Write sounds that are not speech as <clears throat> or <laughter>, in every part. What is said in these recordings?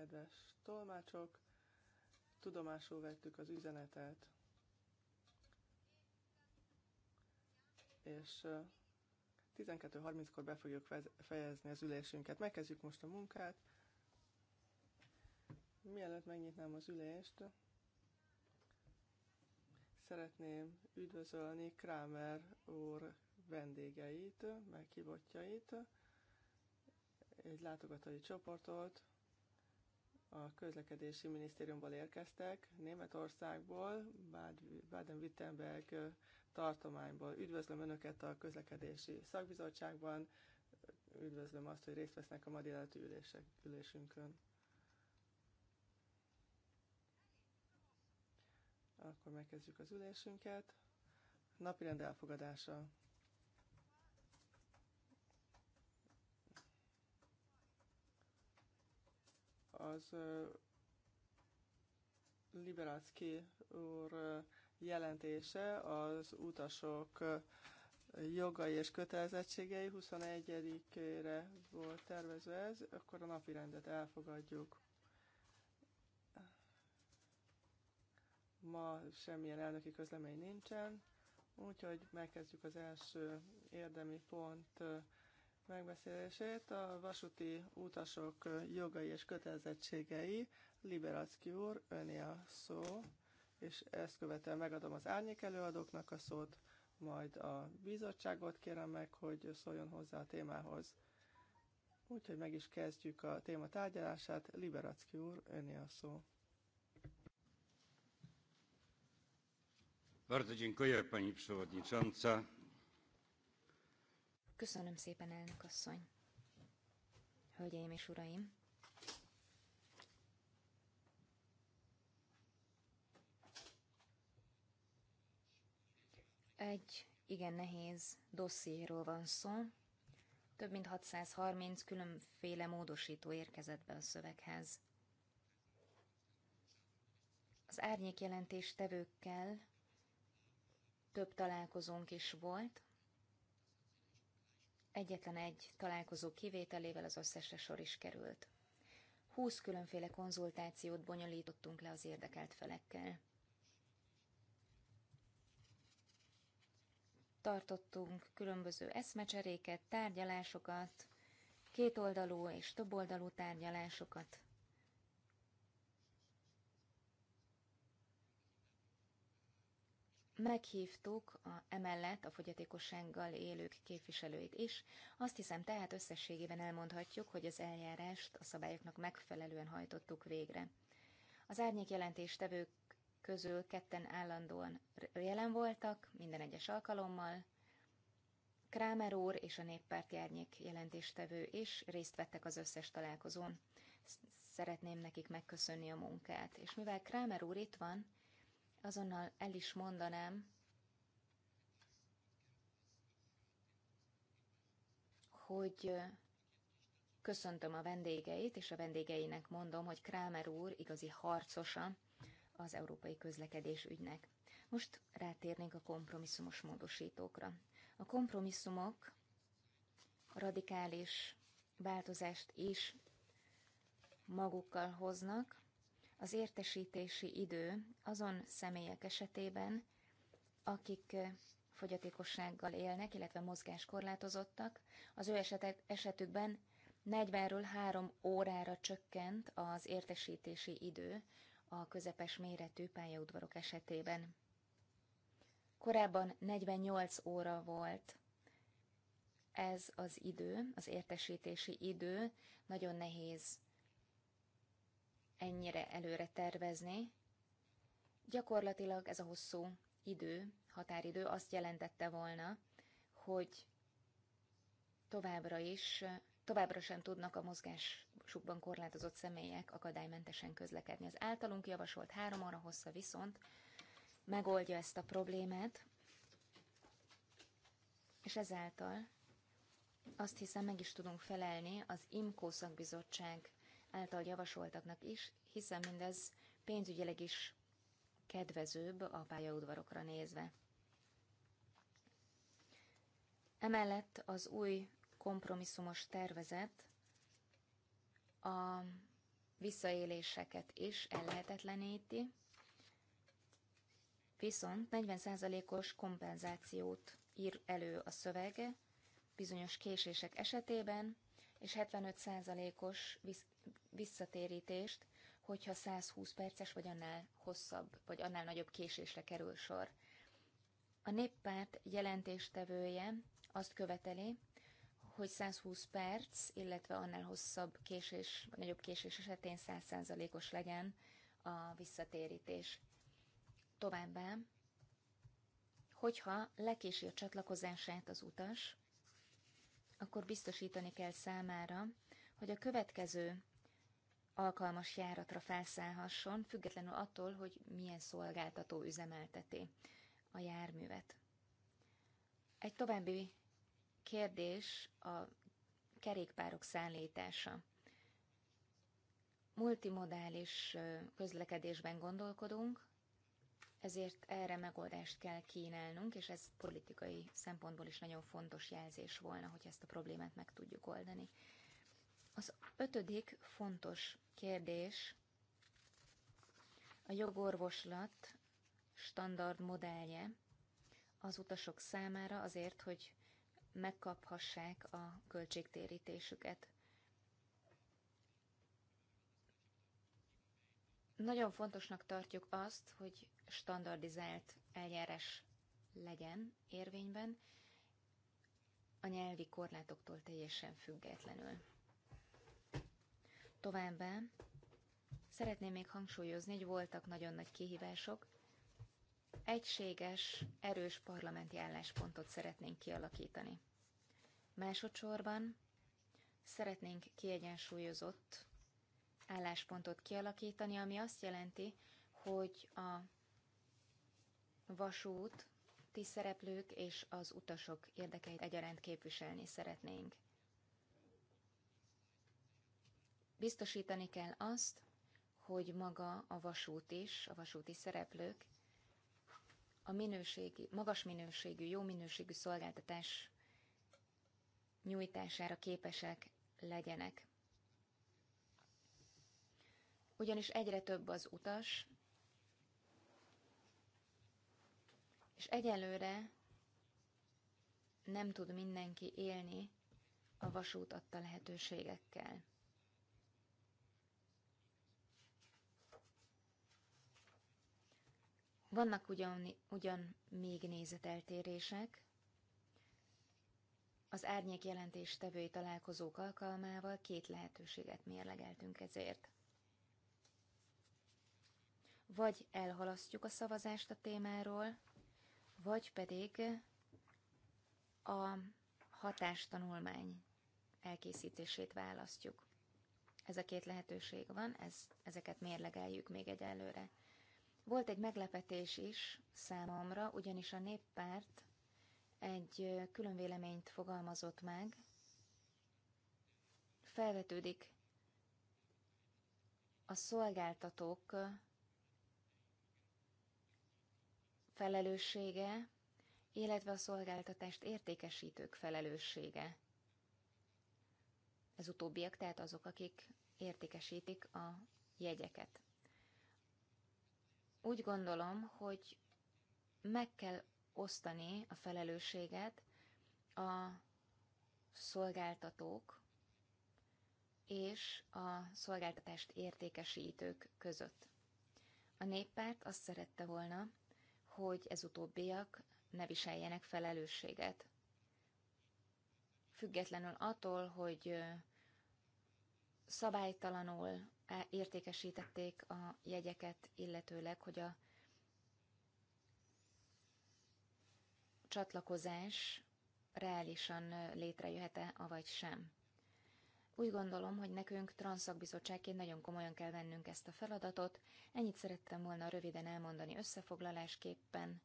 kedves tolmácsok, tudomásul vettük az üzenetet, és 12.30-kor be fogjuk fejezni az ülésünket. Megkezdjük most a munkát. Mielőtt megnyitnám az ülést, szeretném üdvözölni Kramer úr vendégeit, meghívottjait, egy látogatói csoportot, a közlekedési minisztériumból érkeztek, Németországból, Baden-Württemberg tartományból. Üdvözlöm Önöket a közlekedési szakbizottságban, üdvözlöm azt, hogy részt vesznek a ma délelőtti ülésünkön. Akkor megkezdjük az ülésünket. Napirend elfogadása. az Liberacki úr jelentése az utasok jogai és kötelezettségei 21-ére volt tervezve ez, akkor a napi rendet elfogadjuk. Ma semmilyen elnöki közlemény nincsen, úgyhogy megkezdjük az első érdemi pont megbeszélését a vasúti utasok jogai és kötelezettségei. Liberacki úr, öné a szó, és ezt követően megadom az árnyék előadóknak a szót, majd a bizottságot kérem meg, hogy szóljon hozzá a témához. Úgyhogy meg is kezdjük a téma tárgyalását. Liberacki úr, öné a szó. Bardzo dziękuję pani przewodnicząca. Köszönöm szépen, elnök asszony. Hölgyeim és uraim! Egy igen nehéz dossziéról van szó. Több mint 630 különféle módosító érkezett be a szöveghez. Az árnyék jelentés tevőkkel több találkozónk is volt, egyetlen egy találkozó kivételével az összesre sor is került. Húsz különféle konzultációt bonyolítottunk le az érdekelt felekkel. Tartottunk különböző eszmecseréket, tárgyalásokat, kétoldalú és többoldalú tárgyalásokat. meghívtuk a, emellett a fogyatékossággal élők képviselőit is. Azt hiszem tehát összességében elmondhatjuk, hogy az eljárást a szabályoknak megfelelően hajtottuk végre. Az árnyék jelentéstevők közül ketten állandóan jelen voltak, minden egyes alkalommal. Krámer úr és a néppárti árnyék jelentéstevő is részt vettek az összes találkozón. Szeretném nekik megköszönni a munkát. És mivel Krámer úr itt van, azonnal el is mondanám, hogy köszöntöm a vendégeit, és a vendégeinek mondom, hogy Krámer úr igazi harcosa az európai közlekedés ügynek. Most rátérnénk a kompromisszumos módosítókra. A kompromisszumok radikális változást is magukkal hoznak, az értesítési idő azon személyek esetében, akik eh, fogyatékossággal élnek, illetve mozgáskorlátozottak, az ő esetek, esetükben 40-ről 3 órára csökkent az értesítési idő a közepes méretű pályaudvarok esetében. Korábban 48 óra volt ez az idő, az értesítési idő, nagyon nehéz ennyire előre tervezni. Gyakorlatilag ez a hosszú idő, határidő azt jelentette volna, hogy továbbra is, továbbra sem tudnak a mozgásukban korlátozott személyek akadálymentesen közlekedni. Az általunk javasolt három óra hossza viszont megoldja ezt a problémát, és ezáltal azt hiszem meg is tudunk felelni az IMCO szakbizottság által javasoltaknak is, hiszen mindez pénzügyileg is kedvezőbb a pályaudvarokra nézve. Emellett az új kompromisszumos tervezet a visszaéléseket is ellehetetleníti, viszont 40%-os kompenzációt ír elő a szövege bizonyos késések esetében, és 75%-os visszatérítést, hogyha 120 perces vagy annál hosszabb, vagy annál nagyobb késésre kerül sor. A néppárt jelentéstevője azt követeli, hogy 120 perc, illetve annál hosszabb késés, vagy nagyobb késés esetén 100%-os legyen a visszatérítés. Továbbá, hogyha lekési a csatlakozását az utas, akkor biztosítani kell számára, hogy a következő alkalmas járatra felszállhasson, függetlenül attól, hogy milyen szolgáltató üzemelteti a járművet. Egy további kérdés a kerékpárok szállítása. Multimodális közlekedésben gondolkodunk, ezért erre megoldást kell kínálnunk, és ez politikai szempontból is nagyon fontos jelzés volna, hogy ezt a problémát meg tudjuk oldani. Az ötödik fontos kérdés a jogorvoslat standard modellje az utasok számára azért, hogy megkaphassák a költségtérítésüket. Nagyon fontosnak tartjuk azt, hogy standardizált eljárás legyen érvényben, a nyelvi korlátoktól teljesen függetlenül. Továbbá szeretném még hangsúlyozni, hogy voltak nagyon nagy kihívások. Egységes, erős parlamenti álláspontot szeretnénk kialakítani. Másodszorban szeretnénk kiegyensúlyozott álláspontot kialakítani, ami azt jelenti, hogy a vasút, ti szereplők és az utasok érdekeit egyaránt képviselni szeretnénk. Biztosítani kell azt, hogy maga a vasút is, a vasúti szereplők a minőségi, magas minőségű, jó minőségű szolgáltatás nyújtására képesek legyenek. Ugyanis egyre több az utas, és egyelőre nem tud mindenki élni a vasút adta lehetőségekkel. Vannak ugyan, ugyan még nézeteltérések, az árnyék jelentés tevői találkozók alkalmával két lehetőséget mérlegeltünk ezért. Vagy elhalasztjuk a szavazást a témáról, vagy pedig a hatástanulmány elkészítését választjuk. Ez a két lehetőség van, ez, ezeket mérlegeljük még egyelőre. Volt egy meglepetés is számomra, ugyanis a néppárt egy külön véleményt fogalmazott meg. Felvetődik a szolgáltatók felelőssége, illetve a szolgáltatást értékesítők felelőssége. Ez utóbbiak, tehát azok, akik értékesítik a jegyeket úgy gondolom, hogy meg kell osztani a felelősséget a szolgáltatók és a szolgáltatást értékesítők között. A néppárt azt szerette volna, hogy ez utóbbiak ne viseljenek felelősséget. Függetlenül attól, hogy szabálytalanul E, értékesítették a jegyeket, illetőleg, hogy a csatlakozás reálisan e, létrejöhet-e, avagy sem. Úgy gondolom, hogy nekünk transzakbizottságként nagyon komolyan kell vennünk ezt a feladatot. Ennyit szerettem volna röviden elmondani összefoglalásképpen.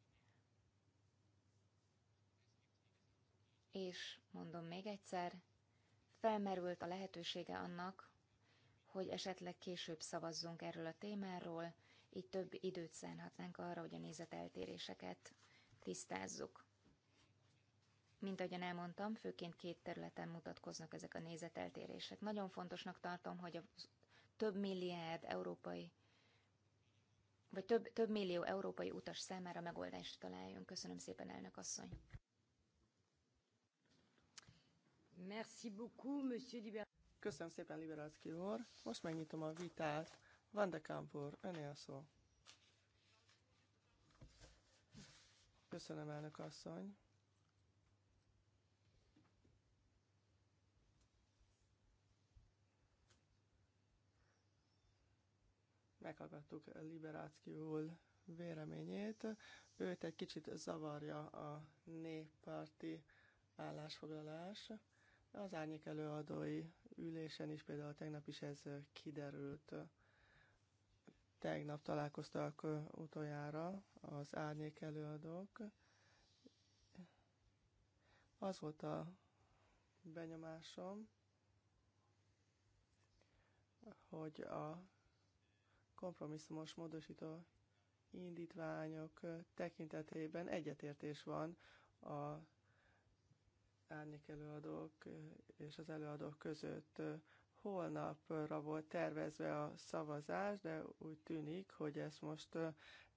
És mondom még egyszer, felmerült a lehetősége annak, hogy esetleg később szavazzunk erről a témáról, így több időt szánhatnánk arra, hogy a nézeteltéréseket tisztázzuk. Mint ahogyan elmondtam, főként két területen mutatkoznak ezek a nézeteltérések. Nagyon fontosnak tartom, hogy a több milliárd európai vagy több, több millió európai utas számára megoldást találjon. Köszönöm szépen, elnök asszony. Merci beaucoup, monsieur Köszönöm szépen, Liberalszki úr. Most megnyitom a vitát. Van de Kampur, öné a szó. Köszönöm, elnök asszony. Meghallgattuk Liberácki úr véleményét. Őt egy kicsit zavarja a néppárti állásfoglalás. Az árnyék előadói ülésen is, például tegnap is ez kiderült. Tegnap találkoztak utoljára az árnyék előadók. Az volt a benyomásom, hogy a kompromisszumos módosító indítványok tekintetében egyetértés van a árnyék előadók és az előadók között. Holnapra volt tervezve a szavazás, de úgy tűnik, hogy ezt most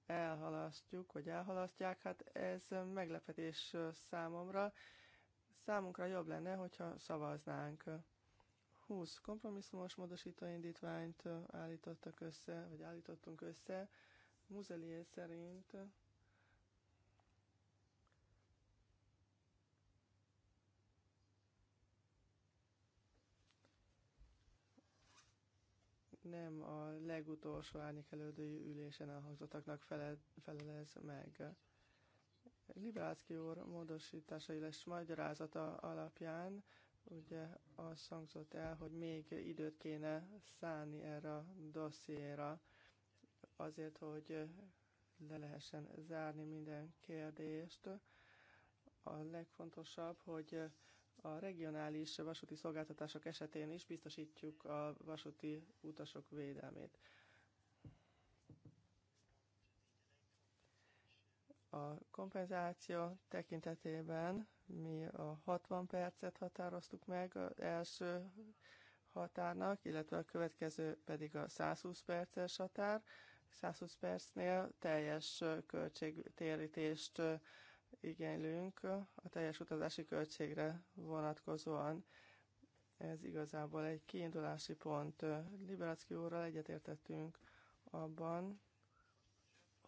elhalasztjuk, vagy elhalasztják. Hát ez meglepetés számomra. Számunkra jobb lenne, hogyha szavaznánk. 20 kompromisszumos módosító indítványt állítottak össze, vagy állítottunk össze. Muzelier szerint nem a legutolsó árnyékelődői ülésen elhangzottaknak felel, felelez meg. Liberácki úr módosításai lesz magyarázata alapján, ugye azt hangzott el, hogy még időt kéne szállni erre a dossziéra, azért, hogy le lehessen zárni minden kérdést. A legfontosabb, hogy a regionális vasúti szolgáltatások esetén is biztosítjuk a vasúti utasok védelmét. A kompenzáció tekintetében mi a 60 percet határoztuk meg az első határnak, illetve a következő pedig a 120 perces határ. 120 percnél teljes költségtérítést igénylünk a teljes utazási költségre vonatkozóan. Ez igazából egy kiindulási pont. Liberacki úrral egyetértettünk abban,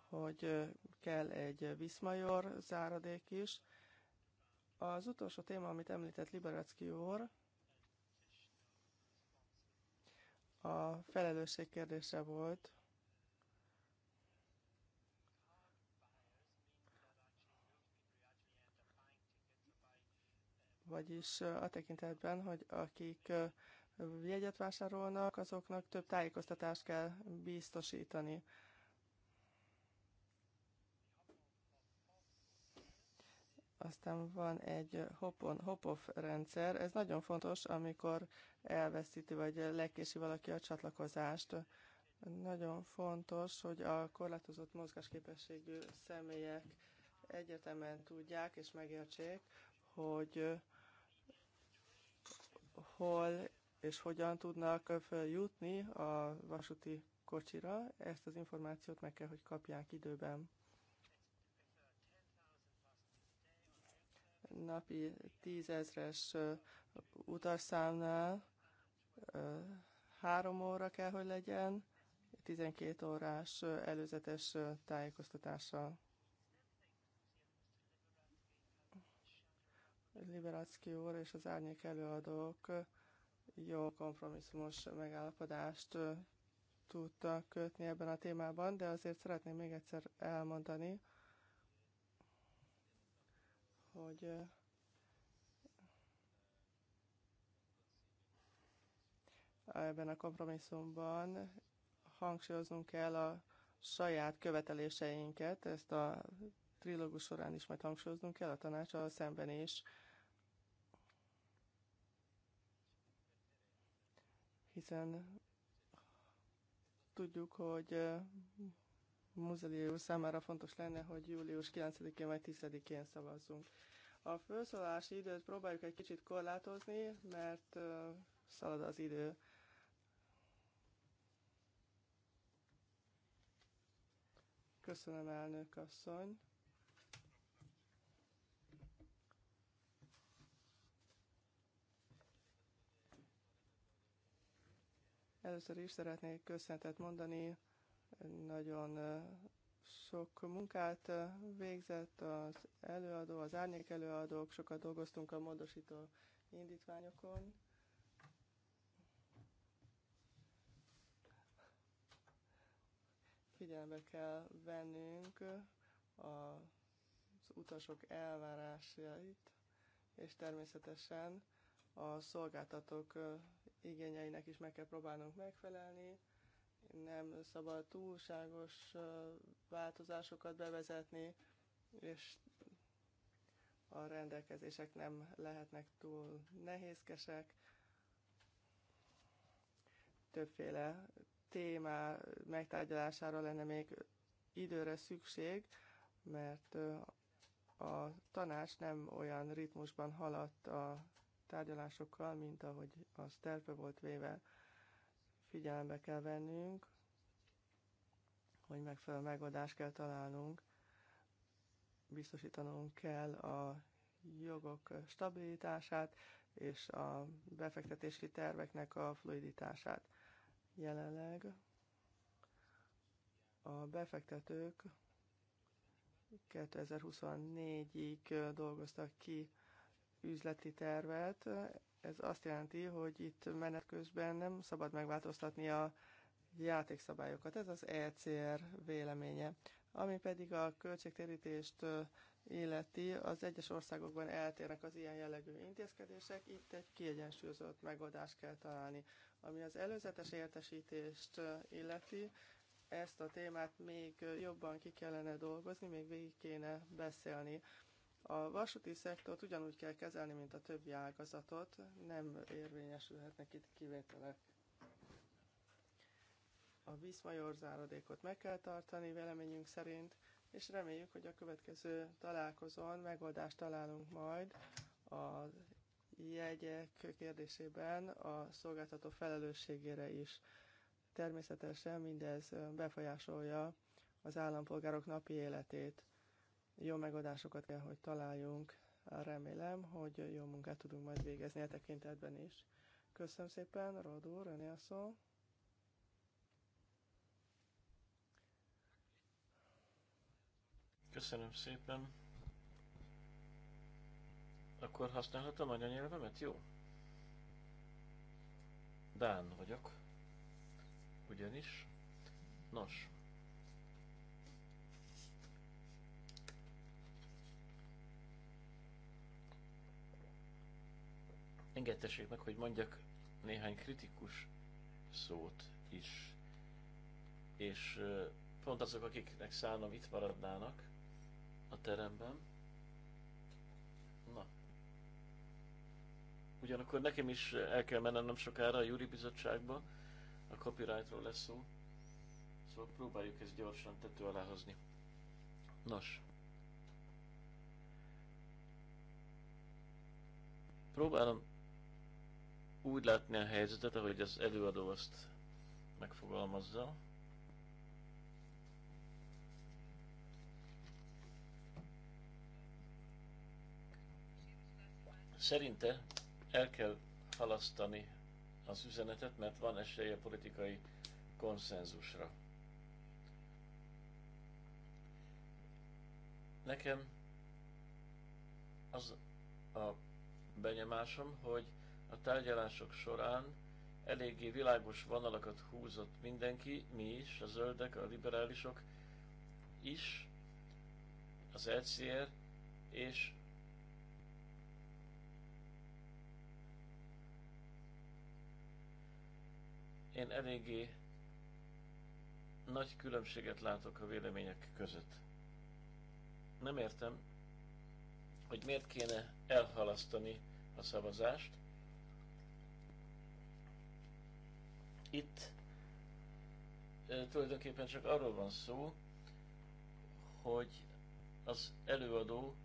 hogy kell egy viszmajor záradék is. Az utolsó téma, amit említett Liberacki úr, a felelősség kérdése volt, vagyis a tekintetben, hogy akik jegyet vásárolnak, azoknak több tájékoztatást kell biztosítani. Aztán van egy hopon-hopoff hop-off rendszer. Ez nagyon fontos, amikor elveszíti vagy lekési valaki a csatlakozást. Nagyon fontos, hogy a korlátozott mozgásképességű személyek egyetemen tudják és megértsék, hogy hol és hogyan tudnak feljutni a vasúti kocsira. Ezt az információt meg kell, hogy kapják időben. Napi tízezres utasszámnál három óra kell, hogy legyen, 12 órás előzetes tájékoztatással. Liberacki úr és az árnyék előadók jó kompromisszumos megállapodást tudtak kötni ebben a témában, de azért szeretném még egyszer elmondani, hogy ebben a kompromisszumban hangsúlyoznunk kell a saját követeléseinket, ezt a trilógus során is majd hangsúlyoznunk kell, a tanácsal szemben is. hiszen tudjuk, hogy eh, Muzelió számára fontos lenne, hogy július 9-én vagy 10-én szavazzunk. A felszólalási időt próbáljuk egy kicsit korlátozni, mert eh, szalad az idő. Köszönöm, elnök asszony. Először is szeretnék köszönetet mondani, nagyon sok munkát végzett az előadó, az árnyék előadók, sokat dolgoztunk a módosító indítványokon. Figyelembe kell vennünk az utasok elvárásait, és természetesen a szolgáltatók igényeinek is meg kell próbálnunk megfelelni. Nem szabad túlságos változásokat bevezetni, és a rendelkezések nem lehetnek túl nehézkesek. Többféle témá megtárgyalására lenne még időre szükség, mert a tanács nem olyan ritmusban haladt a tárgyalásokkal, mint ahogy az terve volt véve. Figyelembe kell vennünk, hogy megfelelő megoldást kell találnunk, biztosítanunk kell a jogok stabilitását és a befektetési terveknek a fluiditását. Jelenleg a befektetők 2024-ig dolgoztak ki üzleti tervet. Ez azt jelenti, hogy itt menet közben nem szabad megváltoztatni a játékszabályokat. Ez az ECR véleménye. Ami pedig a költségtérítést illeti, az egyes országokban eltérnek az ilyen jellegű intézkedések, itt egy kiegyensúlyozott megoldást kell találni. Ami az előzetes értesítést illeti, ezt a témát még jobban ki kellene dolgozni, még végig kéne beszélni. A vasúti szektort ugyanúgy kell kezelni, mint a többi ágazatot, nem érvényesülhetnek itt kivételek. A vízmajor záradékot meg kell tartani véleményünk szerint, és reméljük, hogy a következő találkozón megoldást találunk majd a jegyek kérdésében a szolgáltató felelősségére is. Természetesen mindez befolyásolja az állampolgárok napi életét. Jó megoldásokat kell, hogy találjunk. Remélem, hogy jó munkát tudunk majd végezni a e tekintetben is. Köszönöm szépen, Rodó, René a szó. Köszönöm szépen. Akkor használhatom anyanyelvemet? Jó. Dán vagyok. Ugyanis. Nos. engedtessék meg, hogy mondjak néhány kritikus szót is. És pont azok, akiknek szánom itt maradnának a teremben. Na. Ugyanakkor nekem is el kell mennem nem sokára a Júri Bizottságba, a copyrightról lesz szó. Szóval próbáljuk ezt gyorsan tető alá hozni. Nos. Próbálom úgy látni a helyzetet, ahogy az előadó azt megfogalmazza. Szerinte el kell halasztani az üzenetet, mert van esélye politikai konszenzusra. Nekem az a benyomásom, hogy a tárgyalások során eléggé világos vonalakat húzott mindenki, mi is, a zöldek, a liberálisok is, az ECR, és én eléggé nagy különbséget látok a vélemények között. Nem értem, hogy miért kéne elhalasztani a szavazást, Itt tulajdonképpen csak arról van szó, hogy az előadó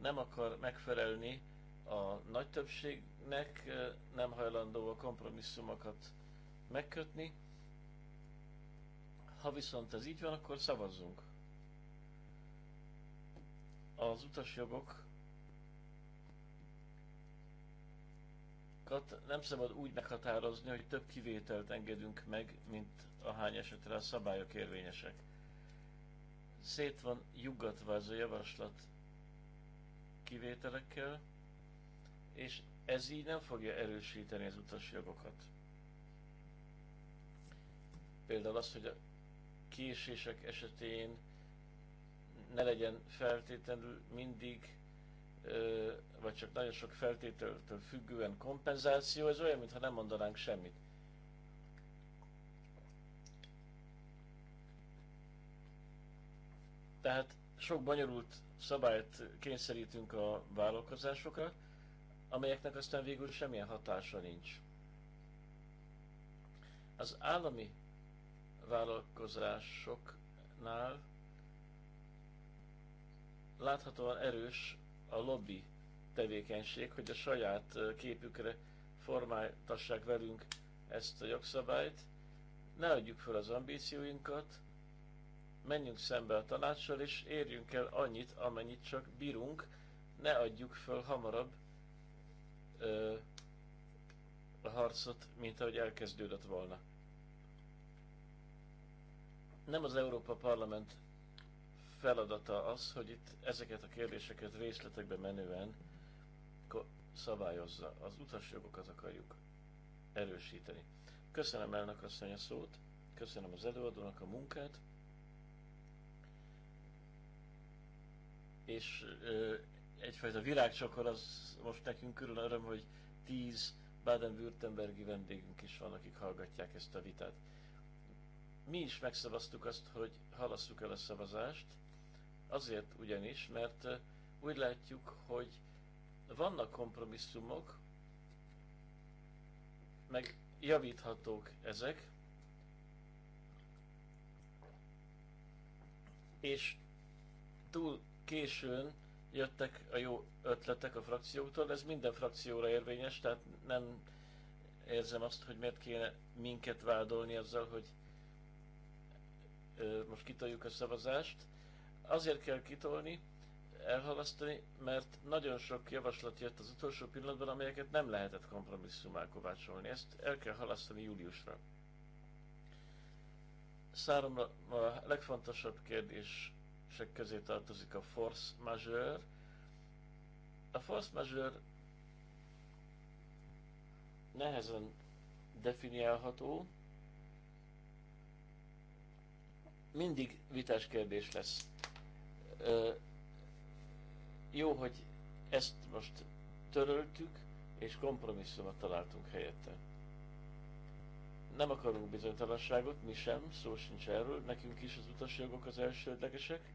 nem akar megfelelni a nagy többségnek, nem hajlandó a kompromisszumokat megkötni. Ha viszont ez így van, akkor szavazzunk. Az utasjogok szabályokat nem szabad úgy meghatározni, hogy több kivételt engedünk meg, mint ahány esetre a szabályok érvényesek. Szét van juggatva ez a javaslat kivételekkel, és ez így nem fogja erősíteni az utasjogokat. Például az, hogy a késések esetén ne legyen feltétlenül mindig vagy csak nagyon sok feltételtől függően kompenzáció, ez olyan, mintha nem mondanánk semmit. Tehát sok bonyolult szabályt kényszerítünk a vállalkozásokra, amelyeknek aztán végül semmilyen hatása nincs. Az állami vállalkozásoknál láthatóan erős a lobby tevékenység, hogy a saját képükre formáltassák velünk ezt a jogszabályt. Ne adjuk fel az ambícióinkat, menjünk szembe a tanácssal, és érjünk el annyit, amennyit csak bírunk, ne adjuk föl hamarabb ö, a harcot, mint ahogy elkezdődött volna. Nem az Európa Parlament feladata az, hogy itt ezeket a kérdéseket részletekbe menően szabályozza. Az utasjogokat akarjuk erősíteni. Köszönöm elnök asszony a szót, köszönöm az előadónak a munkát, és ö, egyfajta virágcsokor az most nekünk külön öröm, hogy tíz Baden-Württembergi vendégünk is van, akik hallgatják ezt a vitát. Mi is megszavaztuk azt, hogy halasszuk el a szavazást, Azért ugyanis, mert úgy látjuk, hogy vannak kompromisszumok, meg javíthatók ezek, és túl későn jöttek a jó ötletek a frakcióktól, ez minden frakcióra érvényes, tehát nem érzem azt, hogy miért kéne minket vádolni azzal, hogy most kitoljuk a szavazást. Azért kell kitolni, elhalasztani, mert nagyon sok javaslat jött az utolsó pillanatban, amelyeket nem lehetett kompromisszumá kovácsolni. Ezt el kell halasztani júliusra. Számomra a legfontosabb kérdések közé tartozik a force majeure. A force majeure nehezen definiálható, mindig vitás kérdés lesz jó, hogy ezt most töröltük, és kompromisszumot találtunk helyette. Nem akarunk bizonytalanságot, mi sem, szó sincs erről, nekünk is az utasjogok az elsődlegesek,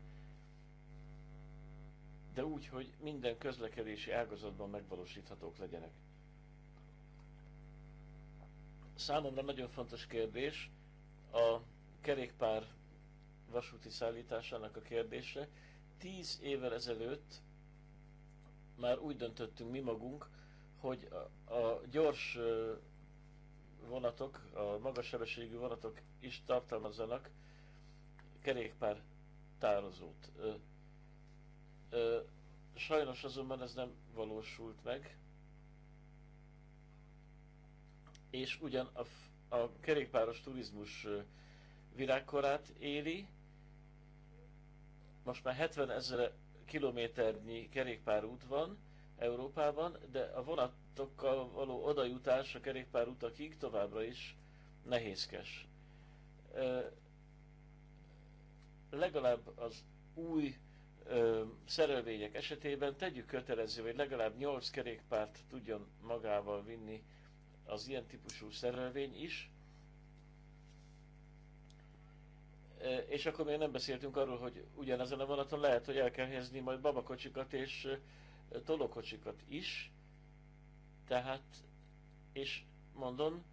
de úgy, hogy minden közlekedési ágazatban megvalósíthatók legyenek. Számomra nagyon fontos kérdés a kerékpár vasúti szállításának a kérdése, Tíz évvel ezelőtt már úgy döntöttünk mi magunk, hogy a, a gyors vonatok, a magas sebességű vonatok is tartalmazzanak kerékpár tározót. Ö, ö, sajnos azonban ez nem valósult meg, és ugyan a, a kerékpáros turizmus virágkorát éli, most már 70 ezer kilométernyi kerékpárút van Európában, de a vonatokkal való odajutás a kerékpárutakig továbbra is nehézkes. Legalább az új szerelvények esetében tegyük kötelező, hogy legalább 8 kerékpárt tudjon magával vinni az ilyen típusú szerelvény is, És akkor még nem beszéltünk arról, hogy ugyanezen a vonaton lehet, hogy el kell helyezni majd babakocsikat és tolókocsikat is. Tehát, és mondom,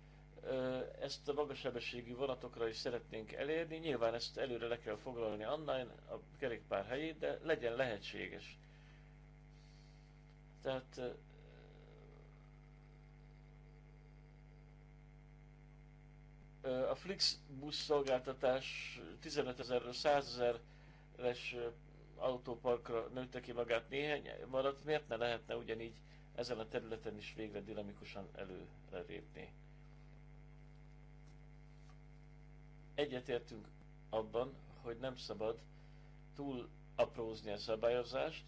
ezt a magasebességű vonatokra is szeretnénk elérni. Nyilván ezt előre le kell foglalni online a kerékpár helyét, de legyen lehetséges. Tehát A Flix busz szolgáltatás 15 ezerről 100 ezeres autóparkra nőtte ki magát néhány maradt, miért ne lehetne ugyanígy ezen a területen is végre dinamikusan előre lépni? Egyetértünk abban, hogy nem szabad túl aprózni a szabályozást,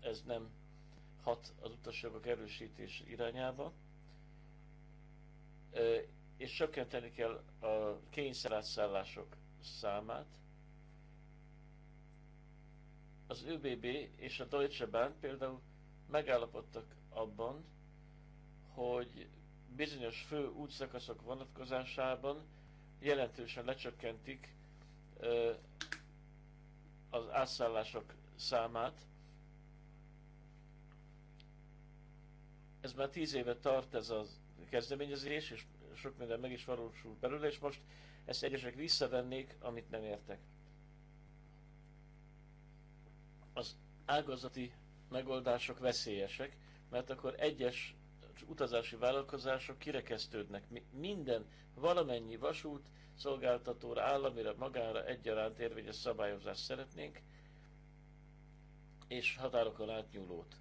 ez nem hat az utasjogok erősítés irányába, és csökkenteni kell a kényszerátszállások számát. Az ÖBB és a Deutsche Bahn például megállapodtak abban, hogy bizonyos fő útszakaszok vonatkozásában jelentősen lecsökkentik az átszállások számát. Ez már tíz éve tart ez a kezdeményezés, és sok minden meg is valósul belőle, és most ezt egyesek visszavennék, amit nem értek. Az ágazati megoldások veszélyesek, mert akkor egyes utazási vállalkozások kirekesztődnek. Minden, valamennyi vasút szolgáltatóra, államira, magára egyaránt érvényes szabályozást szeretnénk, és határokon átnyúlót.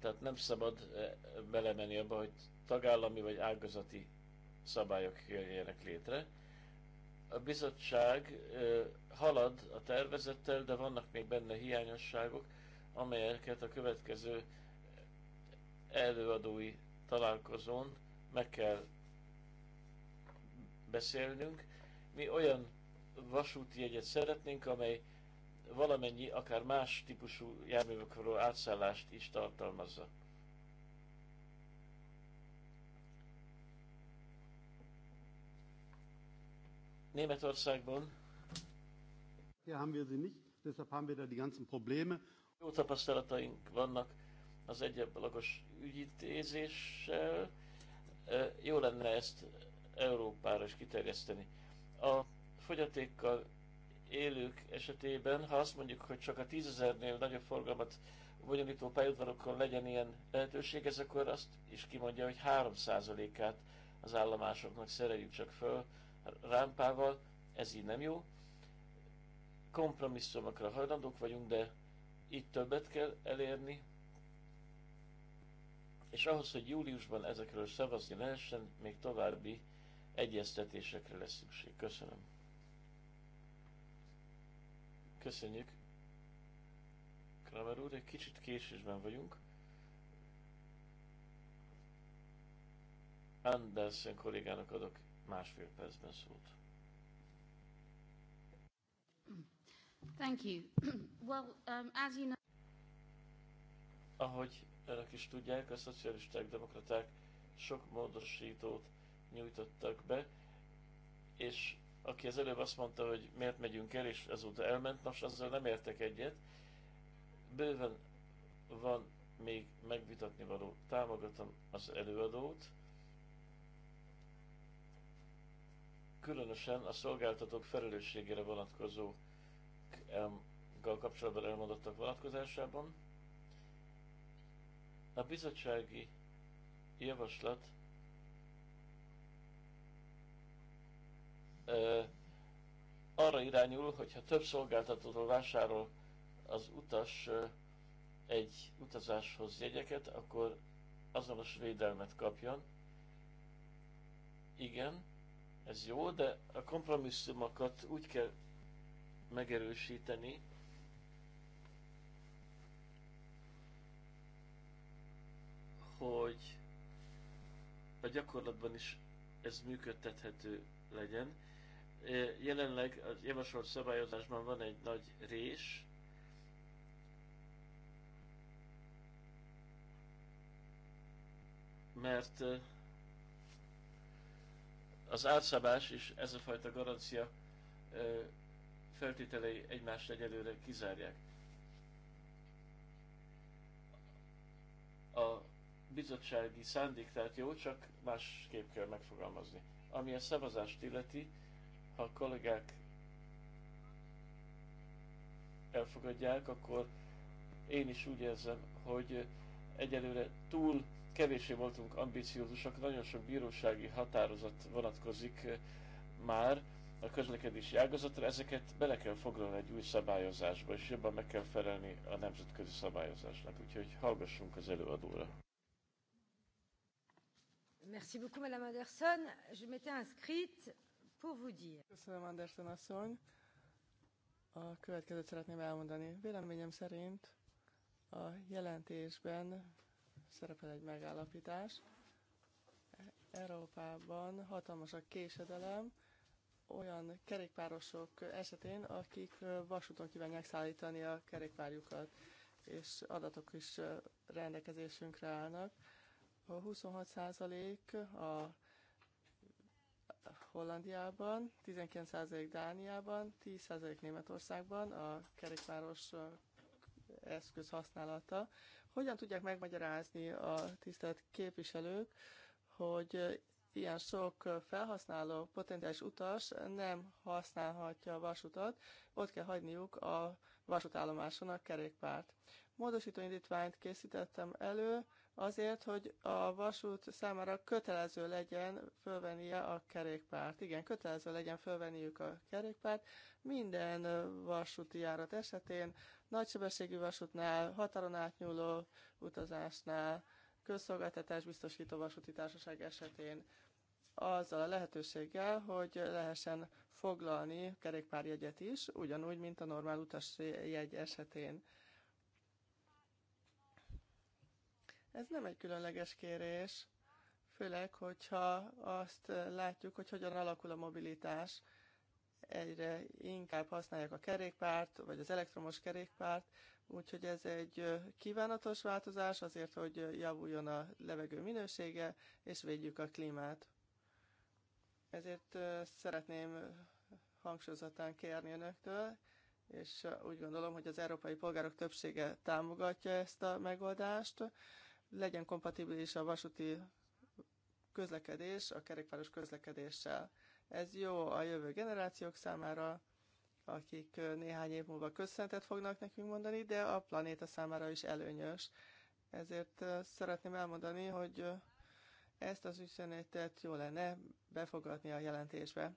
Tehát nem szabad eh, belemenni abba, hogy tagállami vagy ágazati szabályok jöjjenek létre. A bizottság halad a tervezettel, de vannak még benne hiányosságok, amelyeket a következő előadói találkozón meg kell beszélnünk. Mi olyan vasúti jegyet szeretnénk, amely valamennyi, akár más típusú járművekről átszállást is tartalmazza. Németországban Ja, haben wir sie nicht, deshalb haben wir da die ganzen Probleme. Jó tapasztalataink vannak az egyablakos ügyintézéssel. Jó lenne ezt Európára is kiterjeszteni. A fogyatékkal élők esetében, ha azt mondjuk, hogy csak a tízezernél nagyobb forgalmat bonyolító pályaudvarokon legyen ilyen lehetőség, ez akkor azt is kimondja, hogy 3%-át az állomásoknak szereljük csak föl rámpával, ez így nem jó. Kompromisszumokra hajlandók vagyunk, de itt többet kell elérni, és ahhoz, hogy júliusban ezekről szavazni lehessen, még további egyeztetésekre lesz szükség. Köszönöm. Köszönjük. Kramer úr, egy kicsit késésben vagyunk. Andersen kollégának adok másfél percben szólt. Thank you. <clears throat> Well, um, as you know... Ahogy önök is tudják, a szocialisták, demokraták sok módosítót nyújtottak be, és aki az előbb azt mondta, hogy miért megyünk el, és azóta elment, most azzal nem értek egyet. Bőven van még megvitatni való. Támogatom az előadót, különösen a szolgáltatók felelősségére vonatkozó kapcsolatban elmondottak vonatkozásában. A bizottsági javaslat ö, arra irányul, hogyha több szolgáltatótól vásárol az utas ö, egy utazáshoz jegyeket, akkor azonos védelmet kapjon. Igen, ez jó, de a kompromisszumokat úgy kell megerősíteni, hogy a gyakorlatban is ez működtethető legyen. E, jelenleg a javasolt szabályozásban van egy nagy rés, mert e, az árszabás és ez a fajta garancia feltételei egymást egyelőre kizárják. A bizottsági szándék tehát jó, csak másképp kell megfogalmazni. Ami a szavazást illeti, ha a kollégák elfogadják, akkor én is úgy érzem, hogy egyelőre túl Kevésé voltunk ambiciózusak, nagyon sok bírósági határozat vonatkozik eh, már a közlekedési ágazatra, ezeket bele kell foglalni egy új szabályozásba, és jobban meg kell felelni a nemzetközi szabályozásnak, úgyhogy hallgassunk az előadóra. Merci beaucoup, Madame Anderson. Je m'étais inscrite pour vous dire. Köszönöm, Anderson asszony. A következőt szeretném elmondani. Véleményem szerint a jelentésben szerepel egy megállapítás. Európában hatalmas a késedelem olyan kerékpárosok esetén, akik vasúton kívánják szállítani a kerékpárjukat, és adatok is rendelkezésünkre állnak. A 26% a Hollandiában, 19% Dániában, 10% Németországban a kerékpáros eszköz használata. Hogyan tudják megmagyarázni a tisztelt képviselők, hogy ilyen sok felhasználó, potenciális utas nem használhatja a vasutat, ott kell hagyniuk a vasútállomáson a kerékpárt. Módosító indítványt készítettem elő, azért, hogy a vasút számára kötelező legyen fölvennie a kerékpárt. Igen, kötelező legyen fölvenniük a kerékpárt minden vasúti járat esetén, nagysebességű vasútnál, határon átnyúló utazásnál, közszolgáltatás biztosító vasúti társaság esetén azzal a lehetőséggel, hogy lehessen foglalni kerékpárjegyet is, ugyanúgy, mint a normál utasjegy esetén Ez nem egy különleges kérés, főleg, hogyha azt látjuk, hogy hogyan alakul a mobilitás. Egyre inkább használják a kerékpárt, vagy az elektromos kerékpárt, úgyhogy ez egy kívánatos változás azért, hogy javuljon a levegő minősége, és védjük a klímát. Ezért szeretném hangsúlyozatán kérni önöktől, és úgy gondolom, hogy az európai polgárok többsége támogatja ezt a megoldást legyen kompatibilis a vasúti közlekedés a kerékpáros közlekedéssel. Ez jó a jövő generációk számára, akik néhány év múlva köszöntet fognak nekünk mondani, de a planéta számára is előnyös. Ezért szeretném elmondani, hogy ezt az üzenetet jó lenne befogadni a jelentésbe.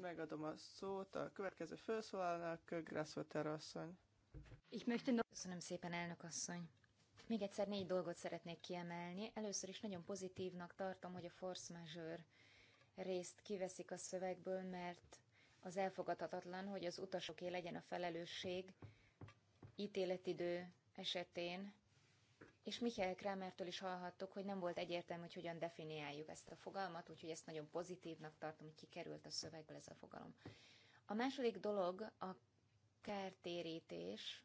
Megadom a szót a következő főszólalnak, Grasso Terasszony. Köszönöm szépen, elnök asszony. Még egyszer négy dolgot szeretnék kiemelni. Először is nagyon pozitívnak tartom, hogy a force majeure részt kiveszik a szövegből, mert az elfogadhatatlan, hogy az utasoké legyen a felelősség ítéletidő esetén, és Michael Kramertől is hallhattuk, hogy nem volt egyértelmű, hogy hogyan definiáljuk ezt a fogalmat, úgyhogy ezt nagyon pozitívnak tartom, hogy kikerült a szövegből ez a fogalom. A második dolog a kártérítés,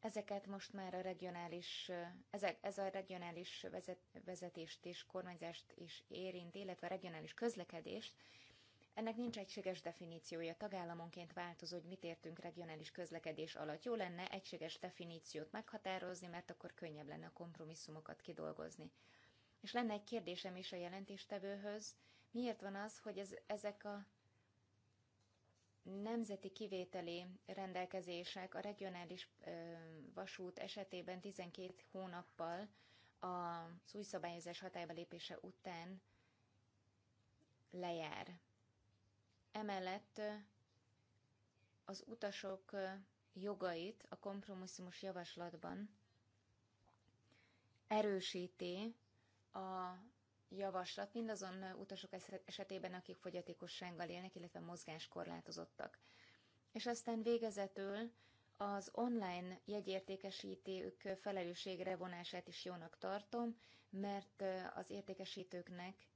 Ezeket most már a regionális, ezek, ez a regionális vezet, vezetést és kormányzást is érint, illetve a regionális közlekedést. Ennek nincs egységes definíciója, tagállamonként változó, hogy mit értünk regionális közlekedés alatt. Jó lenne egységes definíciót meghatározni, mert akkor könnyebb lenne a kompromisszumokat kidolgozni. És lenne egy kérdésem is a jelentéstevőhöz, miért van az, hogy ez, ezek a nemzeti kivételi rendelkezések a regionális vasút esetében 12 hónappal az új szabályozás hatályba lépése után lejár. Emellett az utasok jogait a kompromisszumos javaslatban erősíti a javaslat mindazon utasok esetében, akik fogyatékossággal élnek, illetve mozgáskorlátozottak. És aztán végezetül az online jegyértékesítők felelősségre vonását is jónak tartom, mert az értékesítőknek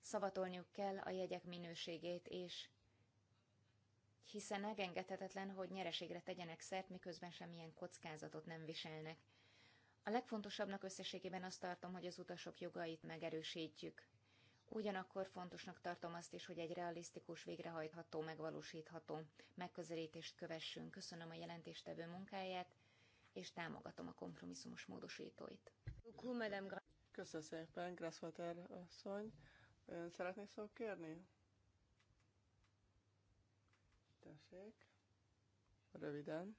szavatolniuk kell a jegyek minőségét és hiszen megengedhetetlen, hogy nyereségre tegyenek szert, miközben semmilyen kockázatot nem viselnek. A legfontosabbnak összességében azt tartom, hogy az utasok jogait megerősítjük. Ugyanakkor fontosnak tartom azt is, hogy egy realisztikus, végrehajtható, megvalósítható megközelítést kövessünk. Köszönöm a jelentéstevő munkáját, és támogatom a kompromisszumos módosítóit. Köszönöm szépen, Graswater asszony. Ön szeretné szót kérni? Tessék. Röviden.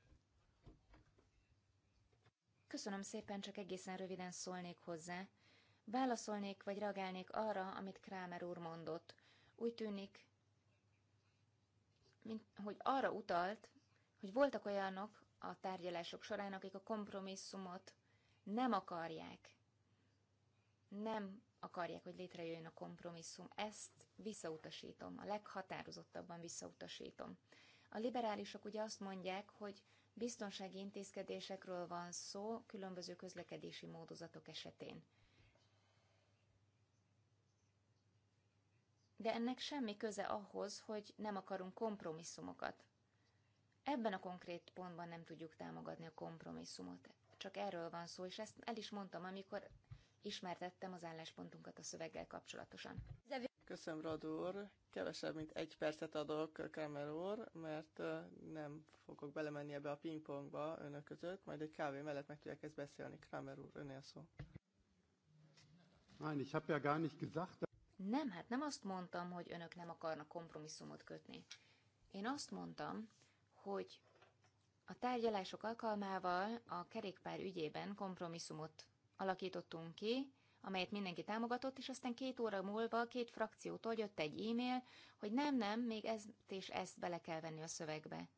Köszönöm szépen, csak egészen röviden szólnék hozzá. Válaszolnék vagy reagálnék arra, amit Krámer úr mondott. Úgy tűnik, mint, hogy arra utalt, hogy voltak olyanok a tárgyalások során, akik a kompromisszumot nem akarják. Nem akarják, hogy létrejöjjön a kompromisszum. Ezt visszautasítom, a leghatározottabban visszautasítom. A liberálisok ugye azt mondják, hogy Biztonsági intézkedésekről van szó különböző közlekedési módozatok esetén. De ennek semmi köze ahhoz, hogy nem akarunk kompromisszumokat. Ebben a konkrét pontban nem tudjuk támogatni a kompromisszumot. Csak erről van szó, és ezt el is mondtam, amikor ismertettem az álláspontunkat a szöveggel kapcsolatosan. Köszönöm, Rad úr. Kevesebb, mint egy percet adok, Kramer úr, mert nem fogok belemenni ebbe a pingpongba önök között, majd egy kávé mellett meg tudják ezt beszélni. Kramer úr, önél szó. Nein, ich ja gar nicht gesagt. Nem, hát nem azt mondtam, hogy önök nem akarnak kompromisszumot kötni. Én azt mondtam, hogy a tárgyalások alkalmával a kerékpár ügyében kompromisszumot alakítottunk ki, amelyet mindenki támogatott, és aztán két óra múlva két frakciótól jött egy e-mail, hogy nem, nem, még ezt és ezt bele kell venni a szövegbe.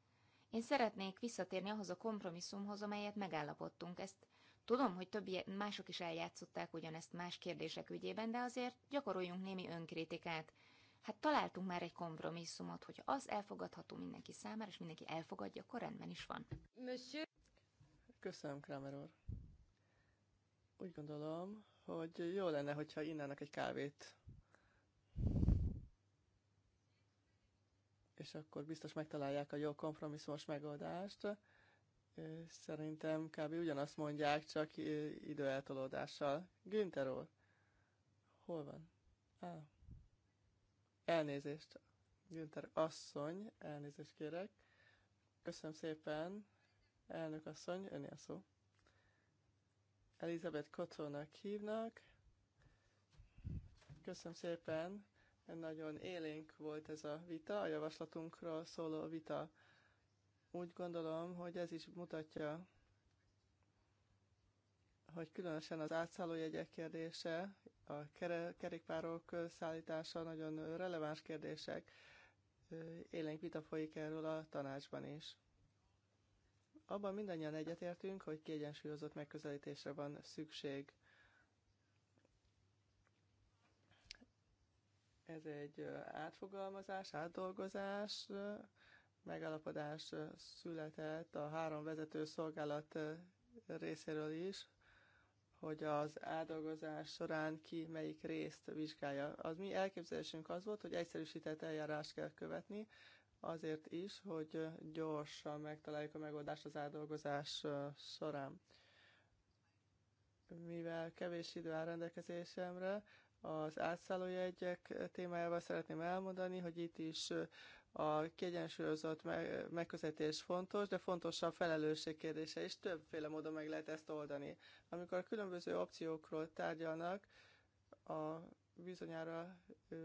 Én szeretnék visszatérni ahhoz a kompromisszumhoz, amelyet megállapodtunk. Ezt tudom, hogy többi mások is eljátszották ugyanezt más kérdések ügyében, de azért gyakoroljunk némi önkritikát. Hát találtunk már egy kompromisszumot, hogy az elfogadható mindenki számára, és mindenki elfogadja, akkor rendben is van. Monsieur... Köszönöm, Kramer úr. Úgy gondolom, hogy jó lenne, hogyha innának egy kávét. És akkor biztos megtalálják a jó kompromisszumos megoldást. Szerintem kb. ugyanazt mondják, csak időeltolódással. Günther úr, hol van? Á, elnézést. Günther asszony, elnézést kérek. Köszönöm szépen, elnök asszony, öné a szó. Elizabeth Kocónak hívnak. Köszönöm szépen, nagyon élénk volt ez a vita, a javaslatunkról szóló vita. Úgy gondolom, hogy ez is mutatja, hogy különösen az átszálló jegyek kérdése, a kerékpárok szállítása nagyon releváns kérdések. Élénk vita folyik erről a tanácsban is. Abban mindannyian egyetértünk, hogy kiegyensúlyozott megközelítésre van szükség. Ez egy átfogalmazás, átdolgozás, megállapodás született a három vezető szolgálat részéről is, hogy az átdolgozás során ki melyik részt vizsgálja. Az mi elképzelésünk az volt, hogy egyszerűsített eljárást kell követni, azért is, hogy gyorsan megtaláljuk a megoldást az átdolgozás során. Mivel kevés idő áll rendelkezésemre, az jegyek témájával szeretném elmondani, hogy itt is a kiegyensúlyozott megközelítés fontos, de fontosabb felelősség kérdése is. Többféle módon meg lehet ezt oldani. Amikor a különböző opciókról tárgyalnak, a bizonyára ö,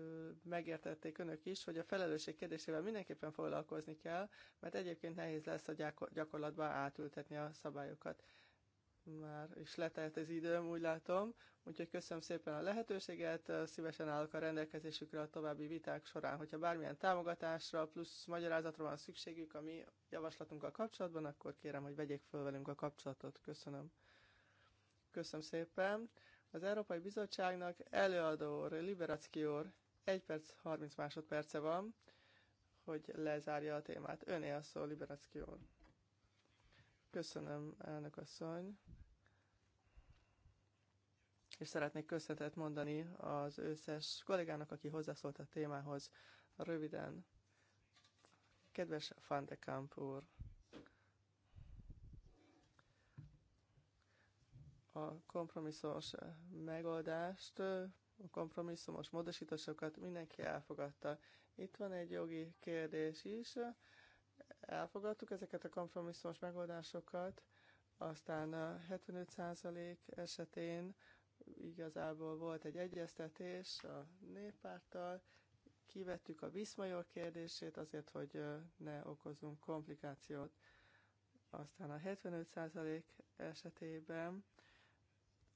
megértették önök is, hogy a felelősség kérdésével mindenképpen foglalkozni kell, mert egyébként nehéz lesz a gyakorlatba átültetni a szabályokat. Már is letelt az időm, úgy látom, úgyhogy köszönöm szépen a lehetőséget, szívesen állok a rendelkezésükre a további viták során. Hogyha bármilyen támogatásra, plusz magyarázatra van szükségük a mi javaslatunkkal kapcsolatban, akkor kérem, hogy vegyék fel velünk a kapcsolatot. Köszönöm. Köszönöm szépen. Az Európai Bizottságnak előadó liberációr Liberacki 1 perc 30 másodperce van, hogy lezárja a témát. Öné a szó, liberációr. Köszönöm, elnök asszony. És szeretnék köszönetet mondani az összes kollégának, aki hozzászólt a témához. Röviden, kedves fantekamp úr, a kompromisszumos eh, megoldást, eh, a kompromisszumos módosításokat mindenki elfogadta. Itt van egy jogi kérdés is. Elfogadtuk ezeket a kompromisszumos megoldásokat, aztán a 75% esetén igazából volt egy egyeztetés a néppárttal, kivettük a viszmajor kérdését azért, hogy eh, ne okozunk komplikációt. Aztán a 75% esetében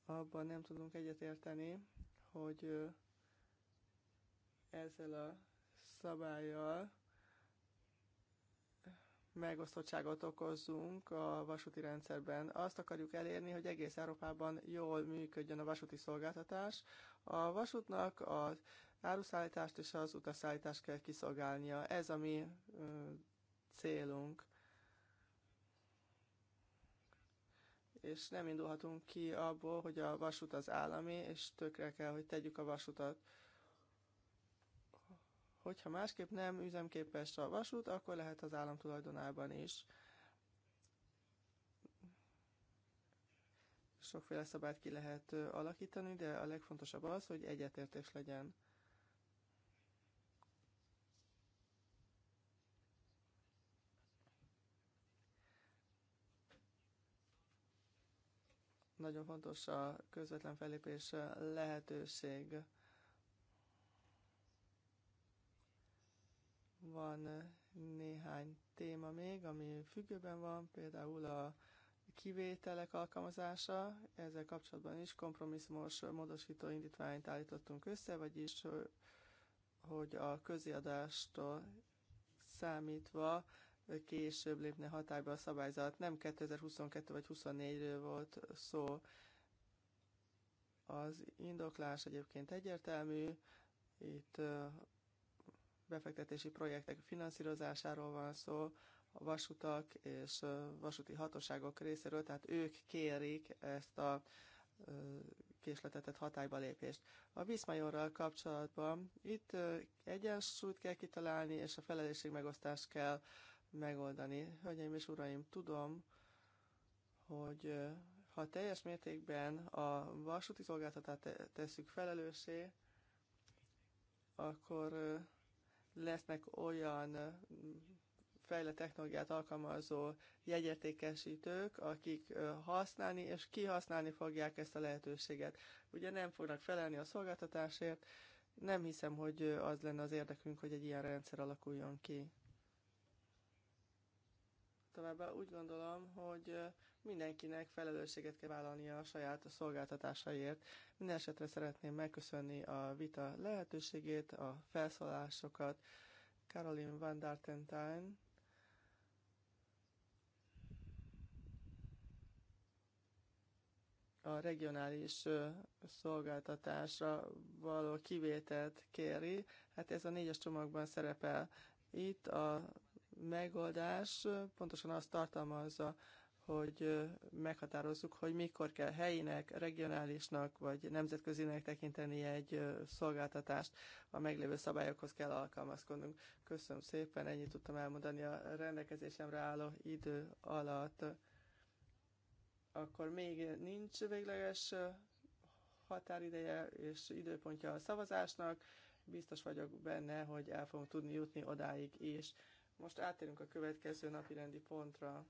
abban nem tudunk egyetérteni, hogy ezzel a szabályjal megosztottságot okozzunk a vasúti rendszerben. Azt akarjuk elérni, hogy egész Európában jól működjön a vasúti szolgáltatás. A vasútnak az áruszállítást és az utaszállítást kell kiszolgálnia. Ez a mi célunk. és nem indulhatunk ki abból, hogy a vasút az állami, és tökre kell, hogy tegyük a vasutat. Hogyha másképp nem üzemképes a vasút, akkor lehet az állam tulajdonában is. Sokféle szabályt ki lehet alakítani, de a legfontosabb az, hogy egyetértés legyen. nagyon fontos a közvetlen fellépés lehetőség. Van néhány téma még, ami függőben van, például a kivételek alkalmazása. Ezzel kapcsolatban is kompromisszumos módosító indítványt állítottunk össze, vagyis hogy a közéadástól számítva később lépne hatályba a szabályzat. Nem 2022 vagy 2024-ről volt szó. Az indoklás egyébként egyértelmű. Itt befektetési projektek finanszírozásáról van szó, a vasutak és vasúti hatóságok részéről, tehát ők kérik ezt a késletetett hatályba lépést. A Viszmajorral kapcsolatban itt egyensúlyt kell kitalálni, és a felelősségmegosztást kell uh, megoldani. Hölgyeim és uraim, tudom, hogy ha teljes mértékben a vasúti szolgáltatást tesszük felelőssé, akkor lesznek olyan fejlett technológiát alkalmazó jegyértékesítők, akik használni és kihasználni fogják ezt a lehetőséget. Ugye nem fognak felelni a szolgáltatásért, nem hiszem, hogy az lenne az érdekünk, hogy egy ilyen rendszer alakuljon ki. Továbbá úgy gondolom, hogy mindenkinek felelősséget kell vállalnia a saját szolgáltatásaért. Minden esetre szeretném megköszönni a vita lehetőségét, a felszólásokat. Karolin van Dartentine, a regionális szolgáltatásra való kivételt kéri. Hát ez a négyes csomagban szerepel. Itt a megoldás pontosan azt tartalmazza, hogy meghatározzuk, hogy mikor kell helyinek, regionálisnak vagy nemzetközinek tekinteni egy szolgáltatást, a meglévő szabályokhoz kell alkalmazkodnunk. Köszönöm szépen, ennyit tudtam elmondani a rendelkezésemre álló idő alatt. Akkor még nincs végleges határideje és időpontja a szavazásnak. Biztos vagyok benne, hogy el fogunk tudni jutni odáig is. Most átérünk a következő napirendi pontra.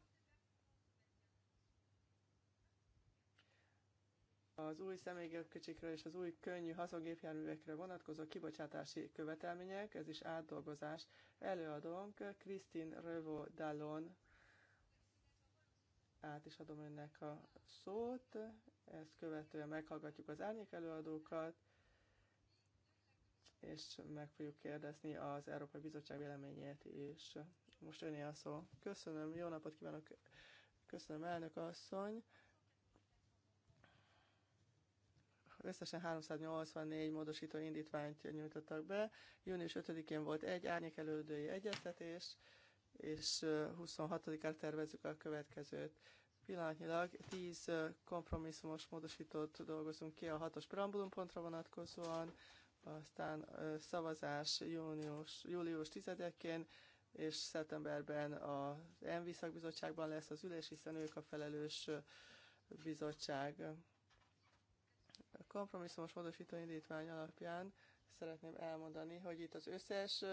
Az új személygépkocsikra és az új könnyű hazagépjárművekre vonatkozó kibocsátási követelmények, ez is átdolgozás. Előadónk Krisztin Rövo Dallon. Át is adom önnek a szót, ezt követően meghallgatjuk az árnyék előadókat, és meg fogjuk kérdezni az Európai Bizottság véleményét is. Most öné a szó. Köszönöm, jó napot kívánok! Köszönöm, elnök asszony! összesen 384 módosító indítványt nyújtottak be. Június 5-én volt egy árnyékelődői egyeztetés, és 26-án tervezzük a következőt. Pillanatnyilag 10 kompromisszumos módosítót dolgozunk ki a 6-os preambulum pontra vonatkozóan, aztán szavazás június, július 10-én, és szeptemberben az ENVI szakbizottságban lesz az ülés, hiszen ők a felelős bizottság. A kompromisszumos módosító indítvány alapján szeretném elmondani, hogy itt az összes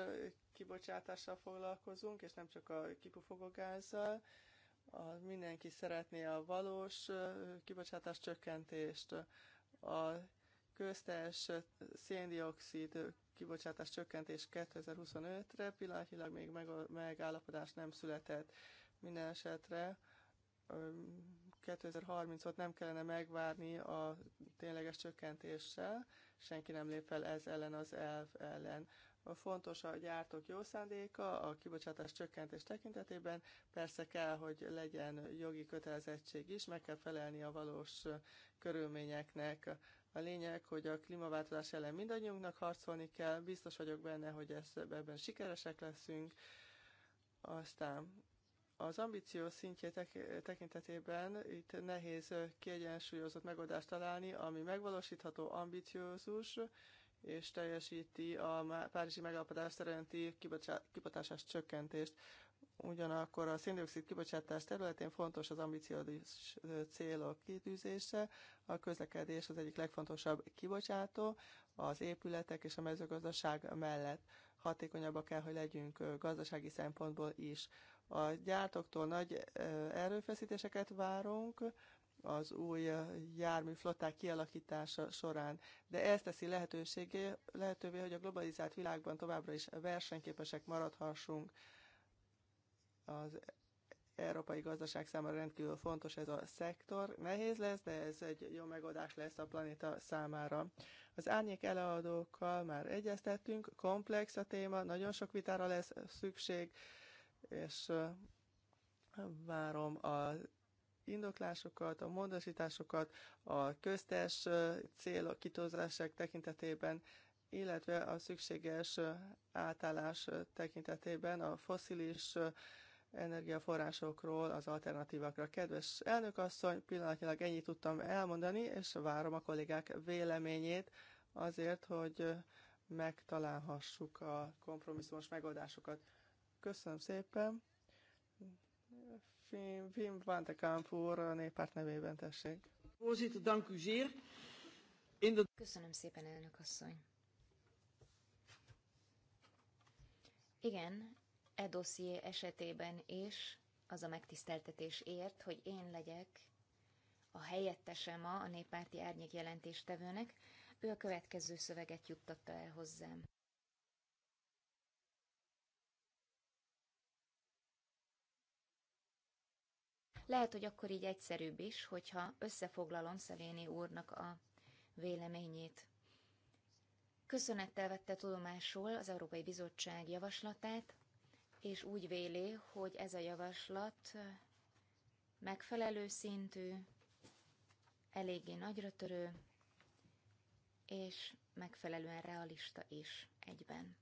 kibocsátással foglalkozunk, és nem csak a kipufogógázzal. A, mindenki szeretné a valós kibocsátás csökkentést. A köztes széndiokszid kibocsátás csökkentés 2025-re, pillanatilag még megállapodás nem született. Minden esetre 2030-ot nem kellene megvárni a tényleges csökkentéssel, senki nem lép fel ez ellen az elv ellen. A fontos a gyártók jó szándéka a kibocsátás csökkentés tekintetében. Persze kell, hogy legyen jogi kötelezettség is, meg kell felelni a valós körülményeknek. A lényeg, hogy a klímaváltozás ellen mindannyiunknak harcolni kell, biztos vagyok benne, hogy ebben sikeresek leszünk. Aztán az ambíció szintje tekintetében itt nehéz kiegyensúlyozott megoldást találni, ami megvalósítható, ambiciózus, és teljesíti a Párizsi megállapodás szerinti kibocsátás csökkentést. Ugyanakkor a széndiokszid kibocsátás területén fontos az ambiciózus célok kitűzése. A közlekedés az egyik legfontosabb kibocsátó az épületek és a mezőgazdaság mellett. Hatékonyabbak kell, hogy legyünk gazdasági szempontból is. A gyártóktól nagy erőfeszítéseket várunk, az új jármű flották kialakítása során. De ez teszi lehetőségé, lehetővé, hogy a globalizált világban továbbra is versenyképesek maradhassunk. Az európai gazdaság számára rendkívül fontos ez a szektor. Nehéz lesz, de ez egy jó megoldás lesz a planéta számára. Az árnyék eladókkal már egyeztettünk, komplex a téma, nagyon sok vitára lesz szükség, és várom a indoklásokat, a módosításokat, a köztes célok kitozások tekintetében, illetve a szükséges átállás tekintetében a foszilis energiaforrásokról, az alternatívakra. Kedves elnökasszony, pillanatnyilag ennyit tudtam elmondani, és várom a kollégák véleményét azért, hogy megtalálhassuk a kompromisszumos megoldásokat. Köszönöm szépen. Wim van de Kamp úr a néppárt nevében tessék. Köszönöm szépen, elnök asszony. Igen, e dosszié esetében is az a megtiszteltetés ért, hogy én legyek a helyettese ma a néppárti árnyék jelentéstevőnek, ő a következő szöveget juttatta el hozzám. Lehet, hogy akkor így egyszerűbb is, hogyha összefoglalom Szeléni úrnak a véleményét. Köszönettel vette tudomásul az Európai Bizottság javaslatát, és úgy véli, hogy ez a javaslat megfelelő szintű, eléggé nagyra törő, és megfelelően realista is egyben.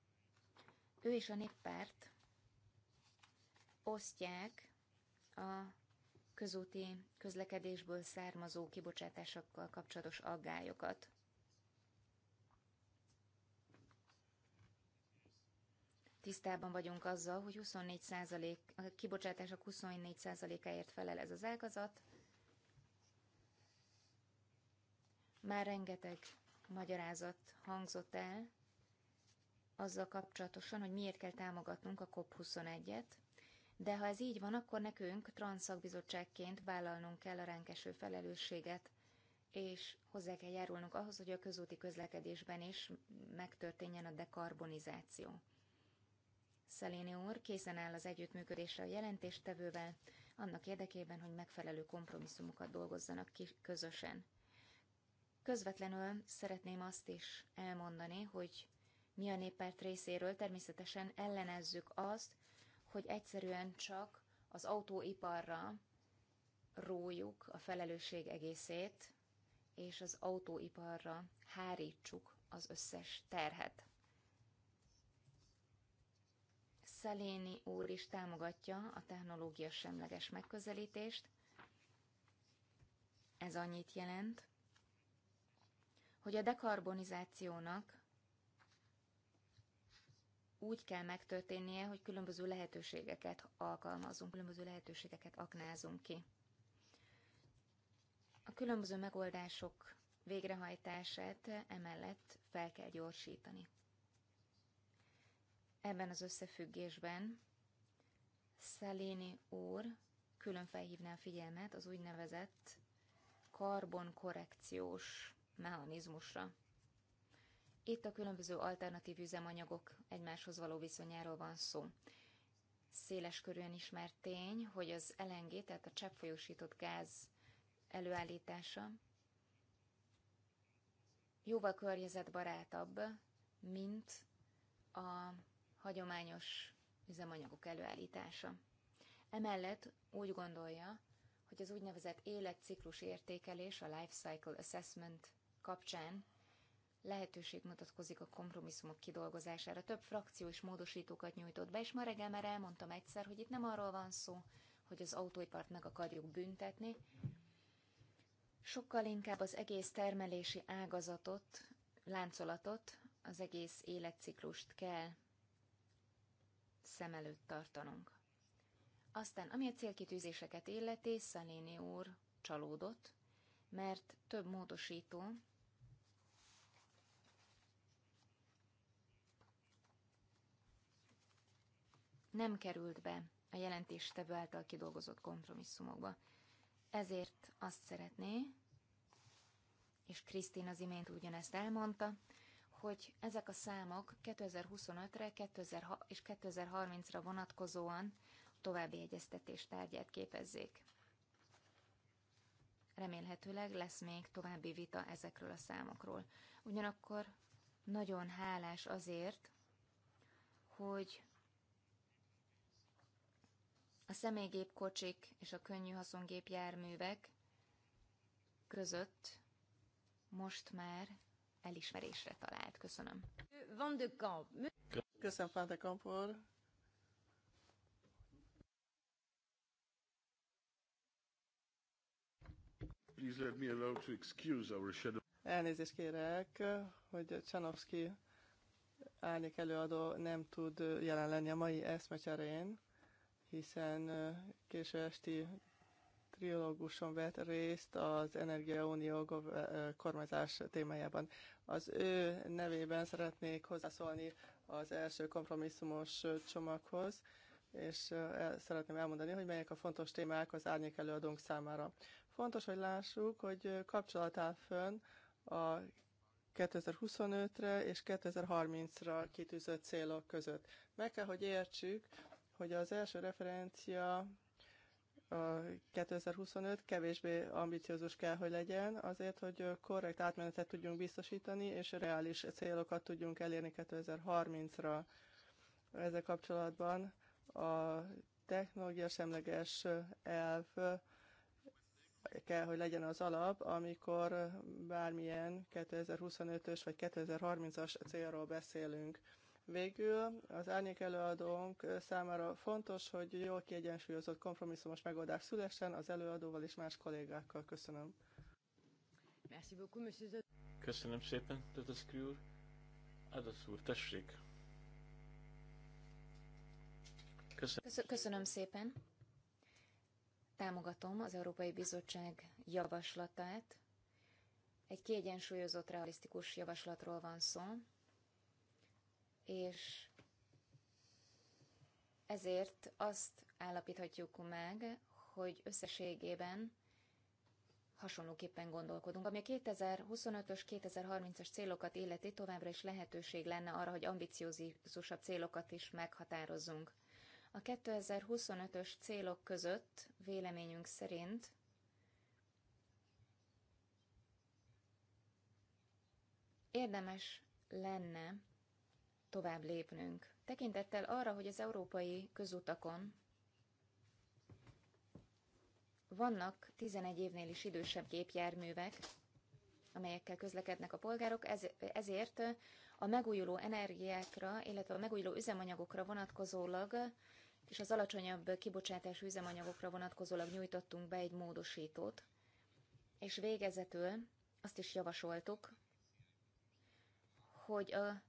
Ő és a néppárt osztják a közúti közlekedésből származó kibocsátásokkal kapcsolatos aggályokat. tisztában vagyunk azzal, hogy 24 a kibocsátások 24%-áért felel ez az ágazat. Már rengeteg magyarázat hangzott el azzal kapcsolatosan, hogy miért kell támogatnunk a COP21-et, de ha ez így van, akkor nekünk transzakbizottságként vállalnunk kell a ránk eső felelősséget, és hozzá kell járulnunk ahhoz, hogy a közúti közlekedésben is megtörténjen a dekarbonizáció. Szeléni úr készen áll az együttműködésre a jelentéstevővel, annak érdekében, hogy megfelelő kompromisszumokat dolgozzanak ki közösen. Közvetlenül szeretném azt is elmondani, hogy mi a néppárt részéről természetesen ellenezzük azt, hogy egyszerűen csak az autóiparra rójuk a felelősség egészét, és az autóiparra hárítsuk az összes terhet. Szeléni úr is támogatja a technológia semleges megközelítést. Ez annyit jelent, hogy a dekarbonizációnak úgy kell megtörténnie, hogy különböző lehetőségeket alkalmazunk, különböző lehetőségeket aknázunk ki. A különböző megoldások végrehajtását emellett fel kell gyorsítani. Ebben az összefüggésben szeléni úr külön felhívná a figyelmet az úgynevezett karbonkorrekciós mechanizmusra. Itt a különböző alternatív üzemanyagok egymáshoz való viszonyáról van szó. Széles körűen ismert tény, hogy az LNG, tehát a cseppfolyósított gáz előállítása jóval környezetbarátabb, mint a hagyományos üzemanyagok előállítása. Emellett úgy gondolja, hogy az úgynevezett életciklus értékelés, a Life Cycle Assessment kapcsán lehetőség mutatkozik a kompromisszumok kidolgozására. Több frakció is módosítókat nyújtott be, és ma reggel már elmondtam egyszer, hogy itt nem arról van szó, hogy az autóipart meg akarjuk büntetni, sokkal inkább az egész termelési ágazatot, láncolatot, az egész életciklust kell szem előtt tartanunk. Aztán, ami a célkitűzéseket illeti, Szaléni úr csalódott, mert több módosító nem került be a jelentéstevő által kidolgozott kompromisszumokba. Ezért azt szeretné, és Krisztina az imént ugyanezt elmondta, hogy ezek a számok 2025-re és 2030-ra vonatkozóan további egyeztetés tárgyát képezzék. Remélhetőleg lesz még további vita ezekről a számokról. Ugyanakkor nagyon hálás azért, hogy a személygépkocsik és a könnyű haszongépjárművek között most már elismerésre talált. Köszönöm. Van de Kamp. Köszönöm, Van Kampor. Please let me allow to excuse our shadow. Elnézést kérek, hogy Csanovszki árnyék előadó nem tud jelen lenni a mai eszmecserén, hiszen késő esti triológuson vett részt az Energiaunió kormányzás témájában. Az ő nevében szeretnék hozzászólni az első kompromisszumos csomaghoz, és el szeretném elmondani, hogy melyek a fontos témák az árnyék előadónk számára. Fontos, hogy lássuk, hogy kapcsolat áll fönn a 2025-re és 2030-ra kitűzött célok között. Meg kell, hogy értsük, hogy az első referencia 2025 kevésbé ambiciózus kell, hogy legyen, azért, hogy korrekt átmenetet tudjunk biztosítani, és reális célokat tudjunk elérni 2030-ra. Ezzel kapcsolatban a technológia semleges elv kell, hogy legyen az alap, amikor bármilyen 2025-ös vagy 2030-as célról beszélünk. Végül az árnyék előadónk számára fontos, hogy jól kiegyensúlyozott kompromisszumos megoldás szülessen az előadóval és más kollégákkal. Köszönöm. Köszönöm szépen, Tedeszkri úr. Adasz úr, tessék. Köszönöm. Köszönöm szépen. Támogatom az Európai Bizottság javaslatát. Egy kiegyensúlyozott, realisztikus javaslatról van szó, és ezért azt állapíthatjuk meg, hogy összességében hasonlóképpen gondolkodunk. Ami a 2025-ös, 2030-as célokat illeti, továbbra is lehetőség lenne arra, hogy ambiciózusabb célokat is meghatározzunk. A 2025-ös célok között véleményünk szerint érdemes lenne tovább lépnünk. Tekintettel arra, hogy az európai közutakon vannak 11 évnél is idősebb gépjárművek, amelyekkel közlekednek a polgárok, ez, ezért a megújuló energiákra, illetve a megújuló üzemanyagokra vonatkozólag és az alacsonyabb kibocsátású üzemanyagokra vonatkozólag nyújtottunk be egy módosítót, és végezetül azt is javasoltuk, hogy a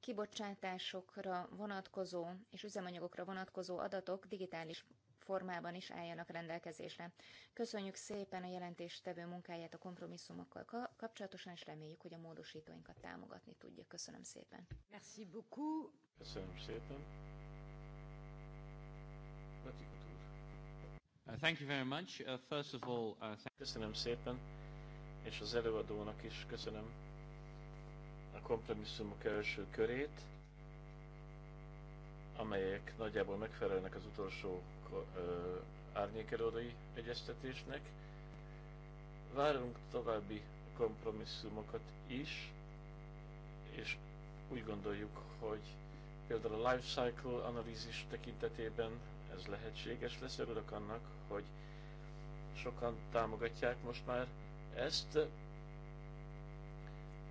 kibocsátásokra vonatkozó és üzemanyagokra vonatkozó adatok digitális formában is álljanak rendelkezésre. Köszönjük szépen a jelentéstevő munkáját a kompromisszumokkal kapcsolatosan, és reméljük, hogy a módosítóinkat támogatni tudja. Köszönöm szépen. Merci beaucoup. Köszönöm szépen. Uh, thank you very much. Uh, first of all, uh, Köszönöm szépen, és az előadónak is köszönöm a kompromisszumok első körét, amelyek nagyjából megfelelnek az utolsó árnyékelődői egyeztetésnek. Várunk további kompromisszumokat is, és úgy gondoljuk, hogy például a life cycle analízis tekintetében ez lehetséges lesz. Örülök annak, hogy sokan támogatják most már ezt.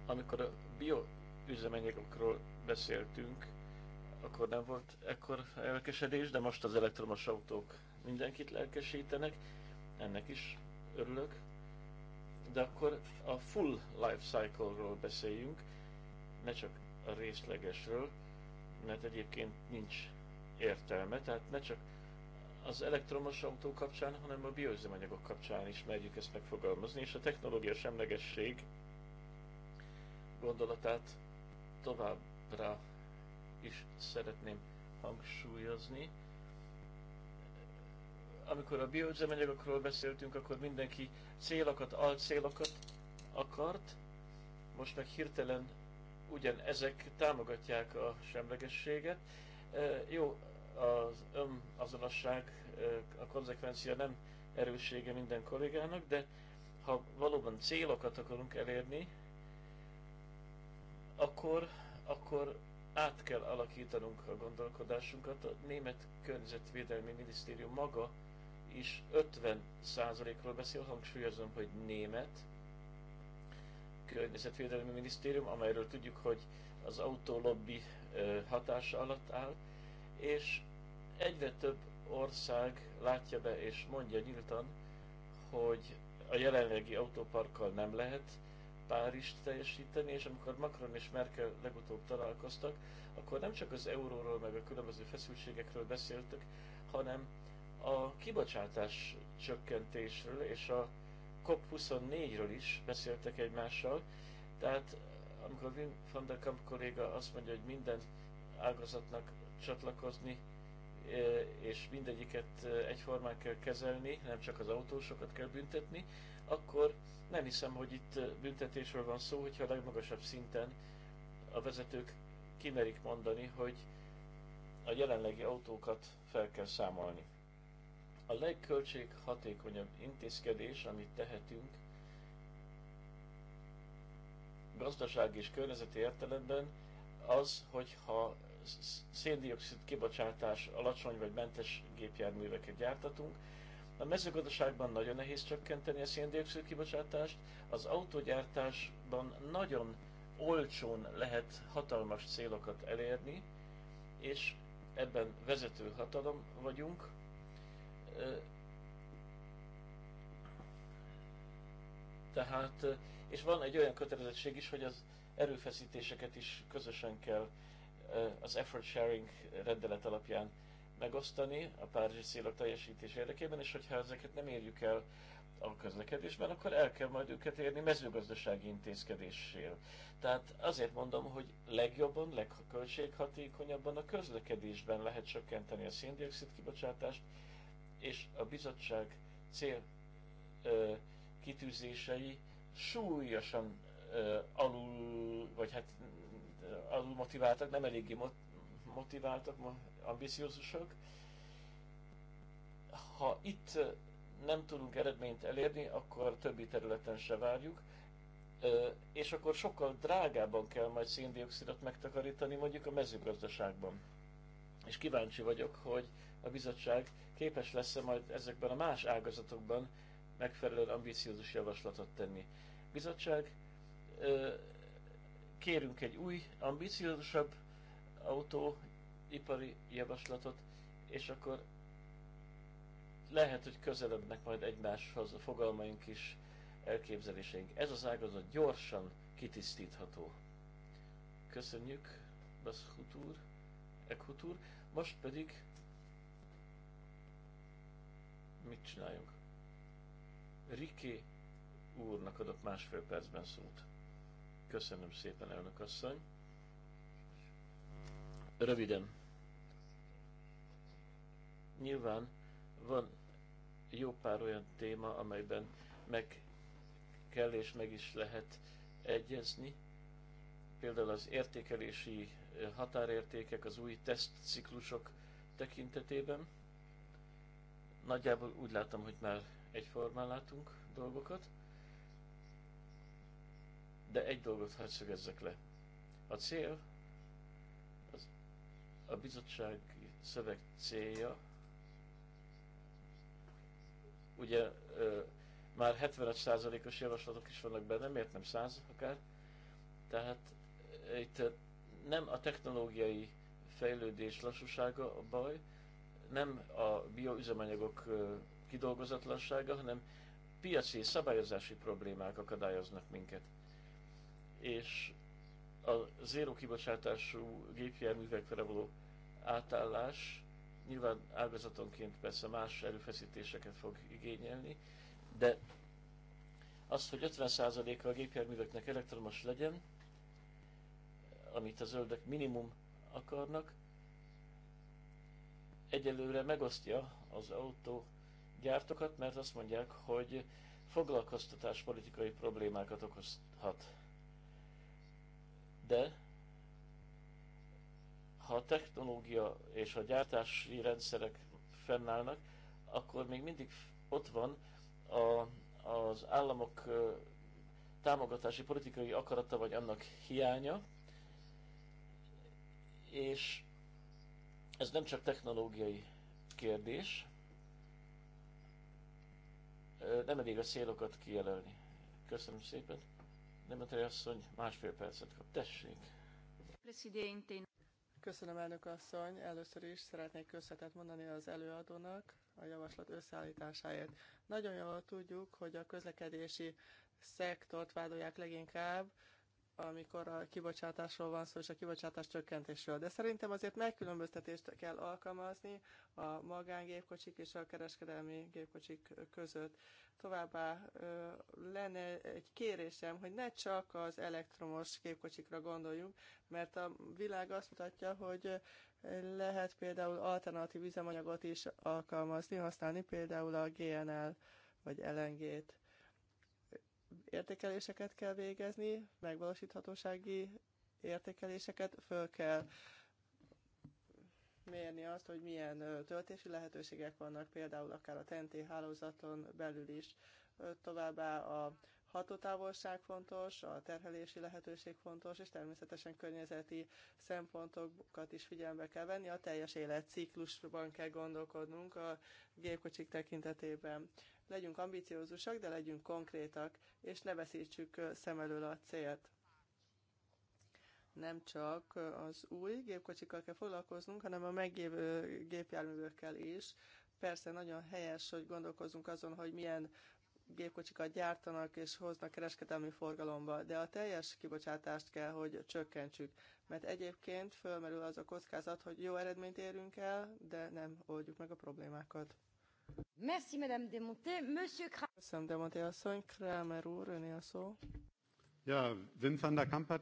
Amikor a bioüzemanyagokról beszéltünk, akkor nem volt ekkor lelkesedés, de most az elektromos autók mindenkit lelkesítenek, ennek is örülök. De akkor a full life cycle-ról beszéljünk, ne csak a részlegesről, mert egyébként nincs értelme, tehát ne csak az elektromos autó kapcsán, hanem a bioüzemanyagok kapcsán is merjük ezt megfogalmazni, és a technológia semlegesség gondolatát továbbra is szeretném hangsúlyozni. Amikor a bioüzemanyagokról beszéltünk, akkor mindenki célokat, alcélokat akart, most meg hirtelen ugyan ezek támogatják a semlegességet. Jó, az önazonosság, a konzekvencia nem erőssége minden kollégának, de ha valóban célokat akarunk elérni, akkor, akkor át kell alakítanunk a gondolkodásunkat. A német környezetvédelmi minisztérium maga is 50%-ról beszél, hangsúlyozom, hogy német környezetvédelmi minisztérium, amelyről tudjuk, hogy az autólobbi hatása alatt áll, és egyre több ország látja be és mondja nyíltan, hogy a jelenlegi autóparkkal nem lehet Párizs teljesíteni, és amikor Macron és Merkel legutóbb találkoztak, akkor nem csak az euróról, meg a különböző feszültségekről beszéltek, hanem a kibocsátás csökkentésről és a COP24-ről is beszéltek egymással. Tehát amikor Wim van der Kamp kolléga azt mondja, hogy minden ágazatnak csatlakozni e, és mindegyiket e, egyformán kell kezelni, nem csak az autósokat kell büntetni, akkor nem hiszem, hogy itt büntetésről van szó, hogyha a legmagasabb szinten a vezetők kimerik mondani, hogy a jelenlegi autókat fel kell számolni. A legköltséghatékonyabb intézkedés, amit tehetünk, gazdasági és környezeti értelemben az, hogyha széndiokszid kibocsátás alacsony vagy mentes gépjárműveket gyártatunk, a mezőgazdaságban nagyon nehéz csökkenteni a széndiokszid kibocsátást, az autógyártásban nagyon olcsón lehet hatalmas célokat elérni, és ebben vezető hatalom vagyunk. Tehát, és van egy olyan kötelezettség is, hogy az erőfeszítéseket is közösen kell az effort sharing rendelet alapján megosztani a párizsi célok teljesítés érdekében, és hogyha ezeket nem érjük el a közlekedésben, akkor el kell majd őket érni mezőgazdasági intézkedéssel. Tehát azért mondom, hogy legjobban, legköltséghatékonyabban a közlekedésben lehet csökkenteni a széndiokszid kibocsátást, és a bizottság cél ö, kitűzései súlyosan ö, alul, vagy hát alul motiváltak, nem eléggé motiváltak, ambiciózusok. Ha itt nem tudunk eredményt elérni, akkor többi területen se várjuk, és akkor sokkal drágábban kell majd széndiokszidot megtakarítani, mondjuk a mezőgazdaságban. És kíváncsi vagyok, hogy a bizottság képes lesz-e majd ezekben a más ágazatokban megfelelően ambiciózus javaslatot tenni. Bizottság, kérünk egy új, ambiciózusabb autó ipari javaslatot, és akkor lehet, hogy közelebbnek majd egymáshoz a fogalmaink is, elképzeléseink. Ez az ágazat gyorsan kitisztítható. Köszönjük, Baszhut úr, Most pedig mit csináljunk? Riki úrnak adok másfél percben szót. Köszönöm szépen, elnök asszony. Röviden Nyilván van jó pár olyan téma, amelyben meg kell és meg is lehet egyezni. Például az értékelési határértékek, az új tesztciklusok tekintetében. Nagyjából úgy látom, hogy már egyformán látunk dolgokat, de egy dolgot hadd szögezzek le. A cél, az, a bizottság szöveg célja, ugye ö, már 75%-os javaslatok is vannak benne, miért nem 100 akár? Tehát itt nem a technológiai fejlődés lassúsága a baj, nem a bioüzemanyagok kidolgozatlansága, hanem piaci szabályozási problémák akadályoznak minket. És a zéró kibocsátású gépjárművekre való átállás Nyilván ágazatonként persze más erőfeszítéseket fog igényelni, de az, hogy 50%-a a gépjárműveknek elektromos legyen, amit a zöldek minimum akarnak, egyelőre megosztja az gyártokat, mert azt mondják, hogy foglalkoztatás politikai problémákat okozhat. De ha a technológia és a gyártási rendszerek fennállnak, akkor még mindig ott van a, az államok támogatási politikai akarata, vagy annak hiánya, és ez nem csak technológiai kérdés, nem elég a szélokat kijelölni. Köszönöm szépen. Nem asszony másfél percet kap. Tessék! Presidente. Köszönöm, elnök asszony. Először is szeretnék köszönetet mondani az előadónak a javaslat összeállításáért. Nagyon jól tudjuk, hogy a közlekedési szektort vádolják leginkább, amikor a kibocsátásról van szó, és a kibocsátás csökkentésről. De szerintem azért megkülönböztetést kell alkalmazni a magángépkocsik és a kereskedelmi gépkocsik között. Továbbá lenne egy kérésem, hogy ne csak az elektromos gépkocsikra gondoljunk, mert a világ azt mutatja, hogy lehet például alternatív üzemanyagot is alkalmazni, használni például a GNL vagy LNG-t értékeléseket kell végezni, megvalósíthatósági értékeléseket, föl kell mérni azt, hogy milyen töltési lehetőségek vannak, például akár a TNT hálózaton belül is, továbbá a hatótávolság fontos, a terhelési lehetőség fontos, és természetesen környezeti szempontokat is figyelembe kell venni, a teljes életciklusban kell gondolkodnunk a gépkocsik tekintetében. Legyünk ambiciózusak, de legyünk konkrétak, és ne veszítsük szem elől a célt. Nem csak az új gépkocsikkal kell foglalkoznunk, hanem a megévő gépjárművekkel is. Persze nagyon helyes, hogy gondolkozunk azon, hogy milyen gépkocsikat gyártanak és hoznak kereskedelmi forgalomba, de a teljes kibocsátást kell, hogy csökkentsük, mert egyébként fölmerül az a kockázat, hogy jó eredményt érünk el, de nem oldjuk meg a problémákat. Merci, Madame Monsieur Kramer. Köszönöm, Demonté asszony. Kramer úr, öné a szó. Ja, Wim van der Kamp hat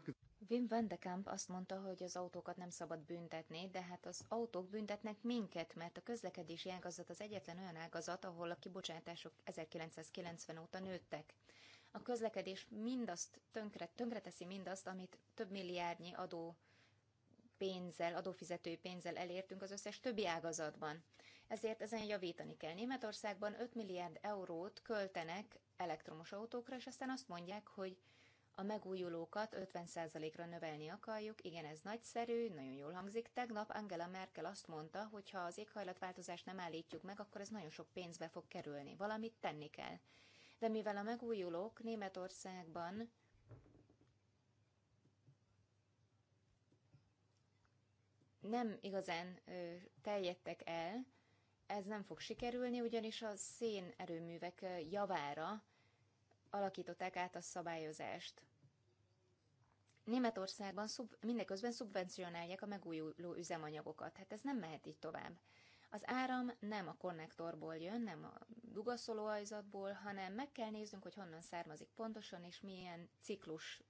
Wim Wendekamp azt mondta, hogy az autókat nem szabad büntetni, de hát az autók büntetnek minket, mert a közlekedési ágazat az egyetlen olyan ágazat, ahol a kibocsátások 1990 óta nőttek. A közlekedés mindazt tönkre, tönkreteszi mindazt, amit több milliárdnyi adó pénzzel, adófizetői pénzzel elértünk az összes többi ágazatban. Ezért ezen javítani kell. Németországban 5 milliárd eurót költenek elektromos autókra, és aztán azt mondják, hogy a megújulókat 50%-ra növelni akarjuk. Igen, ez nagyszerű, nagyon jól hangzik. Tegnap Angela Merkel azt mondta, hogy ha az éghajlatváltozást nem állítjuk meg, akkor ez nagyon sok pénzbe fog kerülni. Valamit tenni kell. De mivel a megújulók Németországban nem igazán ö, el, ez nem fog sikerülni, ugyanis a szénerőművek javára alakították át a szabályozást. Németországban szub, mindeközben szubvencionálják a megújuló üzemanyagokat. Hát ez nem mehet így tovább. Az áram nem a konnektorból jön, nem a dugaszolóajzatból, hanem meg kell néznünk, hogy honnan származik pontosan, és milyen ciklus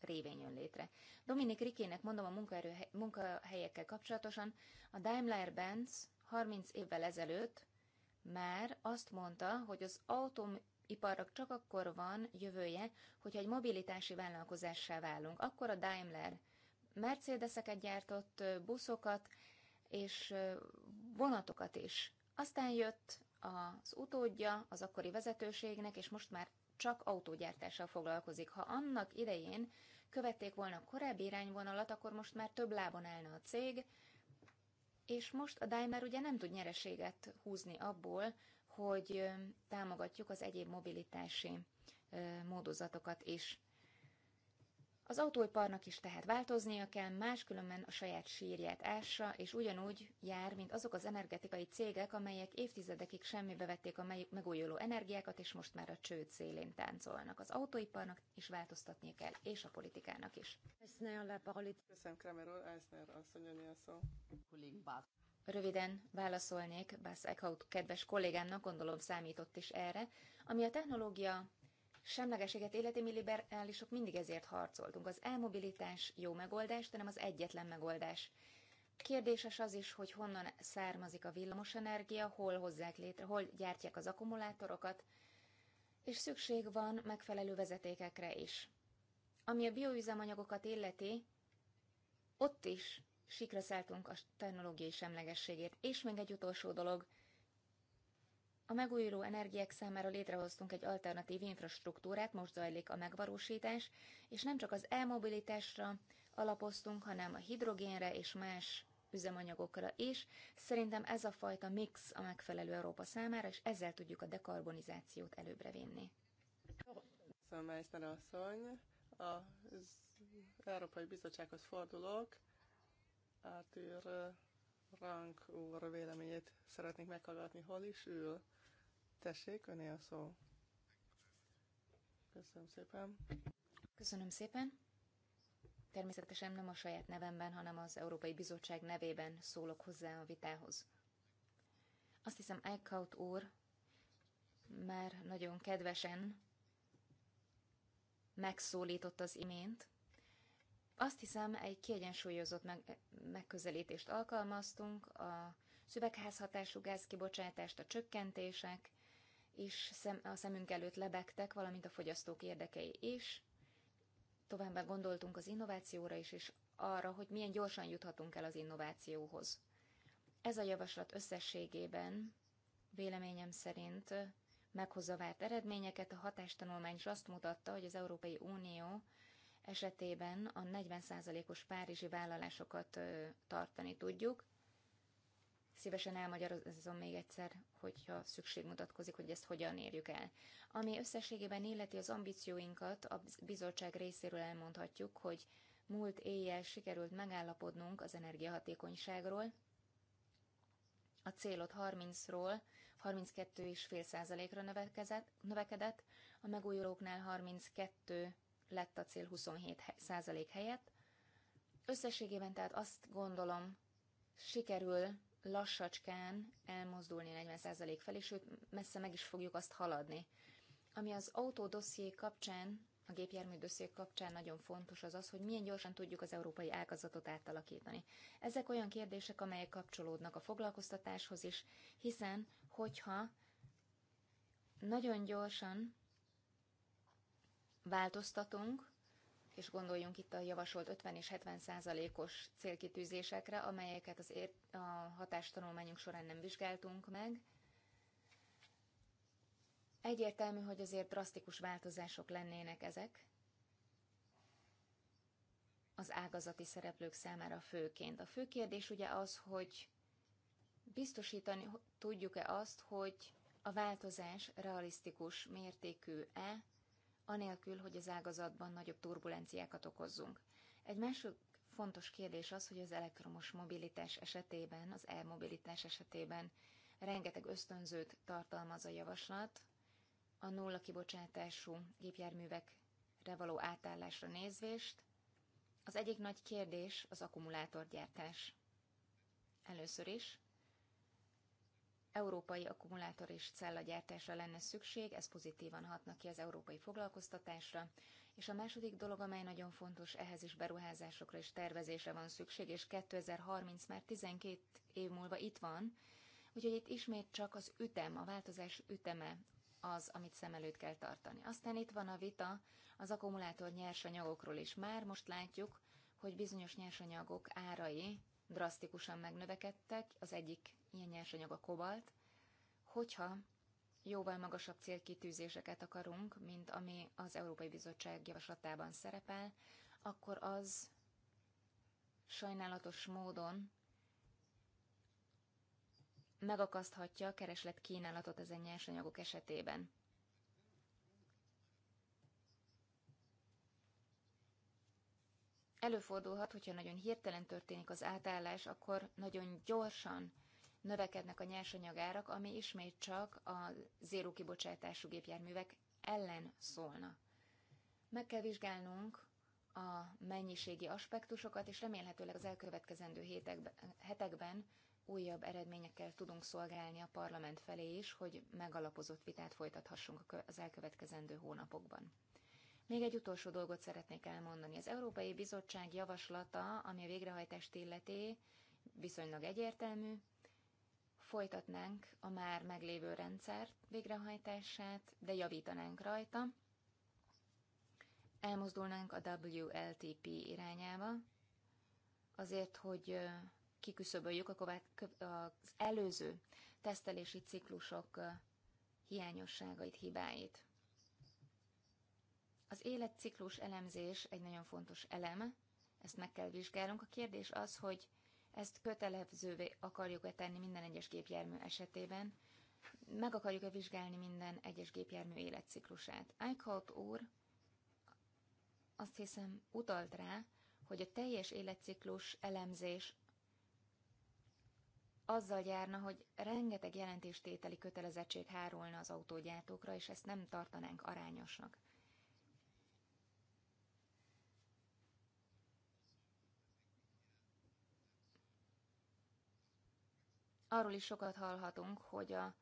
révén jön létre. Dominik Rikének mondom a munkaerő, munkahelyekkel kapcsolatosan, a Daimler-Benz 30 évvel ezelőtt már azt mondta, hogy az autom, iparnak csak akkor van jövője, hogyha egy mobilitási vállalkozássá válunk. Akkor a Daimler Mercedeseket gyártott, buszokat és vonatokat is. Aztán jött az utódja az akkori vezetőségnek, és most már csak autógyártással foglalkozik. Ha annak idején követték volna a korábbi irányvonalat, akkor most már több lábon állna a cég, és most a Daimler ugye nem tud nyereséget húzni abból, hogy támogatjuk az egyéb mobilitási módozatokat is. Az autóiparnak is tehát változnia kell, máskülönben a saját sírját ássa, és ugyanúgy jár, mint azok az energetikai cégek, amelyek évtizedekig semmibe vették a megújuló energiákat, és most már a csőd szélén táncolnak. Az autóiparnak is változtatnia kell, és a politikának is. Köszönöm, Kramer úr, Eisner asszony, a szó. Röviden válaszolnék Bász Eckhout kedves kollégámnak, gondolom számított is erre, ami a technológia semlegeséget életi mi liberálisok mindig ezért harcoltunk. Az elmobilitás jó megoldás, de nem az egyetlen megoldás. Kérdéses az is, hogy honnan származik a villamosenergia, hol hozzák létre, hol gyártják az akkumulátorokat, és szükség van megfelelő vezetékekre is. Ami a bioüzemanyagokat illeti, ott is sikra szálltunk a technológiai semlegességért. És még egy utolsó dolog. A megújuló energiák számára létrehoztunk egy alternatív infrastruktúrát, most zajlik a megvalósítás, és nem csak az e-mobilitásra alapoztunk, hanem a hidrogénre és más üzemanyagokra is. Szerintem ez a fajta mix a megfelelő Európa számára, és ezzel tudjuk a dekarbonizációt előbbre vinni. Köszönöm, Meister asszony. Az Európai Bizottsághoz fordulok. Átűr eh, Rank úr véleményét szeretnék meghallgatni. Hol is ül? Tessék, öné a szó. Köszönöm szépen. Köszönöm szépen. Természetesen nem a saját nevemben, hanem az Európai Bizottság nevében szólok hozzá a vitához. Azt hiszem, Eichhout úr már nagyon kedvesen megszólított az imént, azt hiszem, egy kiegyensúlyozott meg- megközelítést alkalmaztunk, a szüvegházhatású gázkibocsátást, a csökkentések is szem- a szemünk előtt lebegtek, valamint a fogyasztók érdekei is. Továbbá gondoltunk az innovációra is, és arra, hogy milyen gyorsan juthatunk el az innovációhoz. Ez a javaslat összességében véleményem szerint meghozza várt eredményeket, a hatástanulmány is azt mutatta, hogy az Európai Unió esetében a 40%-os párizsi vállalásokat tartani tudjuk. Szívesen elmagyarázom még egyszer, hogyha szükség mutatkozik, hogy ezt hogyan érjük el. Ami összességében illeti az ambícióinkat, a bizottság részéről elmondhatjuk, hogy múlt éjjel sikerült megállapodnunk az energiahatékonyságról, a célot 30-ról 32,5%-ra növekedett, a megújulóknál 32 lett a cél 27% helyett. Összességében tehát azt gondolom, sikerül lassacskán elmozdulni 40% felé, sőt, messze meg is fogjuk azt haladni. Ami az autó dosszié kapcsán, a gépjármű dosszié kapcsán nagyon fontos az az, hogy milyen gyorsan tudjuk az európai ágazatot átalakítani. Ezek olyan kérdések, amelyek kapcsolódnak a foglalkoztatáshoz is, hiszen hogyha nagyon gyorsan változtatunk, és gondoljunk itt a javasolt 50 és 70 százalékos célkitűzésekre, amelyeket az ér- a hatástanulmányunk során nem vizsgáltunk meg. Egyértelmű, hogy azért drasztikus változások lennének ezek, az ágazati szereplők számára főként. A fő kérdés ugye az, hogy biztosítani tudjuk-e azt, hogy a változás realisztikus mértékű-e, anélkül, hogy az ágazatban nagyobb turbulenciákat okozzunk. Egy másik fontos kérdés az, hogy az elektromos mobilitás esetében, az e-mobilitás esetében rengeteg ösztönzőt tartalmaz a javaslat, a nulla kibocsátású gépjárművekre való átállásra nézvést. Az egyik nagy kérdés az akkumulátorgyártás. Először is európai akkumulátor és cellagyártásra lenne szükség, ez pozitívan hatna ki az európai foglalkoztatásra, és a második dolog, amely nagyon fontos, ehhez is beruházásokra és tervezésre van szükség, és 2030 már 12 év múlva itt van, úgyhogy itt ismét csak az ütem, a változás üteme az, amit szem előtt kell tartani. Aztán itt van a vita az akkumulátor nyersanyagokról is. Már most látjuk, hogy bizonyos nyersanyagok árai drasztikusan megnövekedtek, az egyik ilyen nyersanyag a kobalt, hogyha jóval magasabb célkitűzéseket akarunk, mint ami az Európai Bizottság javaslatában szerepel, akkor az sajnálatos módon megakaszthatja a kereslet kínálatot ezen nyersanyagok esetében. Előfordulhat, hogyha nagyon hirtelen történik az átállás, akkor nagyon gyorsan növekednek a nyersanyagárak, ami ismét csak a zéró kibocsátású gépjárművek ellen szólna. Meg kell vizsgálnunk a mennyiségi aspektusokat, és remélhetőleg az elkövetkezendő hetekben újabb eredményekkel tudunk szolgálni a parlament felé is, hogy megalapozott vitát folytathassunk az elkövetkezendő hónapokban. Még egy utolsó dolgot szeretnék elmondani. Az Európai Bizottság javaslata, ami a végrehajtást illeti, viszonylag egyértelmű. Folytatnánk a már meglévő rendszer végrehajtását, de javítanánk rajta. Elmozdulnánk a WLTP irányába, azért, hogy kiküszöböljük az előző tesztelési ciklusok hiányosságait, hibáit. Az életciklus elemzés egy nagyon fontos elem, ezt meg kell vizsgálnunk. A kérdés az, hogy ezt kötelezővé akarjuk-e tenni minden egyes gépjármű esetében, meg akarjuk-e vizsgálni minden egyes gépjármű életciklusát. Eichhout úr azt hiszem utalt rá, hogy a teljes életciklus elemzés azzal járna, hogy rengeteg jelentéstételi kötelezettség hárulna az autógyártókra, és ezt nem tartanánk arányosnak. Arról is sokat hallhatunk, hogy a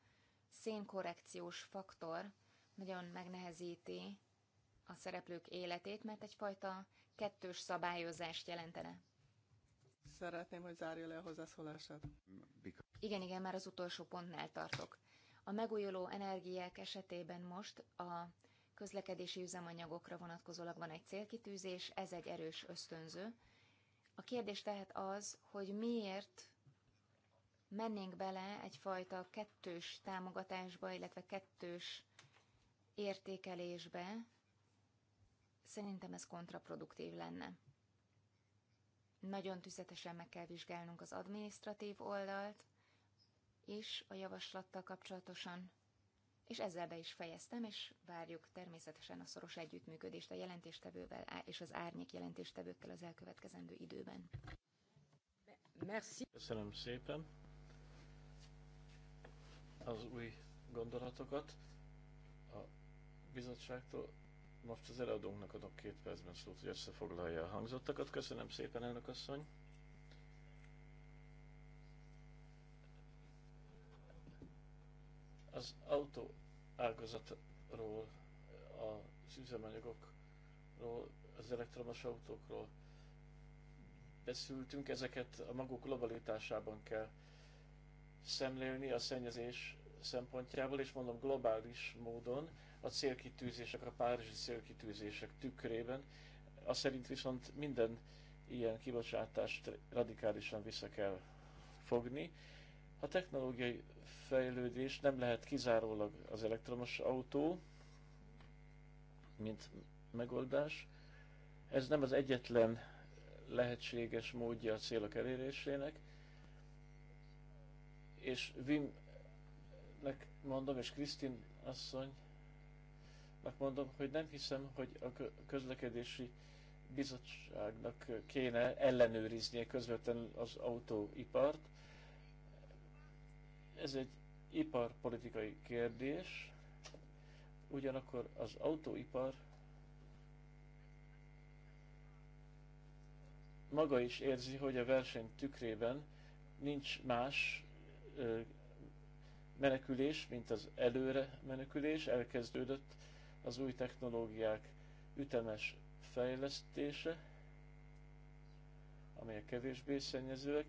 szénkorrekciós faktor nagyon megnehezíti a szereplők életét, mert egyfajta kettős szabályozást jelentene. Szeretném, hogy zárja le a hozzászólását. Igen, igen, már az utolsó pontnál tartok. A megújuló energiák esetében most a közlekedési üzemanyagokra vonatkozólag van egy célkitűzés, ez egy erős ösztönző. A kérdés tehát az, hogy miért mennénk bele egyfajta kettős támogatásba, illetve kettős értékelésbe, szerintem ez kontraproduktív lenne. Nagyon tüzetesen meg kell vizsgálnunk az adminisztratív oldalt is a javaslattal kapcsolatosan, és ezzel be is fejeztem, és várjuk természetesen a szoros együttműködést a jelentéstevővel és az árnyék jelentéstevőkkel az elkövetkezendő időben. Merci. Köszönöm szépen az új gondolatokat a bizottságtól. Most az előadónknak adok két percben szót, hogy összefoglalja a hangzottakat. Köszönöm szépen, elnök asszony! Az autó ágazatról, az üzemanyagokról, az elektromos autókról beszültünk, ezeket a maguk globalitásában kell szemlélni a szennyezés szempontjából, és mondom globális módon a célkitűzések, a párizsi célkitűzések tükrében. Azt szerint viszont minden ilyen kibocsátást radikálisan vissza kell fogni. A technológiai fejlődés nem lehet kizárólag az elektromos autó, mint megoldás. Ez nem az egyetlen lehetséges módja a célok elérésének, és Vimnek mondom, és Krisztin asszonynak mondom, hogy nem hiszem, hogy a közlekedési bizottságnak kéne ellenőriznie közvetlenül az autóipart. Ez egy iparpolitikai kérdés, ugyanakkor az autóipar maga is érzi, hogy a verseny tükrében nincs más menekülés, mint az előre menekülés, elkezdődött az új technológiák ütemes fejlesztése, amelyek kevésbé szennyezőek,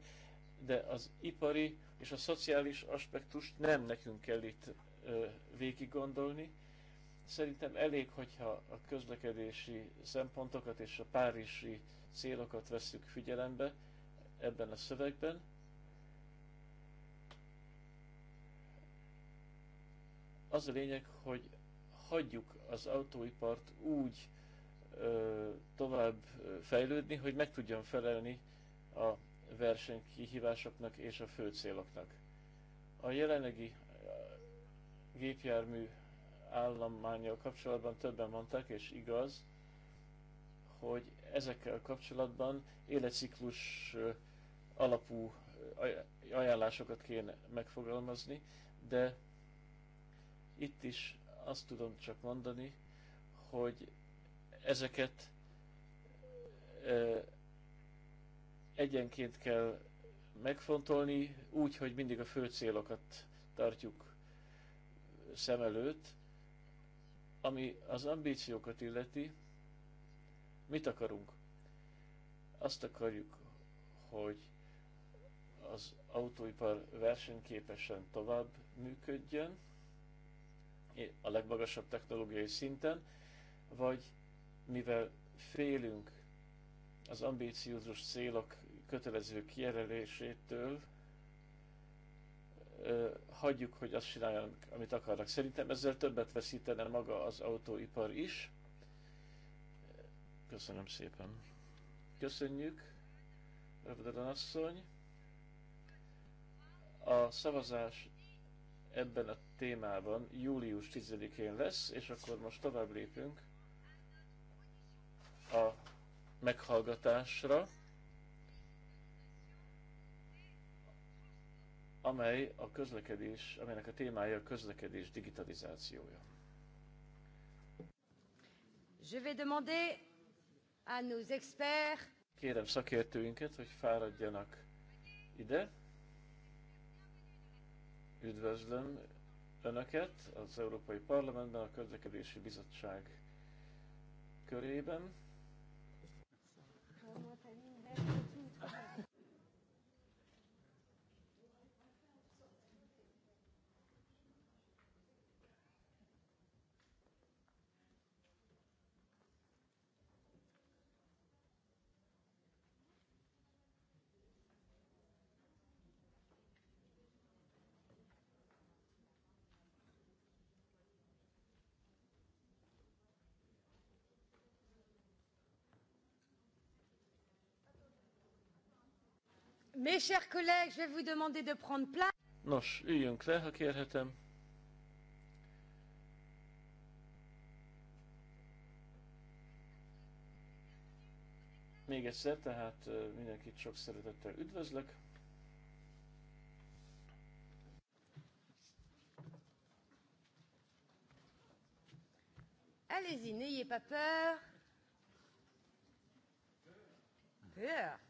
de az ipari és a szociális aspektust nem nekünk kell itt végig gondolni. Szerintem elég, hogyha a közlekedési szempontokat és a párizsi célokat vesszük figyelembe ebben a szövegben, az a lényeg, hogy hagyjuk az autóipart úgy ö, tovább fejlődni, hogy meg tudjon felelni a versenykihívásoknak és a fő céloknak. A jelenlegi gépjármű állományjal kapcsolatban többen mondták, és igaz, hogy ezekkel kapcsolatban életciklus alapú ajánlásokat kéne megfogalmazni, de itt is azt tudom csak mondani, hogy ezeket egyenként kell megfontolni, úgy, hogy mindig a fő célokat tartjuk szem előtt. Ami az ambíciókat illeti, mit akarunk? Azt akarjuk, hogy az autóipar versenyképesen tovább működjön, a legmagasabb technológiai szinten, vagy mivel félünk az ambíciózus célok kötelező kijelölésétől, hagyjuk, hogy azt csináljanak, amit akarnak. Szerintem ezzel többet veszítene maga az autóipar is. Köszönöm szépen. Köszönjük, Rövdelen asszony. A szavazás ebben a témában július 10-én lesz, és akkor most tovább lépünk a meghallgatásra, amely a közlekedés, amelynek a témája a közlekedés digitalizációja. Je vais demander à nos experts Kérem szakértőinket, hogy fáradjanak ide. Üdvözlöm Önöket az Európai Parlamentben, a Közlekedési Bizottság körében. Köszönöm. Mes chers collègues, je vais vous demander de prendre place. Nos, üljünk le, ha kérhetem. Még egyszer, tehát mindenkit sok szeretettel üdvözlök. Allez-y, n'ayez pas peur. Peur.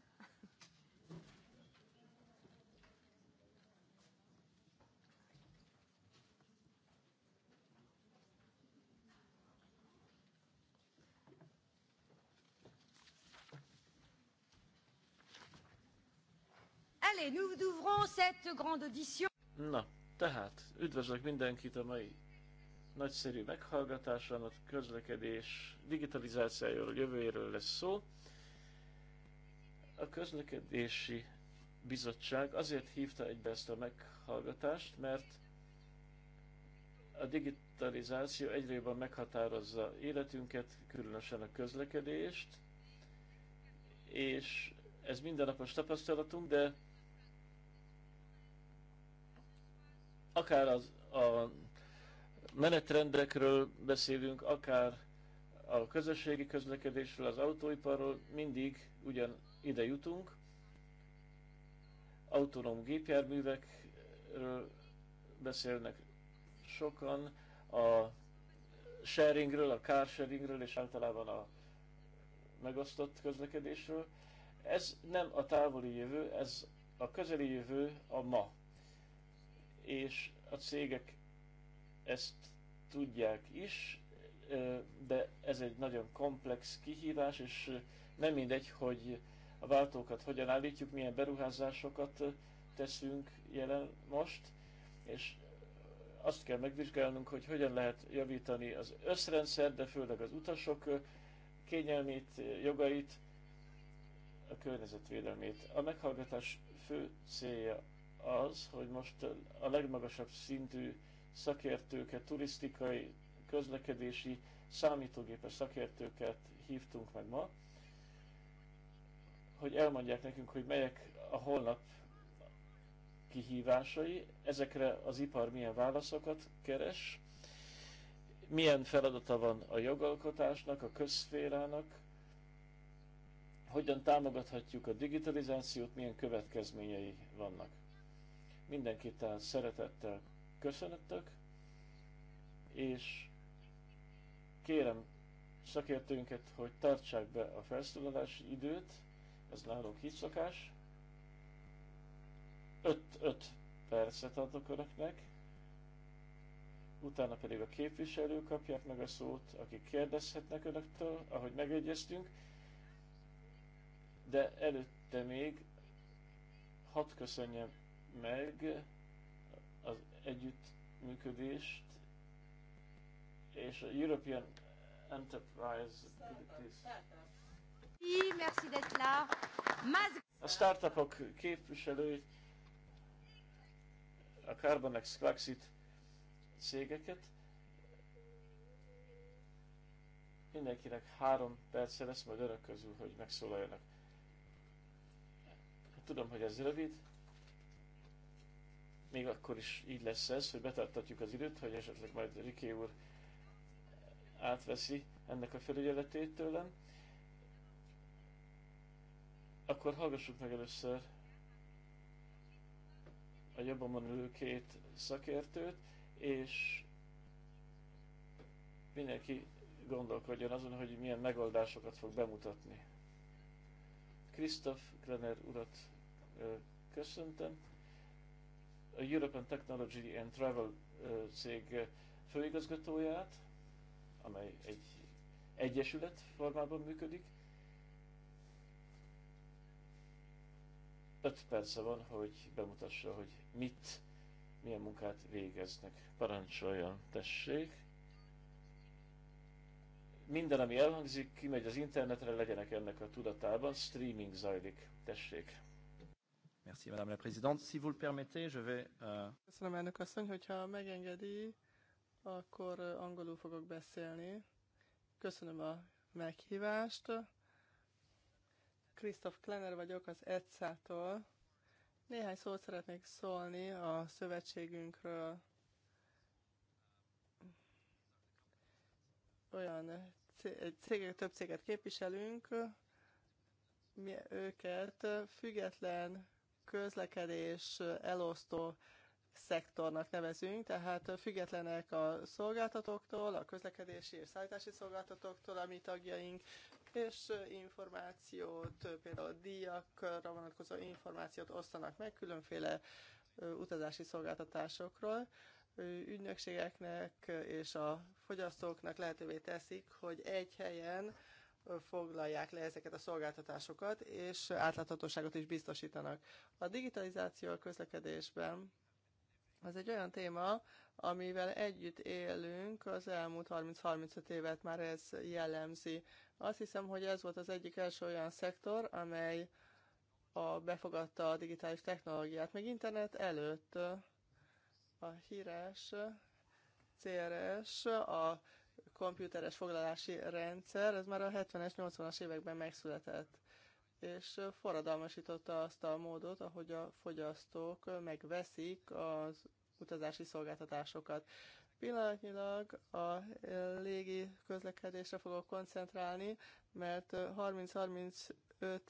Allez, nous ouvrons cette grande audition. Na, tehát üdvözlök mindenkit a mai nagyszerű meghallgatáson, a közlekedés digitalizációról, jövőjéről lesz szó. A közlekedési bizottság azért hívta egybe ezt a meghallgatást, mert a digitalizáció egyre jobban meghatározza életünket, különösen a közlekedést, és ez mindennapos tapasztalatunk, de akár az, a menetrendekről beszélünk, akár a közösségi közlekedésről, az autóiparról, mindig ugyan ide jutunk. Autonóm gépjárművekről beszélnek sokan, a sharingről, a car sharingről és általában a megosztott közlekedésről. Ez nem a távoli jövő, ez a közeli jövő a ma és a cégek ezt tudják is, de ez egy nagyon komplex kihívás, és nem mindegy, hogy a váltókat hogyan állítjuk, milyen beruházásokat teszünk jelen most, és azt kell megvizsgálnunk, hogy hogyan lehet javítani az összrendszer, de főleg az utasok kényelmét, jogait, a környezetvédelmét. A meghallgatás fő célja az, hogy most a legmagasabb szintű szakértőket, turisztikai, közlekedési, számítógépes szakértőket hívtunk meg ma, hogy elmondják nekünk, hogy melyek a holnap kihívásai, ezekre az ipar milyen válaszokat keres, milyen feladata van a jogalkotásnak, a közszférának, hogyan támogathatjuk a digitalizációt, milyen következményei vannak. Mindenkit szeretettel köszönöttök, és kérem szakértőinket, hogy tartsák be a felszólalási időt, ez nálunk így szokás. 5-5 percet adok önöknek, utána pedig a képviselők kapják meg a szót, akik kérdezhetnek önöktől, ahogy megegyeztünk, de előtte még hadd köszönjem meg az együttműködést, és a European Enterprise A startupok képviselői, a Carbonex Quaxit cégeket. Mindenkinek három perce lesz majd önök közül, hogy megszólaljanak. Tudom, hogy ez rövid még akkor is így lesz ez, hogy betartatjuk az időt, hogy esetleg majd Riké úr átveszi ennek a felügyeletét tőlem. Akkor hallgassuk meg először a jobban ülő két szakértőt, és mindenki gondolkodjon azon, hogy milyen megoldásokat fog bemutatni. Krisztof Krener urat köszöntöm a European Technology and Travel cég főigazgatóját, amely egy egyesület formában működik. Öt perce van, hogy bemutassa, hogy mit, milyen munkát végeznek. Parancsoljon, tessék! Minden, ami elhangzik, kimegy az internetre, legyenek ennek a tudatában. Streaming zajlik, tessék! Merci, Madame la Présidente. Si vous le permettez, je vais... Uh... Köszönöm, elnök asszony, hogyha megengedi, akkor angolul fogok beszélni. Köszönöm a meghívást. Christoph Klenner vagyok az ETSA-tól. Néhány szót szeretnék szólni a szövetségünkről. Olyan cégek, több céget képviselünk, mi őket független közlekedés elosztó szektornak nevezünk, tehát függetlenek a szolgáltatóktól, a közlekedési és szállítási szolgáltatóktól, a mi tagjaink, és információt, például a díjakra vonatkozó információt osztanak meg különféle utazási szolgáltatásokról. Ügynökségeknek és a fogyasztóknak lehetővé teszik, hogy egy helyen foglalják le ezeket a szolgáltatásokat, és átláthatóságot is biztosítanak. A digitalizáció a közlekedésben az egy olyan téma, amivel együtt élünk, az elmúlt 30-35 évet már ez jellemzi. Azt hiszem, hogy ez volt az egyik első olyan szektor, amely a, befogadta a digitális technológiát, még internet előtt a híres CRS, er a komputeres foglalási rendszer, ez már a 70-es, 80-as években megszületett, és forradalmasította azt a módot, ahogy a fogyasztók megveszik az utazási szolgáltatásokat. Pillanatnyilag a légi közlekedésre fogok koncentrálni, mert 30-35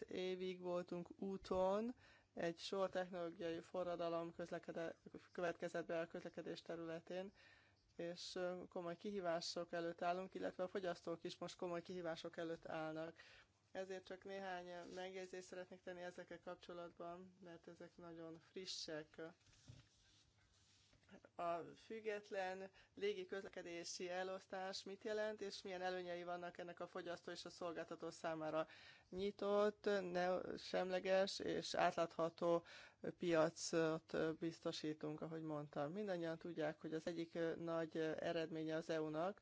évig voltunk úton, egy sor technológiai forradalom következett be a közlekedés területén, és komoly kihívások előtt állunk, illetve a fogyasztók is most komoly kihívások előtt állnak. Ezért csak néhány megjegyzést szeretnék tenni ezekkel kapcsolatban, mert ezek nagyon frissek a független légi közlekedési elosztás mit jelent, és milyen előnyei vannak ennek a fogyasztó és a szolgáltató számára. Nyitott, ne, semleges és átlátható piacot biztosítunk, ahogy mondtam. Mindannyian tudják, hogy az egyik nagy eredménye az EU-nak,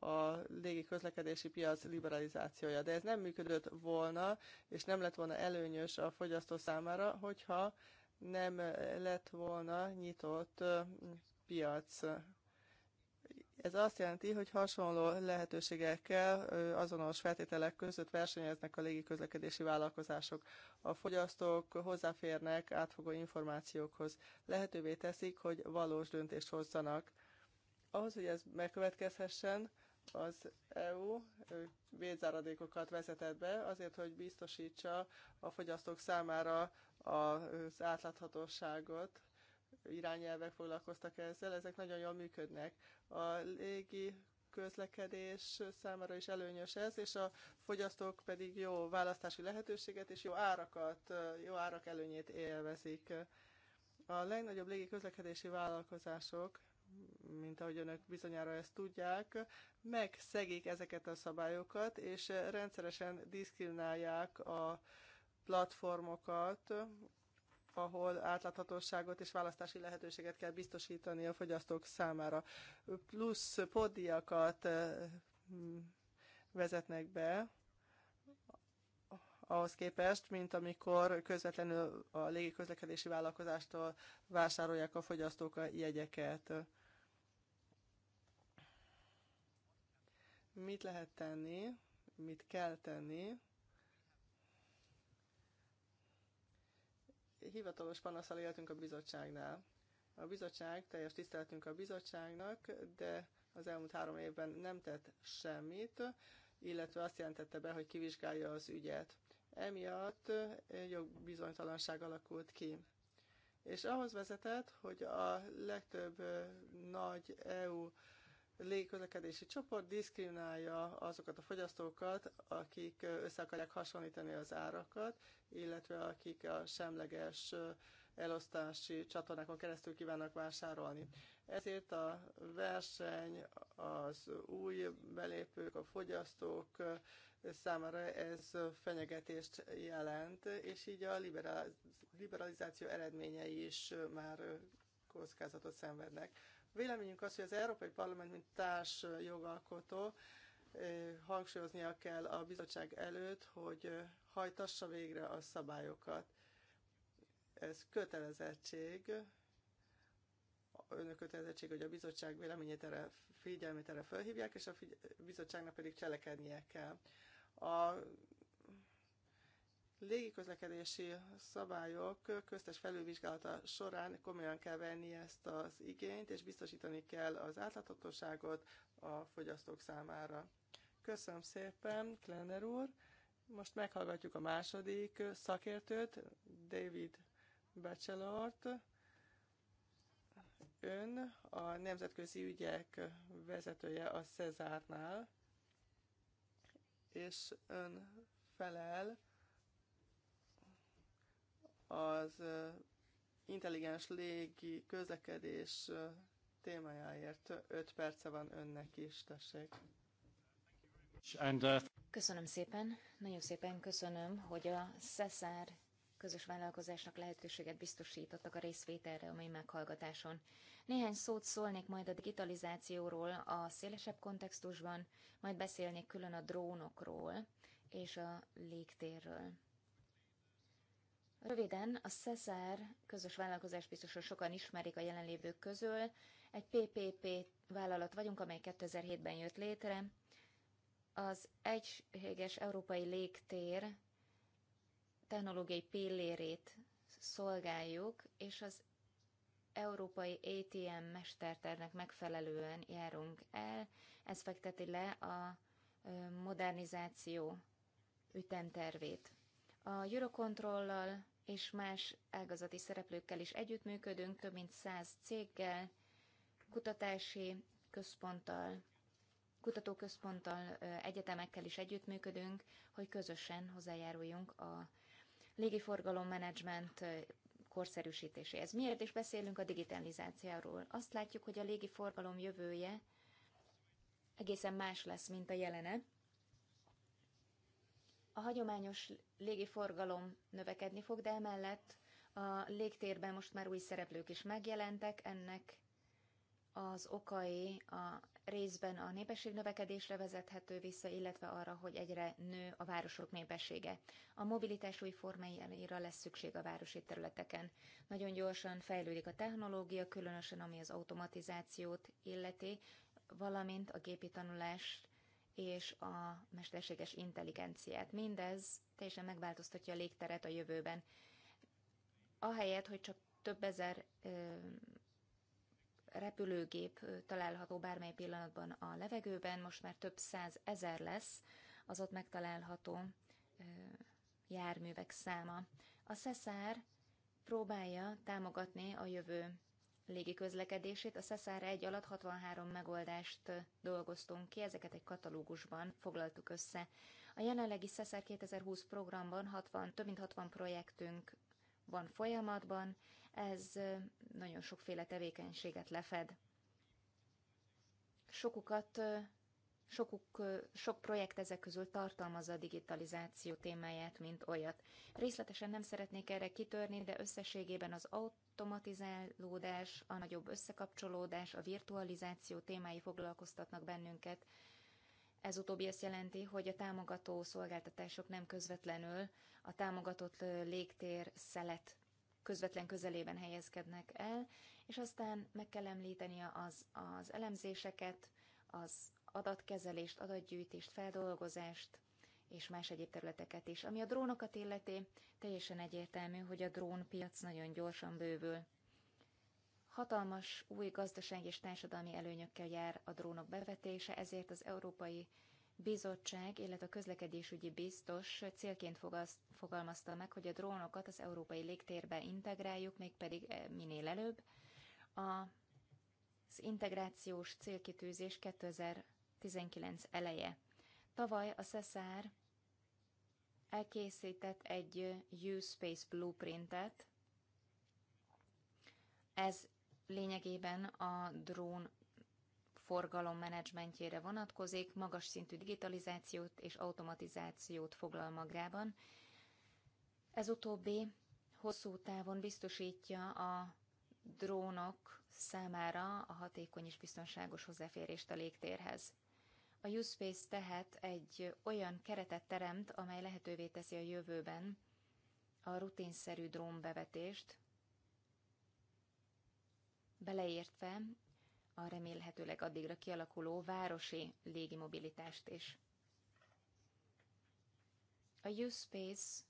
a légi közlekedési piac liberalizációja. De ez nem működött volna, és nem lett volna előnyös a fogyasztó számára, hogyha nem lett volna nyitott piac. Ez azt jelenti, hogy hasonló lehetőségekkel, azonos feltételek között versenyeznek a légiközlekedési vállalkozások. A fogyasztók hozzáférnek átfogó információkhoz. Lehetővé teszik, hogy valós döntést hozzanak. Ahhoz, hogy ez megkövetkezhessen, az EU védzáradékokat vezetett be azért, hogy biztosítsa a fogyasztók számára az átláthatóságot, irányelvek foglalkoztak ezzel, ezek nagyon jól működnek. A légi közlekedés számára is előnyös ez, és a fogyasztók pedig jó választási lehetőséget és jó árakat, jó árak előnyét élvezik. A legnagyobb légi közlekedési vállalkozások, mint ahogy önök bizonyára ezt tudják, megszegik ezeket a szabályokat, és rendszeresen diszkriminálják a platformokat, ahol átláthatóságot és választási lehetőséget kell biztosítani a fogyasztók számára. Plusz poddiakat vezetnek be, ahhoz képest, mint amikor közvetlenül a légiközlekedési vállalkozástól vásárolják a fogyasztók a jegyeket. Mit lehet tenni, mit kell tenni hivatalos panaszal éltünk a bizottságnál. A bizottság, teljes tiszteletünk a bizottságnak, de az elmúlt három évben nem tett semmit, illetve azt jelentette be, hogy kivizsgálja az ügyet. Emiatt jogbizonytalanság alakult ki. És ahhoz vezetett, hogy a legtöbb nagy EU légközlekedési csoport diszkriminálja azokat a fogyasztókat, akik össze akarják hasonlítani az árakat, illetve akik a semleges elosztási csatornákon keresztül kívánnak vásárolni. Ezért a verseny az új belépők, a fogyasztók számára ez fenyegetést jelent, és így a liberalizáció eredményei is már kockázatot szenvednek. Véleményünk az, hogy az Európai Parlament, mint társ jogalkotó, eh, hangsúlyoznia kell a bizottság előtt, hogy eh, hajtassa végre a szabályokat. Ez kötelezettség, önök kötelezettség, hogy a bizottság véleményét erre, figyelmét erre felhívják, és a bizottságnak pedig cselekednie kell. A légiközlekedési szabályok köztes felülvizsgálata során komolyan kell venni ezt az igényt, és biztosítani kell az átláthatóságot a fogyasztók számára. Köszönöm szépen, Klenner úr! Most meghallgatjuk a második szakértőt, David Bachelort. Ön a nemzetközi ügyek vezetője a Cezárnál, és ön felel az intelligens légi közlekedés témájáért. 5 perce van önnek is, tessék. Uh, köszönöm szépen, nagyon szépen köszönöm, hogy a Szeszár közös vállalkozásnak lehetőséget biztosítottak a részvételre a mai meghallgatáson. Néhány szót szólnék majd a digitalizációról a szélesebb kontextusban, majd beszélnék külön a drónokról és a légtérről. Röviden, a Cesar közös vállalkozás biztosan sokan ismerik a jelenlévők közül. Egy PPP vállalat vagyunk, amely 2007-ben jött létre. Az Egységes Európai Légtér technológiai pillérét szolgáljuk, és az európai ATM mesterternek megfelelően járunk el. Ez fekteti le a modernizáció ütemtervét. A Eurocontrollal és más ágazati szereplőkkel is együttműködünk, több mint száz céggel, kutatási központtal, kutatóközponttal, egyetemekkel is együttműködünk, hogy közösen hozzájáruljunk a légiforgalom menedzsment korszerűsítéséhez. Miért is beszélünk a digitalizációról? Azt látjuk, hogy a légiforgalom jövője egészen más lesz, mint a jelene. A hagyományos légiforgalom növekedni fog, de emellett a légtérben most már új szereplők is megjelentek, ennek az okai a részben a népesség növekedésre vezethető vissza, illetve arra, hogy egyre nő a városok népessége. A mobilitás új formáira lesz szükség a városi területeken. Nagyon gyorsan fejlődik a technológia, különösen ami az automatizációt illeti, valamint a gépi tanulást és a mesterséges intelligenciát. Mindez teljesen megváltoztatja a légteret a jövőben. Ahelyett, hogy csak több ezer repülőgép található bármely pillanatban a levegőben, most már több száz ezer lesz az ott megtalálható járművek száma. A SESZÁR próbálja támogatni a jövő légi közlekedését A SZESZÁR 1 alatt 63 megoldást dolgoztunk ki, ezeket egy katalógusban foglaltuk össze. A jelenlegi SZESZÁR 2020 programban 60, több mint 60 projektünk van folyamatban, ez nagyon sokféle tevékenységet lefed. Sokukat Sokuk, sok projekt ezek közül tartalmazza a digitalizáció témáját, mint olyat. Részletesen nem szeretnék erre kitörni, de összességében az automatizálódás, a nagyobb összekapcsolódás, a virtualizáció témái foglalkoztatnak bennünket. Ez utóbbi azt jelenti, hogy a támogató szolgáltatások nem közvetlenül a támogatott légtér szelet közvetlen közelében helyezkednek el, és aztán meg kell említeni az, az elemzéseket, az adatkezelést, adatgyűjtést, feldolgozást és más egyéb területeket is. Ami a drónokat illeti, teljesen egyértelmű, hogy a drónpiac nagyon gyorsan bővül. Hatalmas új gazdasági és társadalmi előnyökkel jár a drónok bevetése, ezért az Európai Bizottság, illetve a közlekedésügyi biztos célként fogalmazta meg, hogy a drónokat az európai légtérbe integráljuk, mégpedig eh, minél előbb. A az integrációs célkitűzés 2000 19 eleje. Tavaly a Szeszár elkészített egy U-Space blueprintet. Ez lényegében a drón forgalom menedzsmentjére vonatkozik, magas szintű digitalizációt és automatizációt foglal magában. Ez utóbbi hosszú távon biztosítja a drónok számára a hatékony és biztonságos hozzáférést a légtérhez. A Uspace tehát egy olyan keretet teremt, amely lehetővé teszi a jövőben a rutinszerű drónbevetést, beleértve a remélhetőleg addigra kialakuló városi légimobilitást is. A U-Space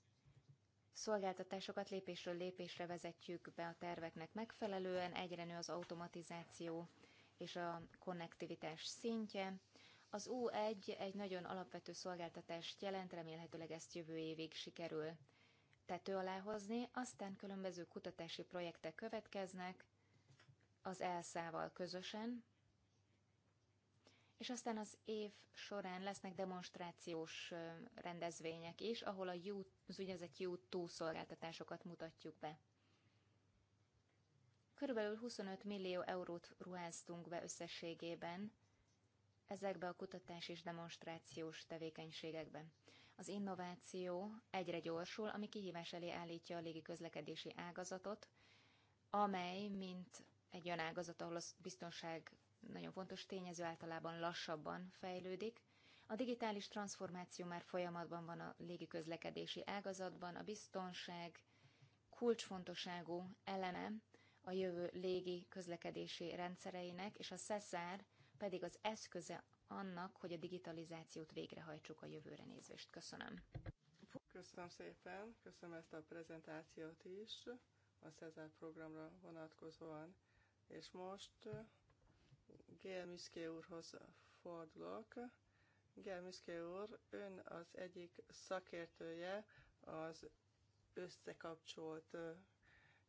szolgáltatásokat lépésről lépésre vezetjük be a terveknek megfelelően, egyre nő az automatizáció és a konnektivitás szintje, az U1 egy nagyon alapvető szolgáltatást jelent, remélhetőleg ezt jövő évig sikerül tető alá hozni, aztán különböző kutatási projektek következnek az elszával közösen, és aztán az év során lesznek demonstrációs rendezvények is, ahol a U, az úgynevezett U2 szolgáltatásokat mutatjuk be. Körülbelül 25 millió eurót ruháztunk be összességében ezekbe a kutatás és demonstrációs tevékenységekbe. Az innováció egyre gyorsul, ami kihívás elé állítja a légiközlekedési ágazatot, amely, mint egy olyan ágazat, ahol a biztonság nagyon fontos tényező általában lassabban fejlődik. A digitális transformáció már folyamatban van a légiközlekedési ágazatban, a biztonság kulcsfontosságú eleme a jövő légi közlekedési rendszereinek, és a SESZÁR pedig az eszköze annak, hogy a digitalizációt végrehajtsuk a jövőre nézvést. Köszönöm. Köszönöm szépen, köszönöm ezt a prezentációt is a Cezár programra vonatkozóan. És most uh, Gél Müszké úrhoz fordulok. Gél Müszké úr, ön az egyik szakértője az összekapcsolt uh,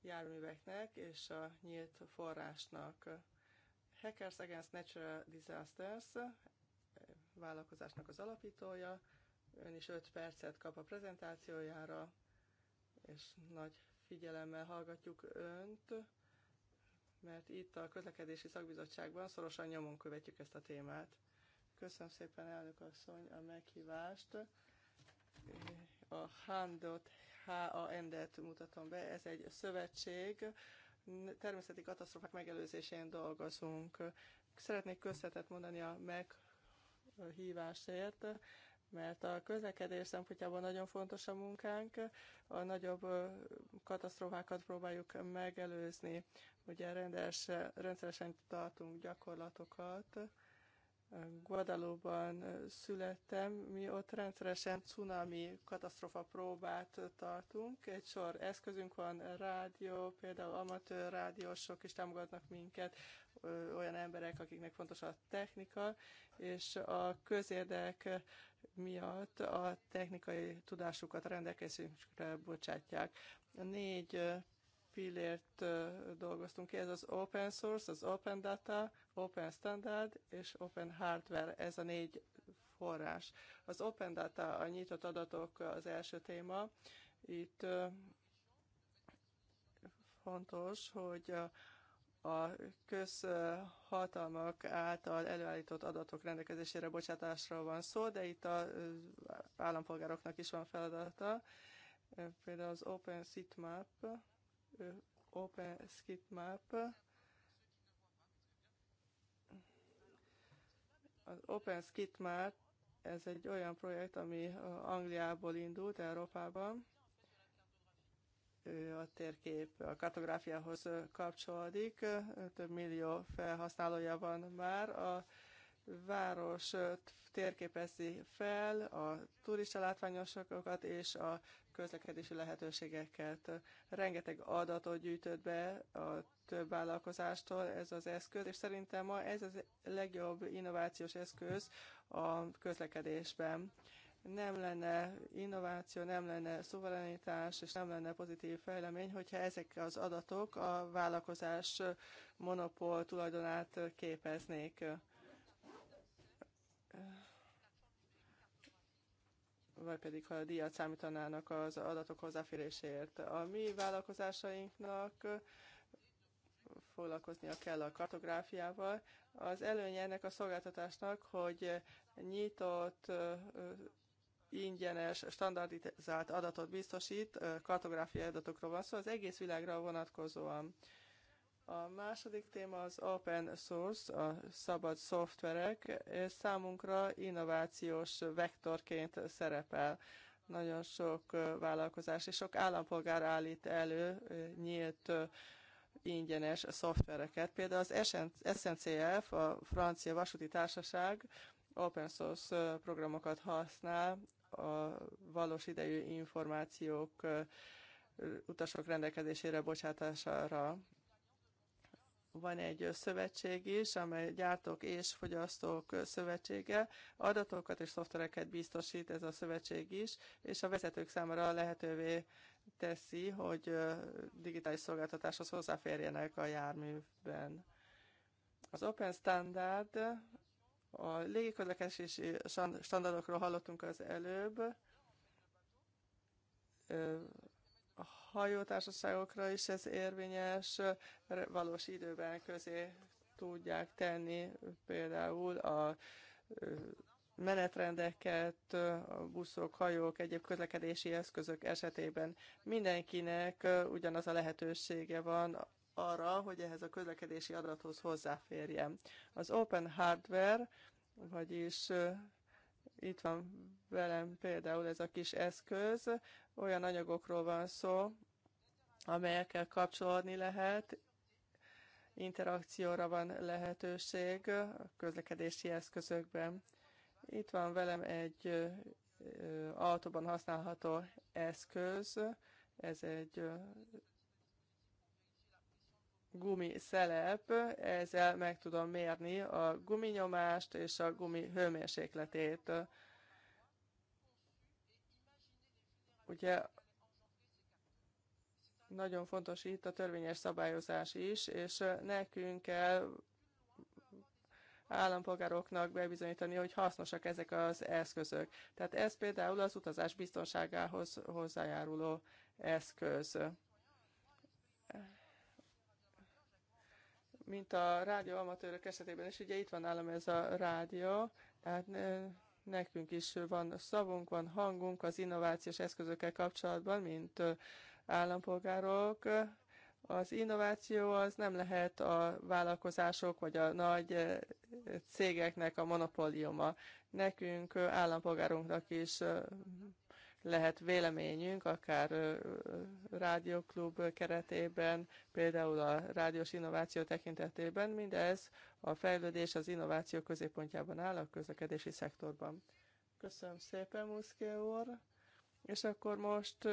járműveknek és a nyílt forrásnak. Hackers Against Natural Disasters eh, vállalkozásnak az alapítója. Ön is 5 percet kap a prezentációjára, és nagy figyelemmel hallgatjuk önt, mert itt a közlekedési szakbizottságban szorosan nyomon követjük ezt a témát. Köszönöm szépen, elnök asszony, a meghívást. Eh, a HANDOT, H-A-N-D-et mutatom be, ez egy szövetség, természeti katasztrófák megelőzésén dolgozunk. Szeretnék köszönetet mondani a meghívásért, mert a közlekedés szempontjából nagyon fontos a munkánk, a nagyobb katasztrófákat próbáljuk megelőzni. Ugye rendes, rendszeresen tartunk gyakorlatokat, Guadalóban születtem, mi ott rendszeresen cunami katasztrofa próbát tartunk. Egy sor eszközünk van, rádió, például amatőr rádiósok is támogatnak minket, olyan emberek, akiknek fontos a technika, és a közérdek miatt a technikai tudásukat a rendelkezésünkre bocsátják. Négy pillért dolgoztunk ki, ez az open source, az open data, open standard és open hardware, ez a négy forrás. Az open data, a nyitott adatok az első téma. Itt fontos, hogy a közhatalmak által előállított adatok rendelkezésére bocsátásról van szó, de itt az állampolgároknak is van feladata. Például az OpenSitmap OpenStreetMap. Az OpenStreetMap ez egy olyan projekt, ami Angliából indult Európában. A térkép a kartográfiához kapcsolódik, több millió felhasználója van már. A város térképezi fel a turista látványosokat és a közlekedési lehetőségeket. Rengeteg adatot gyűjtött be a több vállalkozástól ez az eszköz, és szerintem ma ez a legjobb innovációs eszköz a közlekedésben. Nem lenne innováció, nem lenne szuverenitás, és nem lenne pozitív fejlemény, hogyha ezek az adatok a vállalkozás monopól tulajdonát képeznék vagy pedig ha a díjat számítanának az adatok hozzáféréséért. A mi vállalkozásainknak foglalkoznia kell a kartográfiával. Az előnye ennek a szolgáltatásnak, hogy nyitott, ingyenes, standardizált adatot biztosít, kartográfiai adatokról van szó, szóval az egész világra vonatkozóan. A második téma az open source, a szabad szoftverek, és számunkra innovációs vektorként szerepel. Nagyon sok vállalkozás és sok állampolgár állít elő nyílt ingyenes szoftvereket. Például az SNCF, a francia vasúti társaság open source programokat használ a valós idejű információk utasok rendelkezésére bocsátására van egy szövetség is, amely gyártók és fogyasztók szövetsége. Adatokat és szoftvereket biztosít ez a szövetség is, és a vezetők számára lehetővé teszi, hogy digitális szolgáltatáshoz hozzáférjenek a járműben. Az Open Standard, a légiközlekedési standardokról hallottunk az előbb, hajótársaságokra is ez érvényes, valós időben közé tudják tenni például a menetrendeket, a buszok, hajók, egyéb közlekedési eszközök esetében mindenkinek ugyanaz a lehetősége van arra, hogy ehhez a közlekedési adathoz hozzáférjen. Az open hardware, vagyis itt van velem például ez a kis eszköz, olyan anyagokról van szó, amelyekkel kapcsolódni lehet, interakcióra van lehetőség a közlekedési eszközökben. Itt van velem egy autóban használható eszköz, ez egy gumi szelep, ezzel meg tudom mérni a guminyomást és a gumi hőmérsékletét. Ugye nagyon fontos itt a törvényes szabályozás is, és nekünk kell állampolgároknak bebizonyítani, hogy hasznosak ezek az eszközök. Tehát ez például az utazás biztonságához hozzájáruló eszköz. Mint a rádió amatőrök esetében is, ugye itt van nálam ez a rádió, tehát Nekünk is van szavunk, van hangunk az innovációs eszközökkel kapcsolatban, mint állampolgárok. Az innováció az nem lehet a vállalkozások vagy a nagy cégeknek a monopóliuma. Nekünk állampolgárunknak is lehet véleményünk, akár rádióklub keretében, például a rádiós innováció tekintetében, mindez a fejlődés az innováció középpontjában áll a közlekedési szektorban. Köszönöm szépen, Muszké úr! És akkor most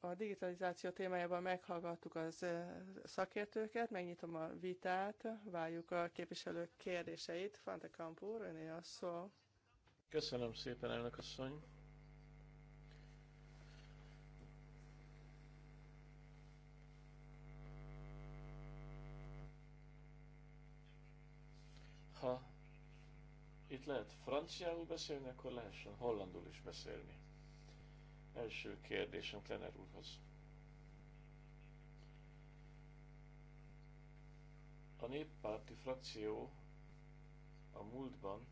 a digitalizáció témájában meghallgattuk az szakértőket, megnyitom a vitát, várjuk a képviselők kérdéseit. Fante Kampúr, öné a szó. Köszönöm szépen, elnök asszony. Ha itt lehet franciául beszélni, akkor lehessen hollandul is beszélni. Első kérdésem Klener úrhoz. A néppárti frakció a múltban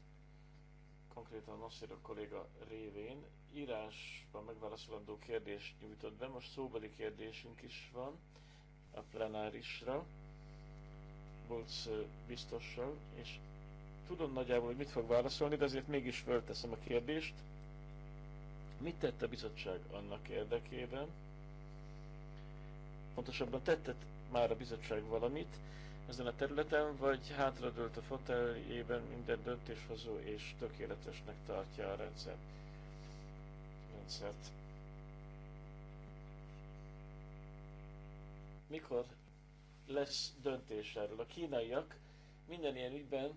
konkrétan Nasser kolléga révén írásban megválaszolandó kérdést nyújtott be, most szóbeli kérdésünk is van a plenárisra, Bulc biztossal, és tudom nagyjából, hogy mit fog válaszolni, de azért mégis fölteszem a kérdést. Mit tett a bizottság annak érdekében? Pontosabban tettet már a bizottság valamit, ezen a területen, vagy hátradőlt a foteljében minden döntéshozó és tökéletesnek tartja a rendszert. rendszert. Mikor lesz döntés erről? A kínaiak minden ilyen ügyben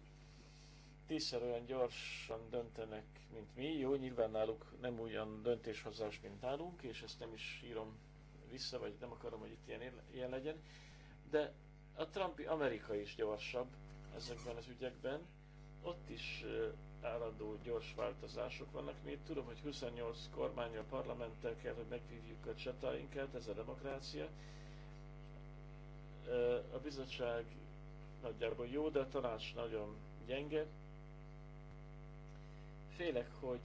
tízszer olyan gyorsan döntenek, mint mi. Jó, nyilván náluk nem olyan döntéshozás, mint nálunk, és ezt nem is írom vissza, vagy nem akarom, hogy itt ilyen, ilyen legyen. De a Trumpi Amerika is gyorsabb ezekben az ügyekben. Ott is állandó gyors változások vannak. Mi itt tudom, hogy 28 a parlamenttel kell, hogy megvívjuk a csatáinkat, ez a demokrácia. A bizottság nagyjából jó, de a tanács nagyon gyenge. Félek, hogy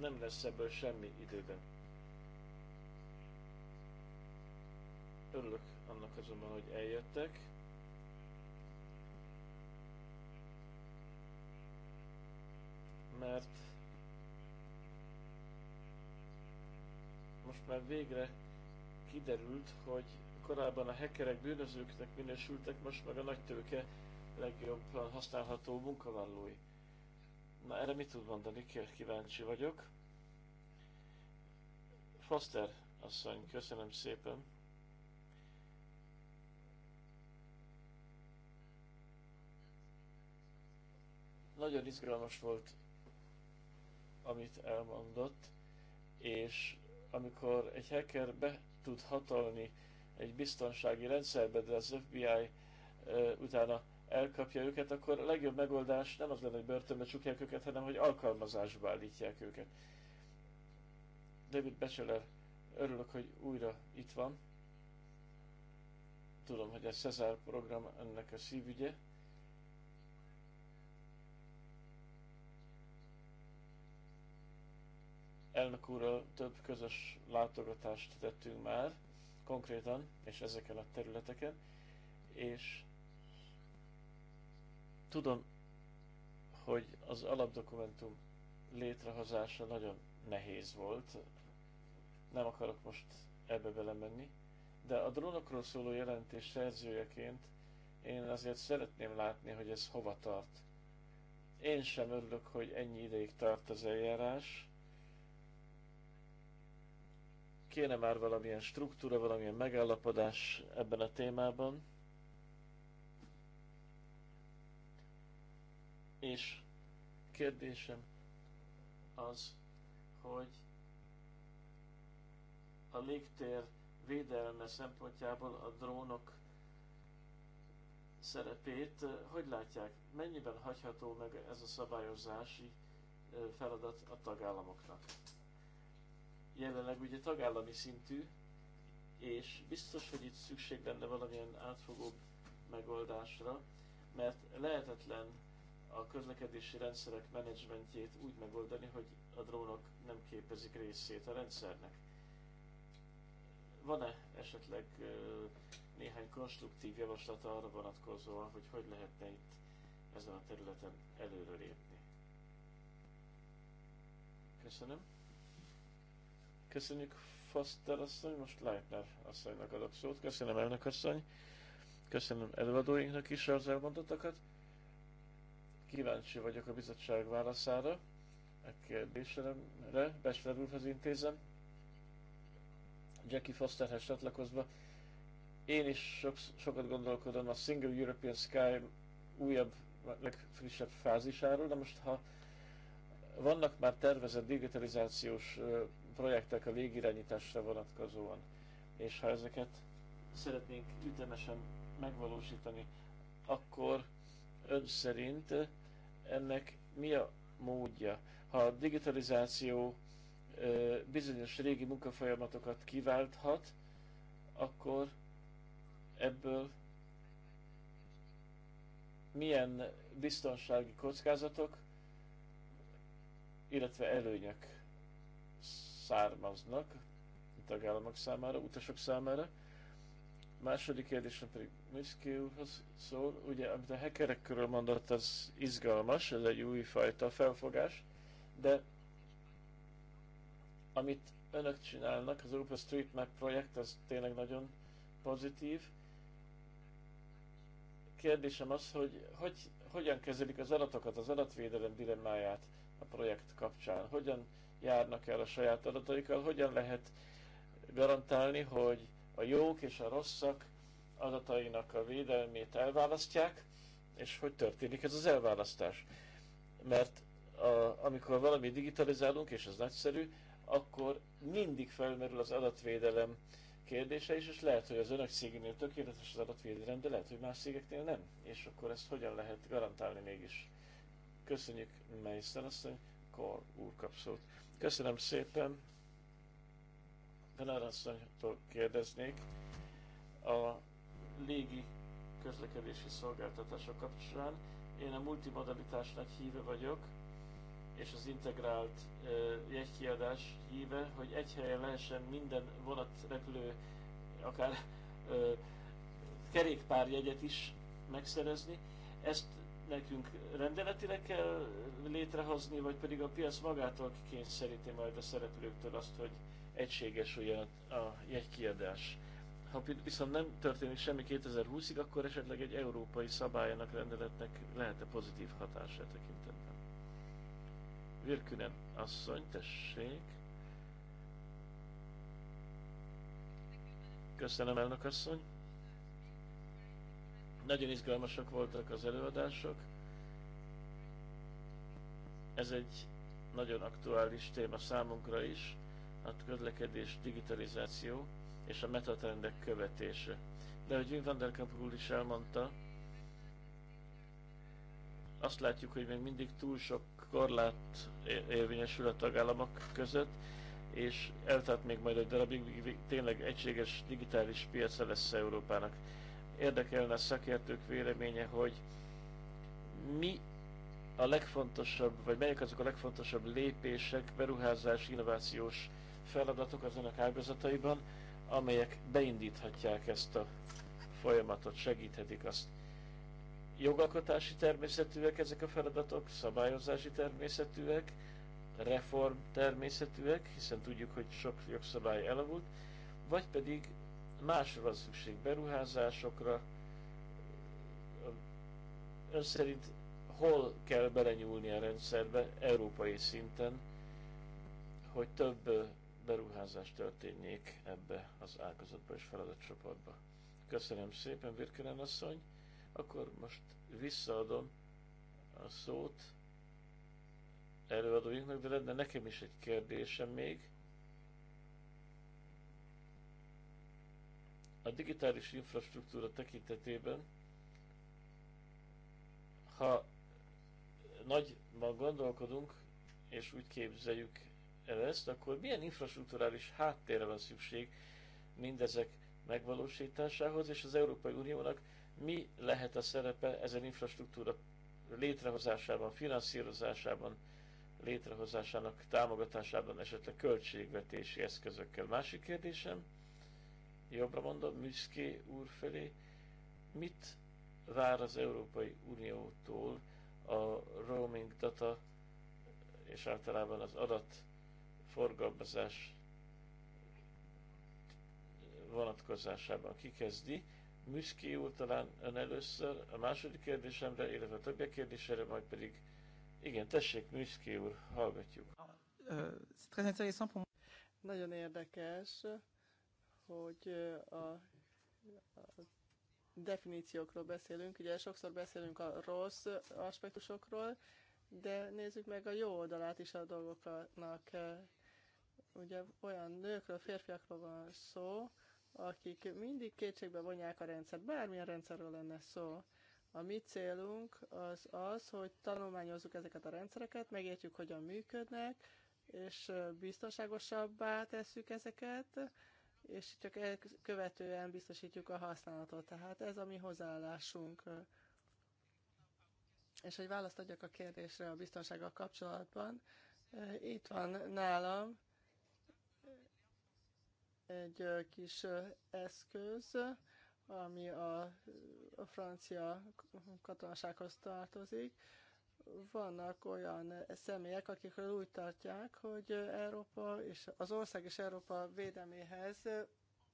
nem lesz ebből semmi időben. Örülök annak azonban, hogy eljöttek. Mert most már végre kiderült, hogy korábban a hackerek bűnözőknek minősültek, most meg a nagy tőke legjobban használható munkavállalói. Na erre mit tud mondani? Kíváncsi vagyok. Foster asszony, köszönöm szépen. Nagyon izgalmas volt, amit elmondott, és amikor egy hacker be tud hatolni egy biztonsági rendszerbe, de az FBI utána elkapja őket, akkor a legjobb megoldás nem az lenne, hogy börtönbe csukják őket, hanem hogy alkalmazásba állítják őket. David Becseler, örülök, hogy újra itt van. Tudom, hogy a Cezár program ennek a szívügye. elnök úrral több közös látogatást tettünk már, konkrétan, és ezeken a területeken, és tudom, hogy az alapdokumentum létrehozása nagyon nehéz volt, nem akarok most ebbe belemenni, de a drónokról szóló jelentés szerzőjeként én azért szeretném látni, hogy ez hova tart. Én sem örülök, hogy ennyi ideig tart az eljárás, kéne már valamilyen struktúra, valamilyen megállapodás ebben a témában. És kérdésem az, hogy a légtér védelme szempontjából a drónok szerepét eh, hogy látják? Mennyiben hagyható meg ez a szabályozási eh, feladat a tagállamoknak? jelenleg ugye tagállami szintű, és biztos, hogy itt szükség lenne valamilyen átfogóbb megoldásra, mert lehetetlen a közlekedési rendszerek menedzsmentjét úgy megoldani, hogy a drónok nem képezik részét a rendszernek. Van-e esetleg néhány konstruktív javaslat arra vonatkozóan, hogy hogy lehetne itt ezen a területen előrelépni? Köszönöm. Köszönjük Foster asszony, most Leitner asszonynak adok szót. Köszönöm elnök asszony, köszönöm előadóinknak is az elmondottakat. Kíváncsi vagyok a bizottság válaszára, a kérdésemre, Bessler úrhoz intézem. Jackie Fosterhez csatlakozva. Én is sok, sokat gondolkodom a Single European Sky újabb, legfrissebb fázisáról, de most ha vannak már tervezett digitalizációs projektek a légirányításra vonatkozóan. És ha ezeket szeretnénk ütemesen megvalósítani, akkor ön szerint ennek mi a módja? Ha a digitalizáció bizonyos régi munkafolyamatokat kiválthat, akkor ebből milyen biztonsági kockázatok, illetve előnyök származnak a tagállamok számára, utasok számára. A második kérdésem pedig Miskiúhoz szól. Ugye, amit a hackerek körül mondott, az izgalmas, ez egy újfajta felfogás, de amit önök csinálnak, az OpenStreetMap projekt, az tényleg nagyon pozitív. Kérdésem az, hogy, hogy hogyan kezelik az adatokat, az adatvédelem dilemmáját a projekt kapcsán? Hogyan járnak el a saját adataikkal, hogyan lehet garantálni, hogy a jók és a rosszak adatainak a védelmét elválasztják, és hogy történik ez az elválasztás. Mert a, amikor valami digitalizálunk, és ez nagyszerű, akkor mindig felmerül az adatvédelem kérdése is, és lehet, hogy az önök cégénél tökéletes az adatvédelem, de lehet, hogy más cégeknél nem. És akkor ezt hogyan lehet garantálni mégis? Köszönjük, Meister asszony, Kor úr kapszót. Köszönöm szépen. Tanár asszonytól kérdeznék. A légi közlekedési szolgáltatások kapcsán én a multimodalitásnak híve vagyok, és az integrált uh, jegykiadás híve, hogy egy helyen lehessen minden vonat, repülő, akár uh, kerékpárjegyet is megszerezni. Ezt nekünk rendeletileg kell létrehozni, vagy pedig a piac magától kényszeríti majd a szereplőktől azt, hogy egységesüljön a jegykiadás. Ha viszont nem történik semmi 2020-ig, akkor esetleg egy európai szabályának rendeletnek lehet-e pozitív hatása e tekintetben. Virkünen asszony, tessék. Köszönöm, elnök asszony. Nagyon izgalmasak voltak az előadások. Ez egy nagyon aktuális téma számunkra is, a közlekedés digitalizáció és a metatrendek követése. De ahogy Wim van der Kamp is elmondta, azt látjuk, hogy még mindig túl sok korlát érvényesül a tagállamok között, és eltart még majd egy darabig, tényleg egységes digitális piaca lesz Európának érdekelne a szakértők véleménye, hogy mi a legfontosabb, vagy melyek azok a legfontosabb lépések, beruházás, innovációs feladatok az önök ágazataiban, amelyek beindíthatják ezt a folyamatot, segíthetik azt. Jogalkotási természetűek ezek a feladatok, szabályozási természetűek, reform természetűek, hiszen tudjuk, hogy sok jogszabály elavult, vagy pedig másra van szükség beruházásokra. Ön szerint hol kell belenyúlni a rendszerbe európai szinten, hogy több beruházás történjék ebbe az ágazatba és feladatcsoportba. Köszönöm szépen, Virkelen asszony. Akkor most visszaadom a szót előadóinknak, de lenne nekem is egy kérdésem még. a digitális infrastruktúra tekintetében, ha nagyban gondolkodunk, és úgy képzeljük el ezt, akkor milyen infrastruktúrális háttérre van szükség mindezek megvalósításához, és az Európai Uniónak mi lehet a szerepe ezen infrastruktúra létrehozásában, finanszírozásában, létrehozásának támogatásában, esetleg költségvetési eszközökkel. Másik kérdésem, jobbra mondom, Müszké úr felé, mit vár az Európai Uniótól a roaming data és általában az adat forgalmazás vonatkozásában kikezdi. Müszki úr talán ön először a második kérdésemre, illetve a többi kérdésére, majd pedig igen, tessék, Müszki úr, hallgatjuk. Nagyon érdekes hogy a, a definíciókról beszélünk. Ugye sokszor beszélünk a rossz aspektusokról, de nézzük meg a jó oldalát is a dolgoknak. Ugye olyan nőkről, férfiakról van szó, akik mindig kétségbe vonják a rendszert, bármilyen rendszerről lenne szó. A mi célunk az az, hogy tanulmányozzuk ezeket a rendszereket, megértjük, hogyan működnek, és biztonságosabbá tesszük ezeket, és csak követően biztosítjuk a használatot. Tehát ez a mi hozzáállásunk. És hogy választ adjak a kérdésre a biztonsággal kapcsolatban, itt van nálam egy kis eszköz, ami a francia katonasághoz tartozik vannak olyan személyek, akikről úgy tartják, hogy Európa és az ország és Európa védelméhez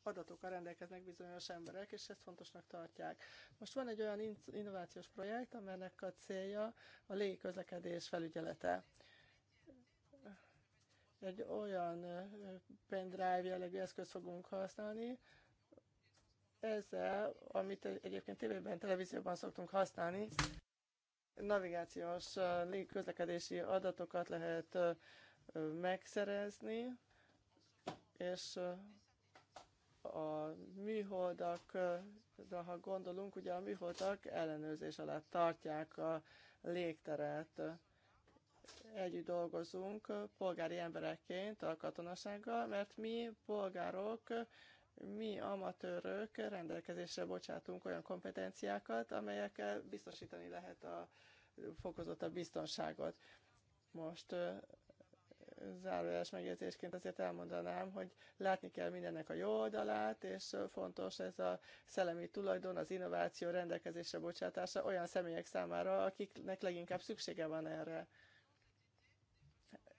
adatokkal rendelkeznek bizonyos emberek, és ezt fontosnak tartják. Most van egy olyan innovációs projekt, amelynek a célja a légközlekedés felügyelete. Egy olyan pendrive jellegű eszközt fogunk használni, ezzel, amit egyébként tévében, televízióban szoktunk használni, navigációs légközlekedési adatokat lehet megszerezni, és a műholdakra, ha gondolunk, ugye a műholdak ellenőrzés alatt tartják a légteret. Együtt dolgozunk polgári emberekként a katonasággal, mert mi polgárok mi amatőrök rendelkezésre bocsátunk olyan kompetenciákat, amelyekkel biztosítani lehet a fokozottabb biztonságot. Most zárójeles megjegyzésként azért elmondanám, hogy látni kell mindennek a jó oldalát, és fontos ez a szellemi tulajdon, az innováció rendelkezésre bocsátása olyan személyek számára, akiknek leginkább szüksége van erre.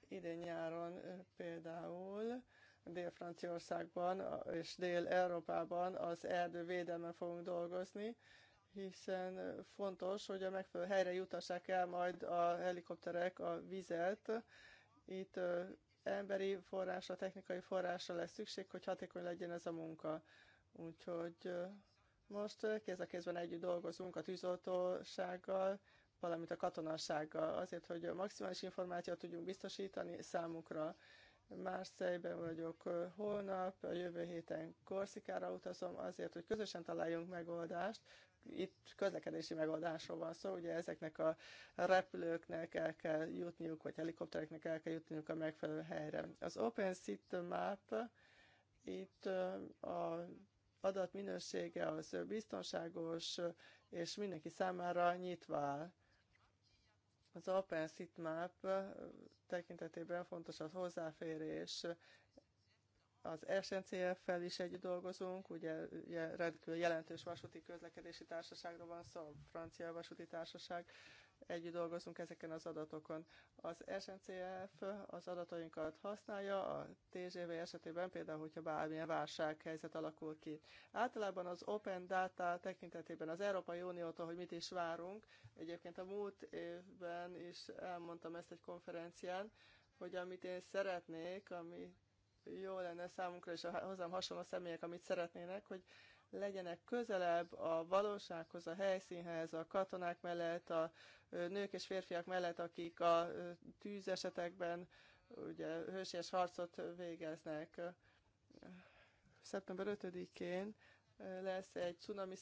Idén nyáron például Dél-Franciaországban és Dél-Európában az erdő fogunk dolgozni, hiszen fontos, hogy a megfelelő helyre jutassák el majd a helikopterek a vizet. Itt emberi forrásra, technikai forrásra lesz szükség, hogy hatékony legyen ez a munka. Úgyhogy most kéz a kézben együtt dolgozunk a tűzoltósággal, valamint a katonassággal, azért, hogy maximális információt tudjunk biztosítani számukra marseille vagyok holnap, a jövő héten Korszikára utazom azért, hogy közösen találjunk megoldást. Itt közlekedési megoldásról van szó, ugye ezeknek a repülőknek el kell jutniuk, vagy helikoptereknek el kell jutniuk a megfelelő helyre. Az Open Seat Map itt a adat minősége az biztonságos, és mindenki számára nyitva áll az Open Map tekintetében fontos az hozzáférés, az SNCF-fel is együtt dolgozunk, ugye, rendkívül jelentős vasúti közlekedési társaságról van szó, francia vasúti társaság, együtt dolgozunk ezeken az adatokon. Az SNCF az adatainkat használja, a TGV esetében például, hogyha bármilyen válsághelyzet alakul ki. Általában az Open Data tekintetében az Európai Uniótól, hogy mit is várunk, egyébként a múlt évben is elmondtam ezt egy konferencián, hogy amit én szeretnék, ami jó lenne számunkra és a hozzám hasonló személyek, amit szeretnének, hogy legyenek közelebb a valósághoz, a helyszínhez, a katonák mellett, a nők és férfiak mellett, akik a tűzesetekben ugye hősies harcot végeznek. Szeptember 5-én lesz egy cunami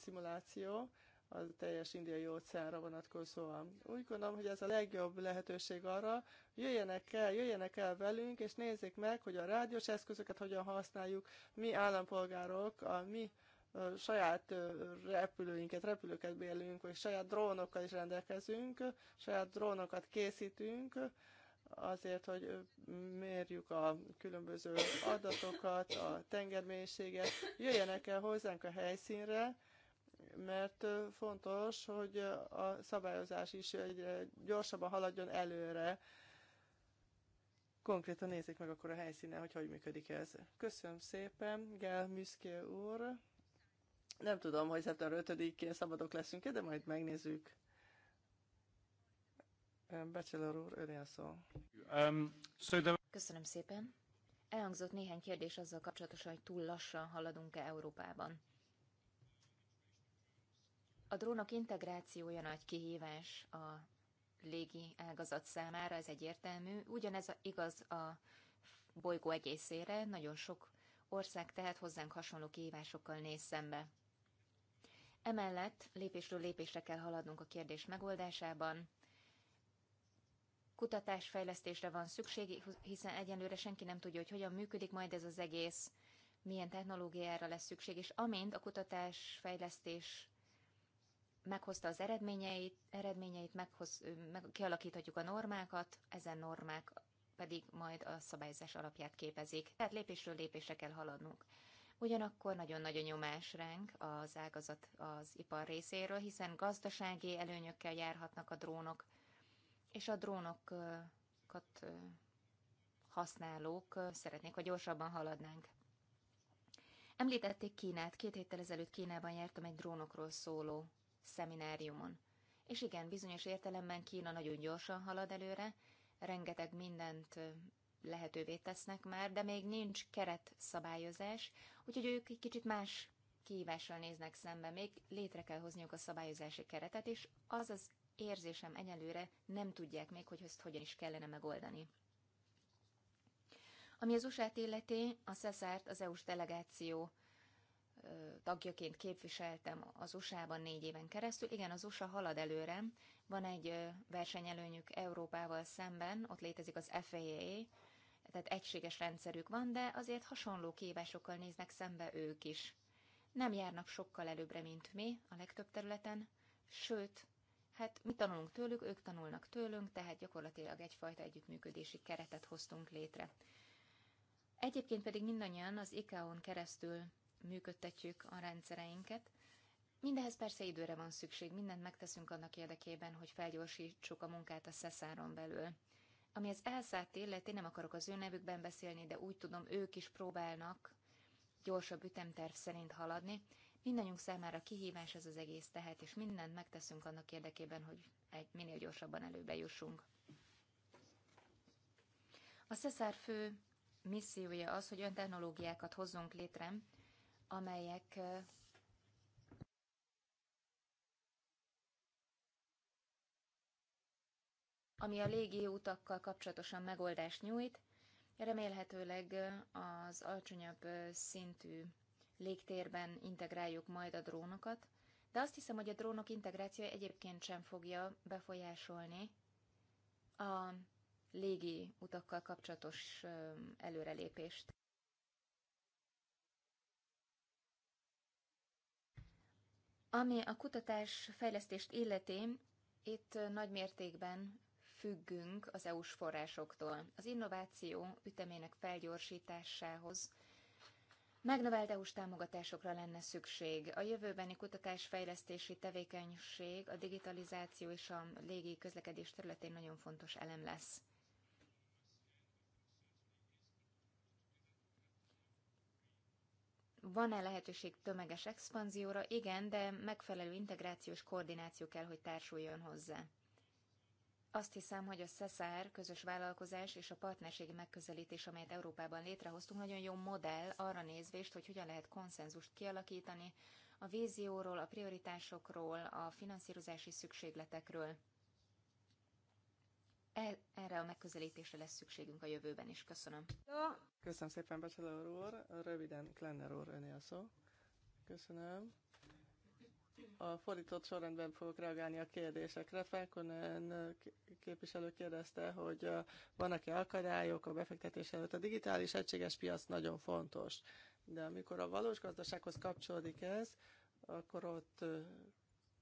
szimuláció, a teljes indiai óceánra vonatkozóan. Úgy gondolom, hogy ez a legjobb lehetőség arra, hogy jöjjenek el, jöjjenek el velünk, és nézzék meg, hogy a rádiós eszközöket hogyan használjuk, mi állampolgárok, a mi a saját repülőinket, repülőket bérlünk, vagy saját drónokkal is rendelkezünk, saját drónokat készítünk, azért, hogy mérjük a különböző adatokat, a tengermélységet, jöjjenek el hozzánk a helyszínre, mert fontos, hogy a szabályozás is egyre gyorsabban haladjon előre. Konkrétan nézzék meg akkor a helyszínen, hogy hogy működik ez. Köszönöm szépen, Gál Müszke úr. Nem tudom, hogy szeptember 5-én szabadok leszünk -e, de majd megnézzük. Bachelor úr, önél szó. Um, Köszönöm szépen. Elhangzott néhány kérdés azzal kapcsolatosan, hogy túl lassan haladunk-e Európában. A drónok integrációja nagy kihívás a légi ágazat számára, ez egyértelmű. Ugyanez a, igaz a bolygó egészére, nagyon sok ország tehát hozzánk hasonló kihívásokkal néz szembe. Emellett lépésről lépésre kell haladnunk a kérdés megoldásában. Kutatásfejlesztésre van szükség, hiszen egyenlőre senki nem tudja, hogy hogyan működik majd ez az egész, milyen technológiára lesz szükség, és amint a kutatásfejlesztés meghozta az eredményeit, eredményeit meghoz, meg, kialakíthatjuk a normákat, ezen normák pedig majd a szabályozás alapját képezik. Tehát lépésről lépésre kell haladnunk. Ugyanakkor nagyon nagy a nyomás ránk az ágazat az ipar részéről, hiszen gazdasági előnyökkel járhatnak a drónok, és a drónokat használók szeretnék, hogy gyorsabban haladnánk. Említették Kínát. Két héttel ezelőtt Kínában jártam egy drónokról szóló szemináriumon. És igen, bizonyos értelemben Kína nagyon gyorsan halad előre, rengeteg mindent lehetővé tesznek már, de még nincs keret szabályozás, úgyhogy ők egy kicsit más kihívással néznek szembe, még létre kell hozniuk a szabályozási keretet, és az az érzésem egyelőre nem tudják még, hogy ezt hogyan is kellene megoldani. Ami az USA-t illeti, a Cezárt az EU-s delegáció tagjaként képviseltem az USA-ban négy éven keresztül. Igen, az USA halad előre. Van egy versenyelőnyük Európával szemben, ott létezik az FAA, tehát egységes rendszerük van, de azért hasonló kívásokkal néznek szembe ők is. Nem járnak sokkal előbbre, mint mi a legtöbb területen, sőt, hát mi tanulunk tőlük, ők tanulnak tőlünk, tehát gyakorlatilag egyfajta együttműködési keretet hoztunk létre. Egyébként pedig mindannyian az ICAO-n keresztül működtetjük a rendszereinket. Mindehez persze időre van szükség, mindent megteszünk annak érdekében, hogy felgyorsítsuk a munkát a szeszáron belül. Ami az elszállt illeti, nem akarok az ő nevükben beszélni, de úgy tudom, ők is próbálnak gyorsabb ütemterv szerint haladni. Mindannyiunk számára kihívás ez az egész tehet, és mindent megteszünk annak érdekében, hogy egy minél gyorsabban előbe jussunk. A Szeszár fő missziója az, hogy olyan technológiákat hozzunk létre, amelyek ami a légi utakkal kapcsolatosan megoldást nyújt. Remélhetőleg az alacsonyabb szintű légtérben integráljuk majd a drónokat, de azt hiszem, hogy a drónok integrációja egyébként sem fogja befolyásolni a légi utakkal kapcsolatos előrelépést. Ami a kutatás fejlesztést illeti, itt nagy mértékben függünk az EU-s forrásoktól. Az innováció ütemének felgyorsításához megnövelt EU-s támogatásokra lenne szükség. A jövőbeni kutatásfejlesztési tevékenység a digitalizáció és a légi közlekedés területén nagyon fontos elem lesz. Van-e lehetőség tömeges expanzióra? Igen, de megfelelő integrációs koordináció kell, hogy társuljon hozzá. Azt hiszem, hogy a SESAR közös vállalkozás és a partnerségi megközelítés, amelyet Európában létrehoztunk, nagyon jó modell arra nézvést, hogy hogyan lehet konszenzust kialakítani a vízióról, a prioritásokról, a finanszírozási szükségletekről. E, erre a megközelítésre lesz szükségünk a jövőben is. Köszönöm. Köszönöm szépen, Bachelor úr. Röviden, Klenner úr, öné a szó. Köszönöm. A fordított sorrendben fogok reagálni a kérdésekre. Felkonen képviselő kérdezte, hogy vannak-e akadályok a befektetés előtt. A digitális egységes piac nagyon fontos, de amikor a valós gazdasághoz kapcsolódik ez, akkor ott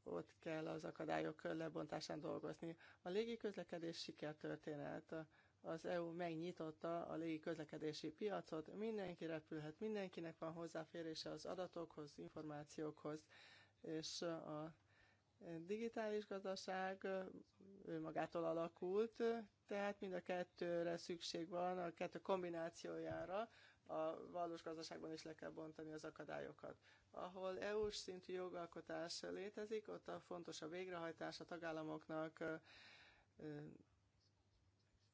ott kell az akadályok lebontásán dolgozni. A légiközlekedés sikertörténet. Az EU megnyitotta a légiközlekedési piacot, mindenki repülhet, mindenkinek van hozzáférése az adatokhoz, információkhoz, és a digitális gazdaság magától alakult, tehát mind a kettőre szükség van, a kettő kombinációjára, a valós gazdaságban is le kell bontani az akadályokat. Ahol EU-s szintű jogalkotás létezik, ott a fontos a végrehajtás a tagállamoknak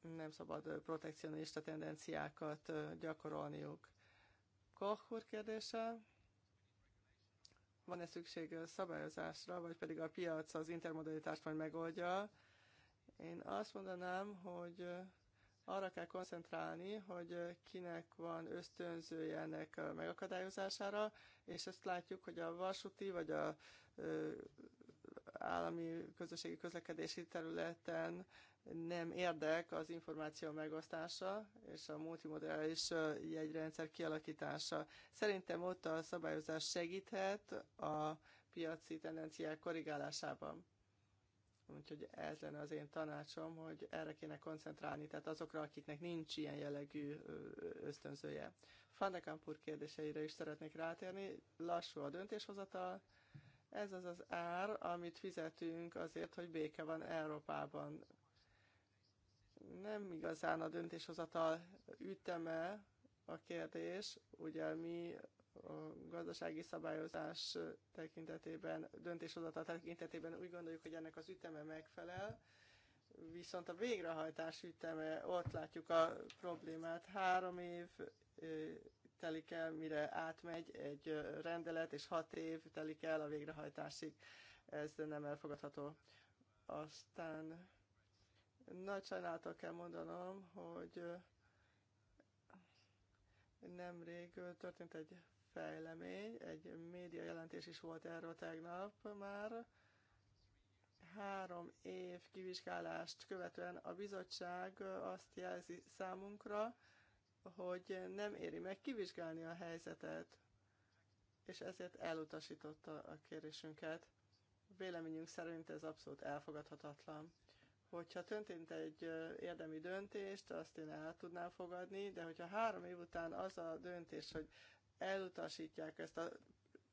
nem szabad protekcionista tendenciákat gyakorolniuk. Koch úr kérdése, van-e szükség szabályozásra, vagy pedig a piac az intermodalitást majd megoldja? Én azt mondanám, hogy arra kell koncentrálni, hogy kinek van ösztönzője ennek a megakadályozására, és ezt látjuk, hogy a vasúti vagy a állami közösségi közlekedési területen nem érdek az információ megosztása és a multimodális jegyrendszer kialakítása. Szerintem ott a szabályozás segíthet a piaci tendenciák korrigálásában. Úgyhogy ez lenne az én tanácsom, hogy erre kéne koncentrálni, tehát azokra, akiknek nincs ilyen jellegű ösztönzője. Fandekampur kérdéseire is szeretnék rátérni. Lassú a döntéshozatal. Ez az az ár, amit fizetünk azért, hogy béke van Európában. Nem igazán a döntéshozatal üteme a kérdés. Ugye mi a gazdasági szabályozás tekintetében, döntéshozatal tekintetében úgy gondoljuk, hogy ennek az üteme megfelel, viszont a végrehajtás üteme, ott látjuk a problémát. Három év telik el, mire átmegy egy rendelet, és hat év telik el a végrehajtásig. Ez nem elfogadható. Aztán nagy sajnálattal kell mondanom, hogy nemrég történt egy fejlemény. Egy média jelentés is volt erről tegnap már. Három év kivizsgálást követően a bizottság azt jelzi számunkra, hogy nem éri meg kivizsgálni a helyzetet, és ezért elutasította a kérésünket. Véleményünk szerint ez abszolút elfogadhatatlan hogyha történt egy érdemi döntést, azt én el tudnám fogadni, de hogyha három év után az a döntés, hogy elutasítják ezt a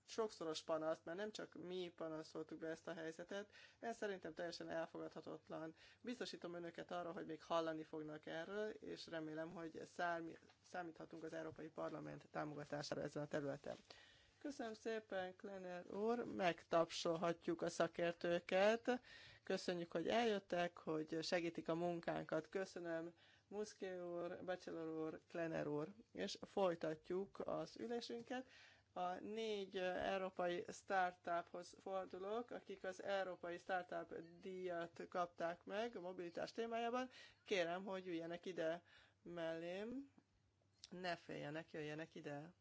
sokszoros panaszt, mert nem csak mi panaszoltuk be ezt a helyzetet, ez szerintem teljesen elfogadhatatlan. Biztosítom önöket arra, hogy még hallani fognak erről, és remélem, hogy számí- számíthatunk az Európai Parlament támogatására ezen a területen. Köszönöm szépen, Klener úr, megtapsolhatjuk a szakértőket. Köszönjük, hogy eljöttek, hogy segítik a munkánkat. Köszönöm Muszké úr, Bachelor úr, Klener úr, és folytatjuk az ülésünket. A négy európai startuphoz fordulok, akik az európai startup díjat kapták meg a mobilitás témájában. Kérem, hogy üljenek ide mellém, ne féljenek, jöjjenek ide.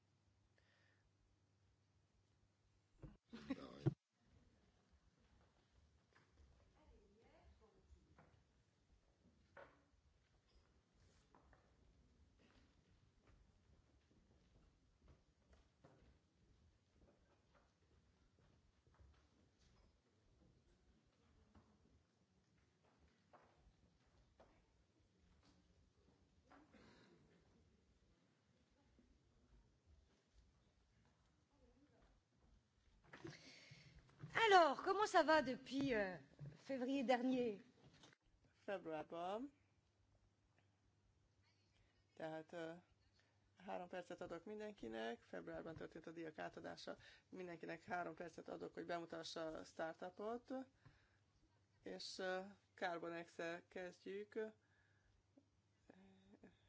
Alors, comment ça va depuis euh, février dernier? Februárban. Tehát uh, három percet adok mindenkinek, februárban történt a díjak átadása, mindenkinek három percet adok, hogy bemutassa a startupot, és uh, Carbon Excel kezdjük.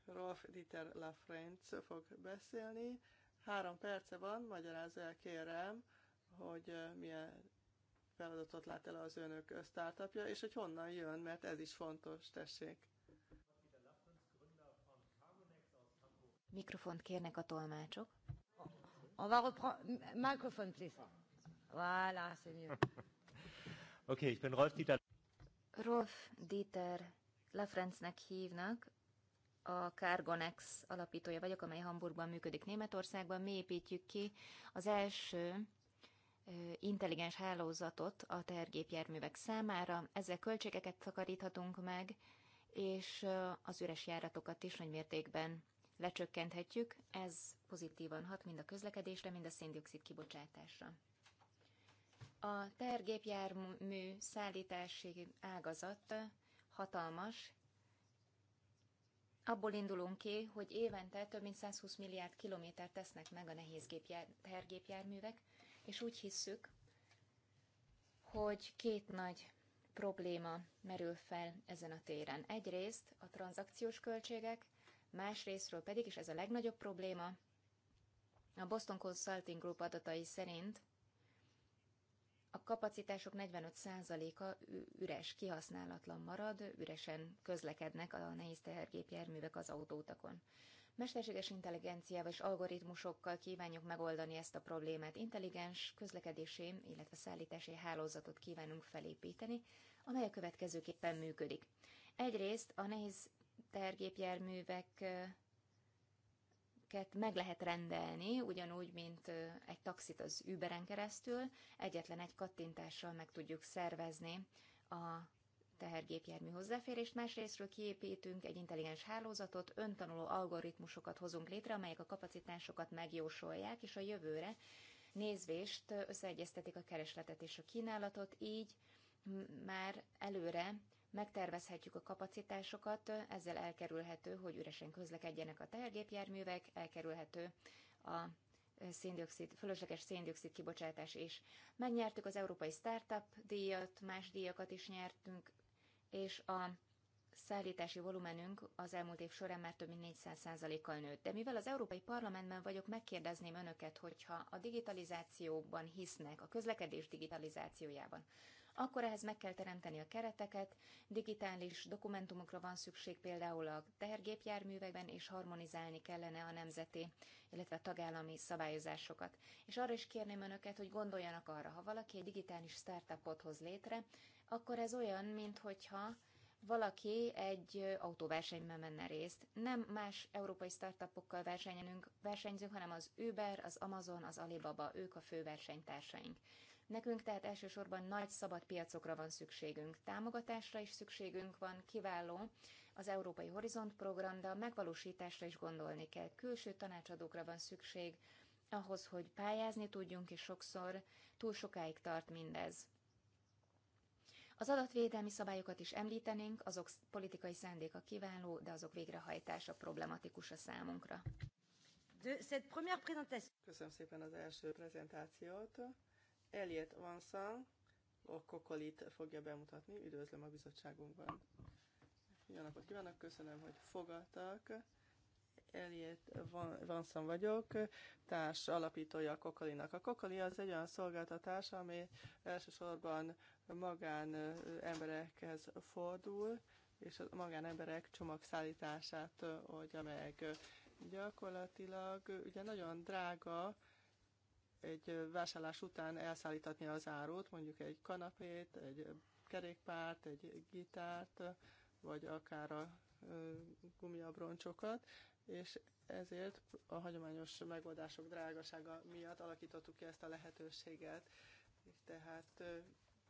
Rolf Dieter Lafrenz fog beszélni. Három perce van, magyarázza el kérem, hogy milyen feladatot lát el az önök startupja, és hogy honnan jön, mert ez is fontos, tessék. Mikrofont kérnek a tolmácsok. On va reprendre... Microphone, please. Voilà, c'est mieux. Oké, <laughs> okay, ich bin Rolf Dieter. Rolf Dieter Lafrencnek hívnak, a Cargonex alapítója vagyok, amely Hamburgban működik Németországban. Mi építjük ki az első intelligens hálózatot a tergépjárművek számára, ezzel költségeket takaríthatunk meg, és az üres járatokat is nagy mértékben lecsökkenthetjük, ez pozitívan hat mind a közlekedésre, mind a széndiokszid kibocsátásra. A tergépjármű szállítási ágazat hatalmas. Abból indulunk ki, hogy évente több mint 120 milliárd kilométert tesznek meg a nehéz tergépjárművek, és úgy hisszük, hogy két nagy probléma merül fel ezen a téren. Egyrészt a tranzakciós költségek, másrésztről pedig, és ez a legnagyobb probléma, a Boston Consulting Group adatai szerint a kapacitások 45%-a üres, kihasználatlan marad, üresen közlekednek a nehéz tehergépjárművek az autótakon. Mesterséges intelligenciával és algoritmusokkal kívánjuk megoldani ezt a problémát. Intelligens közlekedési, illetve szállítási hálózatot kívánunk felépíteni, amely a következőképpen működik. Egyrészt a nehéz tergépjárműveket meg lehet rendelni, ugyanúgy, mint egy taxit az Uberen keresztül, egyetlen egy kattintással meg tudjuk szervezni a tehergépjármű hozzáférést, másrésztről kiépítünk egy intelligens hálózatot, öntanuló algoritmusokat hozunk létre, amelyek a kapacitásokat megjósolják, és a jövőre nézvést összeegyeztetik a keresletet és a kínálatot, így már előre megtervezhetjük a kapacitásokat, ezzel elkerülhető, hogy üresen közlekedjenek a tehergépjárművek, elkerülhető a széndiokszid, fölösleges széndiokszid kibocsátás is. Megnyertük az Európai Startup díjat, más díjakat is nyertünk, és a szállítási volumenünk az elmúlt év során már több mint 400%-kal nőtt. De mivel az Európai Parlamentben vagyok, megkérdezném önöket, hogyha a digitalizációban hisznek, a közlekedés digitalizációjában, akkor ehhez meg kell teremteni a kereteket, digitális dokumentumokra van szükség például a tehergépjárművekben, és harmonizálni kellene a nemzeti, illetve a tagállami szabályozásokat. És arra is kérném önöket, hogy gondoljanak arra, ha valaki egy digitális startupot hoz létre, akkor ez olyan, mint hogyha valaki egy autóversenyben menne részt. Nem más európai startupokkal versenyenünk, versenyzünk, hanem az Uber, az Amazon, az Alibaba, ők a fő versenytársaink. Nekünk tehát elsősorban nagy szabad piacokra van szükségünk, támogatásra is szükségünk van, kiváló az Európai Horizont program, de a megvalósításra is gondolni kell. Külső tanácsadókra van szükség, ahhoz, hogy pályázni tudjunk, és sokszor túl sokáig tart mindez. Az adatvédelmi szabályokat is említenénk, azok politikai szándéka kiváló, de azok végrehajtása problematikus a számunkra. Köszönöm szépen az első prezentációt. Elliot Vanszang, a Kokolit fogja bemutatni. Üdvözlöm a bizottságunkban. Jó napot kívánok, köszönöm, hogy fogadtak. Elliot Vanszan vagyok, társ alapítója a Kokolinak. A Kokoli az egy olyan szolgáltatás, ami elsősorban magán emberekhez fordul, és a magánemberek csomagszállítását oldja meg. Gyakorlatilag ugye nagyon drága egy vásárlás után elszállítatni az árut, mondjuk egy kanapét, egy kerékpárt, egy gitárt, vagy akár a gumiabroncsokat, és ezért a hagyományos megoldások drágasága miatt alakítottuk ki ezt a lehetőséget. Tehát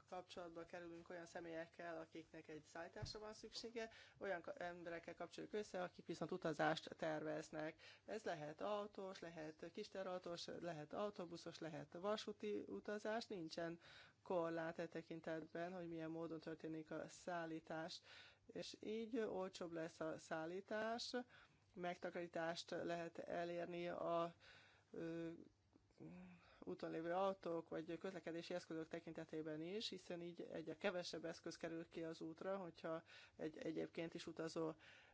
kapcsolatba kerülünk olyan személyekkel, akiknek egy szállításra van szüksége, olyan emberekkel kapcsoljuk össze, akik viszont utazást terveznek. Ez lehet autós, lehet kisterautós, lehet autóbuszos, lehet vasúti utazás, nincsen korlát e tekintetben, hogy milyen módon történik a szállítás, és így olcsóbb lesz a szállítás, megtakarítást lehet elérni a úton lévő autók vagy közlekedési eszközök tekintetében is, hiszen így egyre kevesebb eszköz kerül ki az útra, hogyha egy egyébként is utazó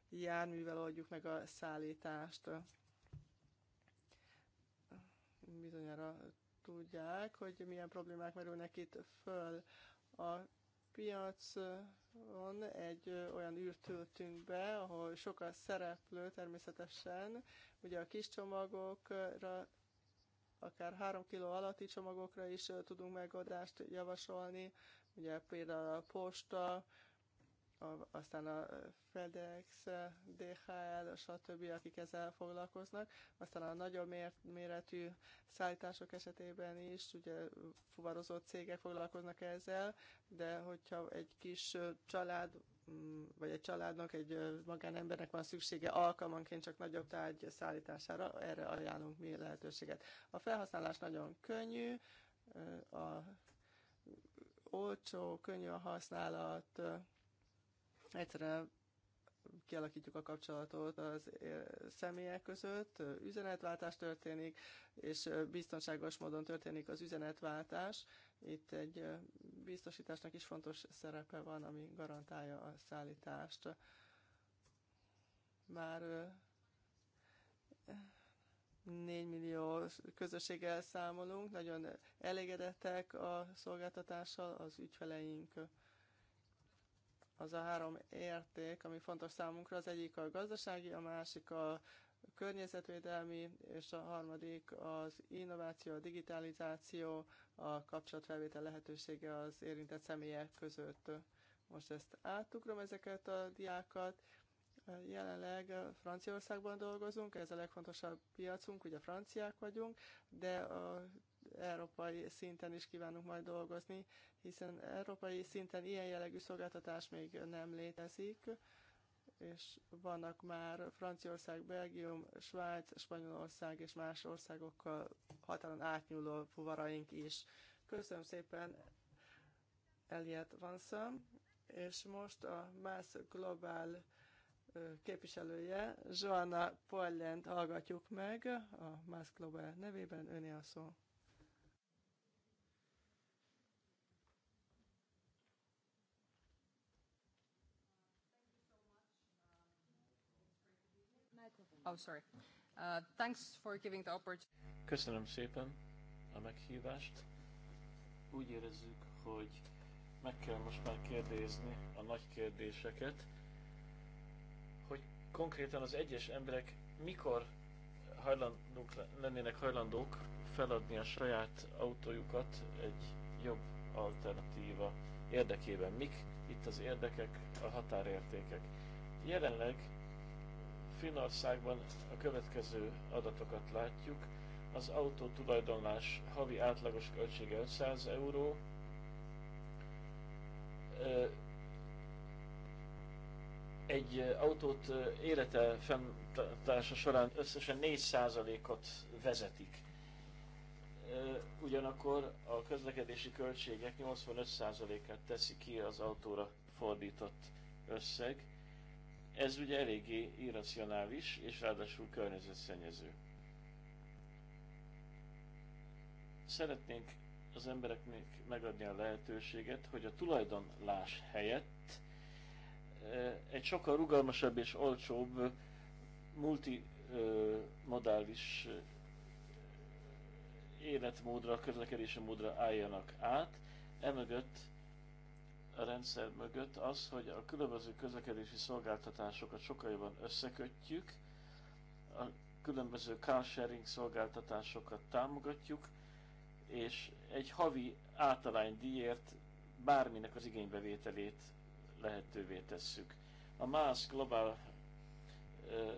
járművel oldjuk meg a szállítást. Bizonyára tudják, hogy milyen problémák merülnek itt föl. A piacon egy olyan űrt töltünk be, ahol sok a szereplő természetesen. Ugye a kis csomagokra akár 3 kg alatti csomagokra is tudunk megoldást javasolni, ugye például a posta, a, aztán a FedEx, DHL, stb., akik ezzel foglalkoznak. Aztán a nagyobb méretű szállítások esetében is, ugye fuvarozott cégek foglalkoznak ezzel, de hogyha egy kis család Mm, vagy egy családnak, egy magánembernek van szüksége alkalmanként csak nagyobb tárgy szállítására, erre ajánlunk mi lehetőséget. A felhasználás nagyon könnyű, a olcsó, könnyű a használat, egyszerűen kialakítjuk a kapcsolatot az személyek között, üzenetváltás történik, és biztonságos módon történik az üzenetváltás, itt egy biztosításnak is fontos szerepe van, ami garantálja a szállítást. Már 4 millió közösséggel számolunk, nagyon elégedettek a szolgáltatással az ügyfeleink. Az a három érték, ami fontos számunkra, az egyik a gazdasági, a másik a környezetvédelmi, és a harmadik az innováció, a digitalizáció, a kapcsolatfelvétel lehetősége az érintett személyek között. Most ezt átugrom ezeket a diákat. Jelenleg Franciaországban dolgozunk, ez a legfontosabb piacunk, ugye franciák vagyunk, de a európai szinten is kívánunk majd dolgozni, hiszen európai szinten ilyen jellegű szolgáltatás még nem létezik és vannak már Franciaország, Belgium, Svájc, Spanyolország és más országokkal határon átnyúló fuvaraink is. Köszönöm szépen Eliet Vanszam, és most a más Globál képviselője, Joanna Pollent hallgatjuk meg a más Globál nevében, öné a szó. Oh, sorry. Uh, thanks for giving the opportunity. Köszönöm szépen a meghívást. Úgy érezzük, hogy meg kell most már kérdezni a nagy kérdéseket, hogy konkrétan az egyes emberek mikor hajlandók lennének hajlandók feladni a saját autójukat egy jobb alternatíva érdekében. Mik itt az érdekek, a határértékek? Jelenleg Finnországban a következő adatokat látjuk. Az autó tulajdonlás havi átlagos költsége 500 euró, egy autót élete fenntartása során összesen 4%-ot vezetik. Ugyanakkor a közlekedési költségek 85%-át teszi ki az autóra fordított összeg. Ez ugye eléggé irracionális, és ráadásul környezetszennyező. Szeretnénk az embereknek megadni a lehetőséget, hogy a tulajdonlás helyett egy sokkal rugalmasabb és olcsóbb multimodális életmódra, közlekedési módra álljanak át, emögött a rendszer mögött az, hogy a különböző közlekedési szolgáltatásokat sokkal jobban összekötjük, a különböző carsharing szolgáltatásokat támogatjuk, és egy havi általány díjért bárminek az igénybevételét lehetővé tesszük. A MÁSZ Global ö,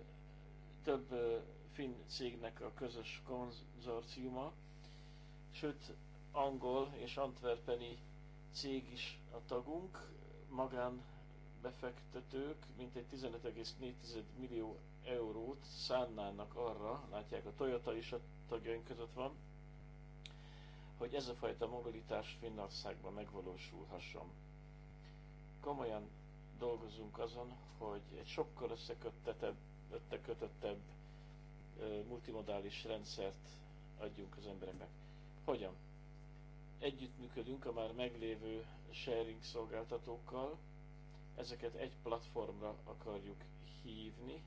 több ö, finn cégnek a közös konzorciuma, sőt angol és antwerpeni cég is a tagunk, magán befektetők mintegy 15,4 millió eurót szánnának arra, látják a Toyota is a tagjaink között van, hogy ez a fajta mobilitás Finnországban megvalósulhasson. Komolyan dolgozunk azon, hogy egy sokkal összeköttetebb, összekötöttebb multimodális rendszert adjunk az embereknek. Hogyan? Együttműködünk a már meglévő sharing szolgáltatókkal, ezeket egy platformra akarjuk hívni,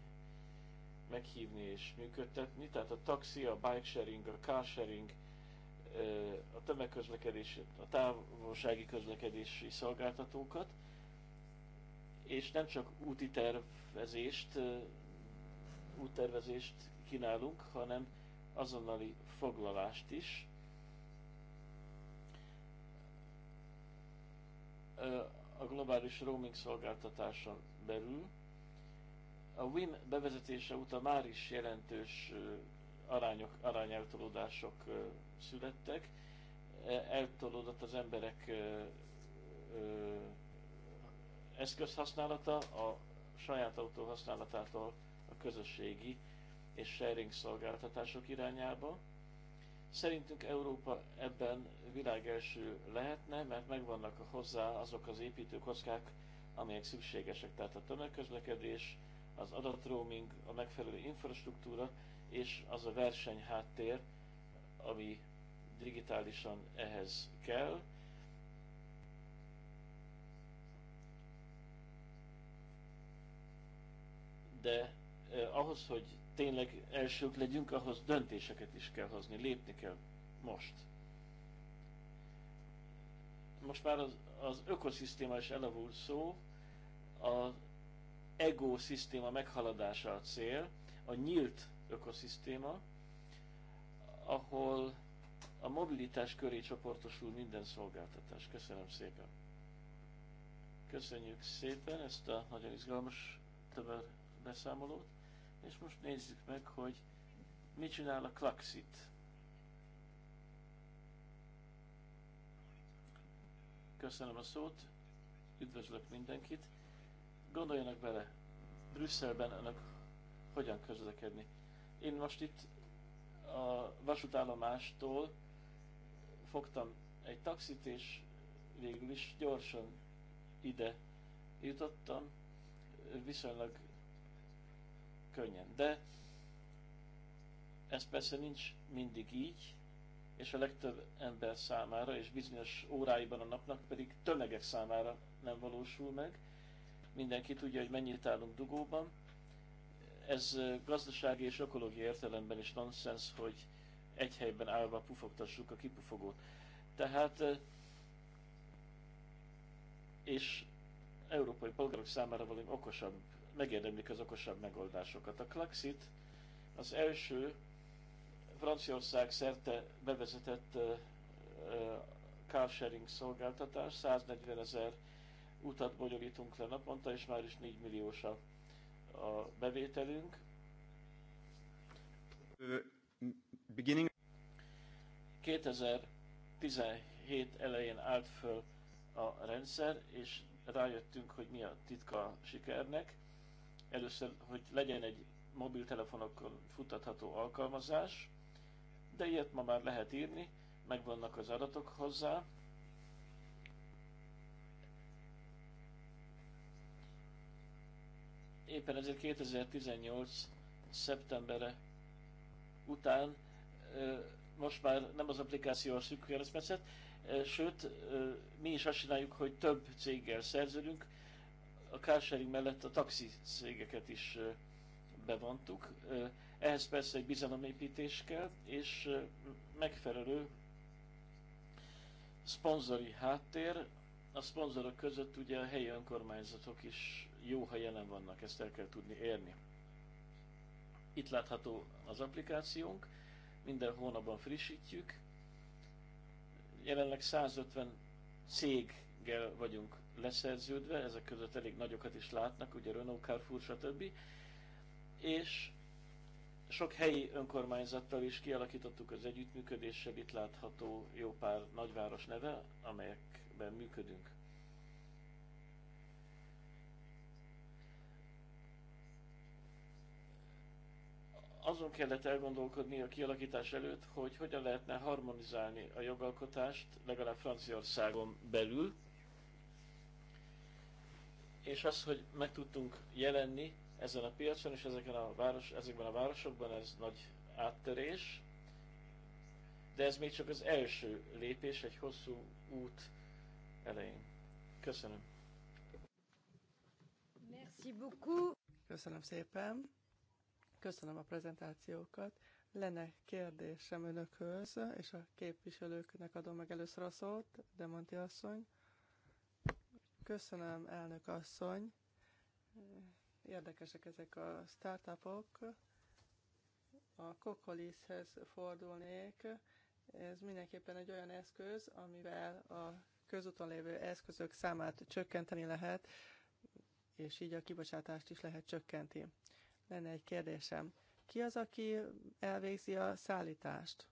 meghívni és működtetni, tehát a taxi, a bike sharing, a car sharing, a tömegközlekedés, a távolsági közlekedési szolgáltatókat, és nem csak úti tervezést, úttervezést kínálunk, hanem azonnali foglalást is, a globális roaming szolgáltatáson belül. A WIM bevezetése óta már is jelentős arányok, arányeltolódások születtek. E, eltolódott az emberek eszközhasználata, a saját autó használatától a közösségi és sharing szolgáltatások irányába. Szerintünk Európa ebben világ első lehetne, mert megvannak hozzá azok az építőkockák, amelyek szükségesek, tehát a tömegközlekedés, az adatroaming, a megfelelő infrastruktúra és az a versenyháttér, ami digitálisan ehhez kell. De eh, ahhoz, hogy tényleg elsők legyünk, ahhoz döntéseket is kell hozni, lépni kell most most már az, az ökoszisztéma is elavult szó, az egoszisztéma meghaladása a cél, a nyílt ökoszisztéma, ahol a mobilitás köré csoportosul minden szolgáltatás. Köszönöm szépen! Köszönjük szépen ezt a nagyon izgalmas tömör beszámolót, és most nézzük meg, hogy mit csinál a Klaxit. Köszönöm a szót, üdvözlök mindenkit. Gondoljanak bele, Brüsszelben önök hogyan közlekedni. Én most itt a vasútállomástól fogtam egy taxit, és végül is gyorsan ide jutottam, viszonylag könnyen. De ez persze nincs mindig így, és a legtöbb ember számára, és bizonyos óráiban a napnak pedig tömegek számára nem valósul meg. Mindenki tudja, hogy mennyit állunk dugóban. Ez gazdasági és ökológiai értelemben is nonsens, hogy egy helyben állva pufogtassuk a kipufogót. Tehát és európai polgárok számára valami okosabb, megérdemlik az okosabb megoldásokat. A Klaxit az első Franciaország szerte bevezetett carsharing szolgáltatás, 140 ezer utat bonyolítunk le naponta, és már is 4 milliós a, a bevételünk. Beginning. 2017 elején állt föl a rendszer, és rájöttünk, hogy mi a titka a sikernek. Először, hogy legyen egy mobiltelefonokon futtatható alkalmazás, de ilyet ma már lehet írni, megvannak az adatok hozzá. Éppen ezért 2018 szeptembere után most már nem az applikáció a szűk keresztmetszet, sőt, mi is azt csináljuk, hogy több céggel szerződünk, a carsharing mellett a taxi cégeket is bevontuk. Ehhez persze egy bizalomépítés kell, és megfelelő szponzori háttér. A szponzorok között ugye a helyi önkormányzatok is jó, ha jelen vannak, ezt el kell tudni érni. Itt látható az applikációnk, minden hónapban frissítjük. Jelenleg 150 céggel vagyunk leszerződve, ezek között elég nagyokat is látnak, ugye Renault, Carrefour, stb. És sok helyi önkormányzattal is kialakítottuk az együttműködéssel, itt látható jó pár nagyváros neve, amelyekben működünk. azon kellett elgondolkodni a kialakítás előtt, hogy hogyan lehetne harmonizálni a jogalkotást, legalább Franciaországon belül, és az, hogy meg tudtunk jelenni, ezen a piacon és ezeken a város, ezekben a városokban ez nagy áttörés, de ez még csak az első lépés egy hosszú út elején. Köszönöm. Merci beaucoup. Köszönöm szépen. Köszönöm a prezentációkat. Lenne kérdésem önökhöz, és a képviselőknek adom meg először a szót, Demonti asszony. Köszönöm, elnök asszony érdekesek ezek a startupok. A Kokolishez fordulnék. Ez mindenképpen egy olyan eszköz, amivel a közúton lévő eszközök számát csökkenteni lehet, és így a kibocsátást is lehet csökkenti. Lenne egy kérdésem. Ki az, aki elvégzi a szállítást?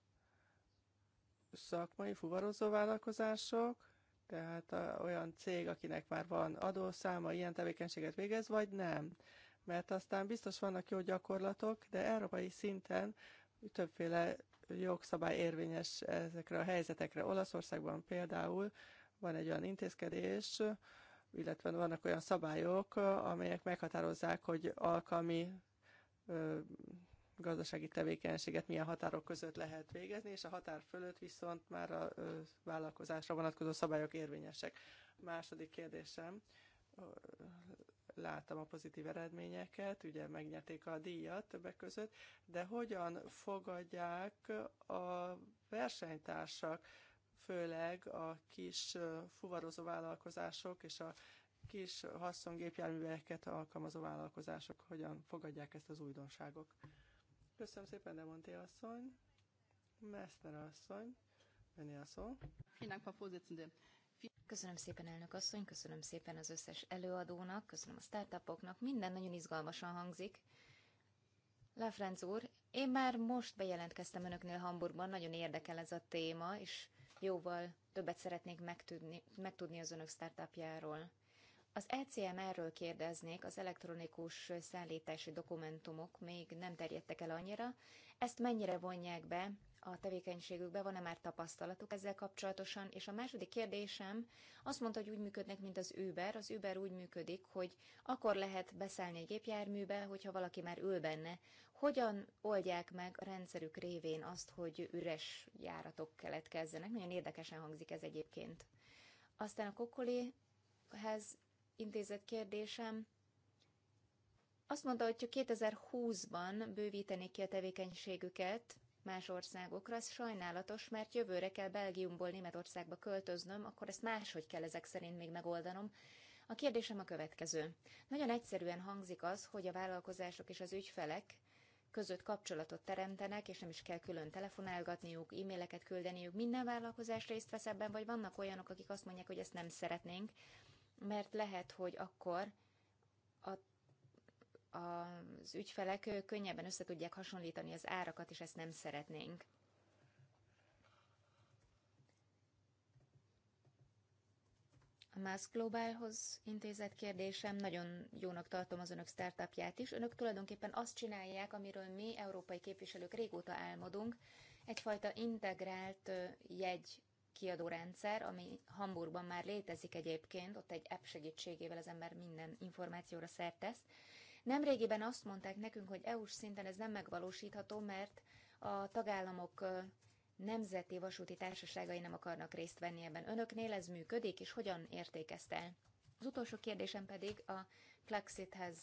Szakmai fuvarozó vállalkozások, tehát olyan cég, akinek már van adószáma, ilyen tevékenységet végez, vagy nem. Mert aztán biztos vannak jó gyakorlatok, de európai szinten többféle jogszabály érvényes ezekre a helyzetekre. Olaszországban például van egy olyan intézkedés, illetve vannak olyan szabályok, amelyek meghatározzák, hogy alkalmi gazdasági tevékenységet milyen határok között lehet végezni, és a határ fölött viszont már a vállalkozásra vonatkozó szabályok érvényesek. Második kérdésem, láttam a pozitív eredményeket, ugye megnyerték a díjat többek között, de hogyan fogadják a versenytársak, főleg a kis fuvarozó vállalkozások és a kis haszongépjárműveket alkalmazó vállalkozások hogyan fogadják ezt az újdonságok? Köszönöm szépen, de Monti asszony. Messner asszony. Menni a szó. Köszönöm szépen, elnök asszony, köszönöm szépen az összes előadónak, köszönöm a startupoknak, minden nagyon izgalmasan hangzik. Lafrenc úr, én már most bejelentkeztem önöknél Hamburgban, nagyon érdekel ez a téma, és jóval többet szeretnék megtudni, megtudni az önök startupjáról. Az ECMR-ről kérdeznék, az elektronikus szállítási dokumentumok még nem terjedtek el annyira. Ezt mennyire vonják be a tevékenységükbe, van-e már tapasztalatuk ezzel kapcsolatosan? És a második kérdésem, azt mondta, hogy úgy működnek, mint az Uber. Az Uber úgy működik, hogy akkor lehet beszállni egy gépjárműbe, hogyha valaki már ül benne. Hogyan oldják meg a rendszerük révén azt, hogy üres járatok keletkezzenek? Nagyon érdekesen hangzik ez egyébként. Aztán a kokkolihez intézett kérdésem. Azt mondta, hogy 2020-ban bővítenék ki a tevékenységüket más országokra, ez sajnálatos, mert jövőre kell Belgiumból Németországba költöznöm, akkor ezt máshogy kell ezek szerint még megoldanom. A kérdésem a következő. Nagyon egyszerűen hangzik az, hogy a vállalkozások és az ügyfelek között kapcsolatot teremtenek, és nem is kell külön telefonálgatniuk, e-maileket küldeniük. Minden vállalkozás részt vesz ebben, vagy vannak olyanok, akik azt mondják, hogy ezt nem szeretnénk, mert lehet, hogy akkor a, az ügyfelek könnyebben össze tudják hasonlítani az árakat, és ezt nem szeretnénk. A Mass Globalhoz intézett kérdésem, nagyon jónak tartom az önök startupját is. Önök tulajdonképpen azt csinálják, amiről mi, európai képviselők régóta álmodunk, egyfajta integrált jegy kiadórendszer, ami Hamburgban már létezik egyébként, ott egy app segítségével az ember minden információra szert tesz. Nemrégiben azt mondták nekünk, hogy EU-s szinten ez nem megvalósítható, mert a tagállamok nemzeti vasúti társaságai nem akarnak részt venni ebben. Önöknél ez működik, és hogyan értékezte el? Az utolsó kérdésem pedig a Flexithez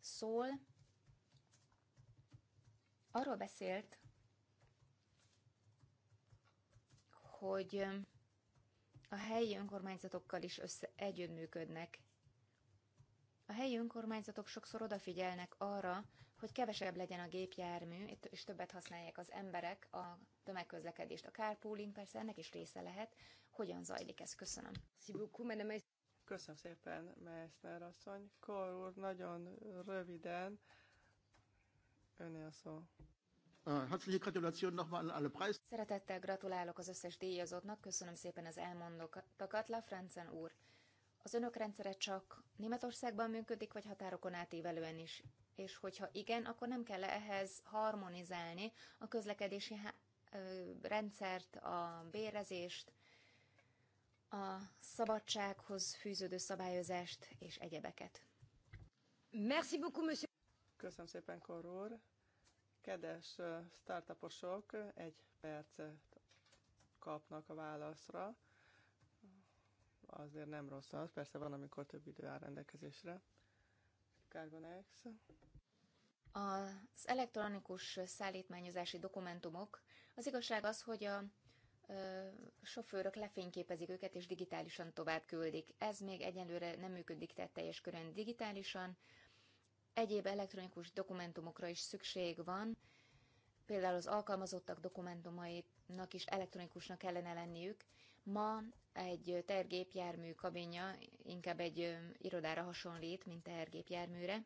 szól. Arról beszélt, hogy a helyi önkormányzatokkal is össze együttműködnek. A helyi önkormányzatok sokszor odafigyelnek arra, hogy kevesebb legyen a gépjármű, és többet használják az emberek a tömegközlekedést. A carpooling persze ennek is része lehet. Hogyan zajlik ez? Köszönöm. Köszönöm szépen, Meissner asszony. Kor úr, nagyon röviden, önél szó. Äh, Szeretettel gratulálok az összes díjazottnak, köszönöm szépen az elmondottakat, Francen úr. Az önök rendszere csak Németországban működik, vagy határokon átívelően is? És hogyha igen, akkor nem kell -e ehhez harmonizálni a közlekedési rendszert, a bérezést, a szabadsághoz fűződő szabályozást és egyebeket. Merci beaucoup, monsieur. Köszönöm szépen, Karol. Kedves startuposok, egy percet kapnak a válaszra. Azért nem rossz az, persze van, amikor több idő áll rendelkezésre. Carbonex. Az elektronikus szállítmányozási dokumentumok. Az igazság az, hogy a sofőrök lefényképezik őket, és digitálisan tovább küldik. Ez még egyelőre nem működik tehát teljes körön digitálisan egyéb elektronikus dokumentumokra is szükség van, például az alkalmazottak dokumentumainak is elektronikusnak kellene lenniük. Ma egy tergépjármű kabinja inkább egy irodára hasonlít, mint tergépjárműre.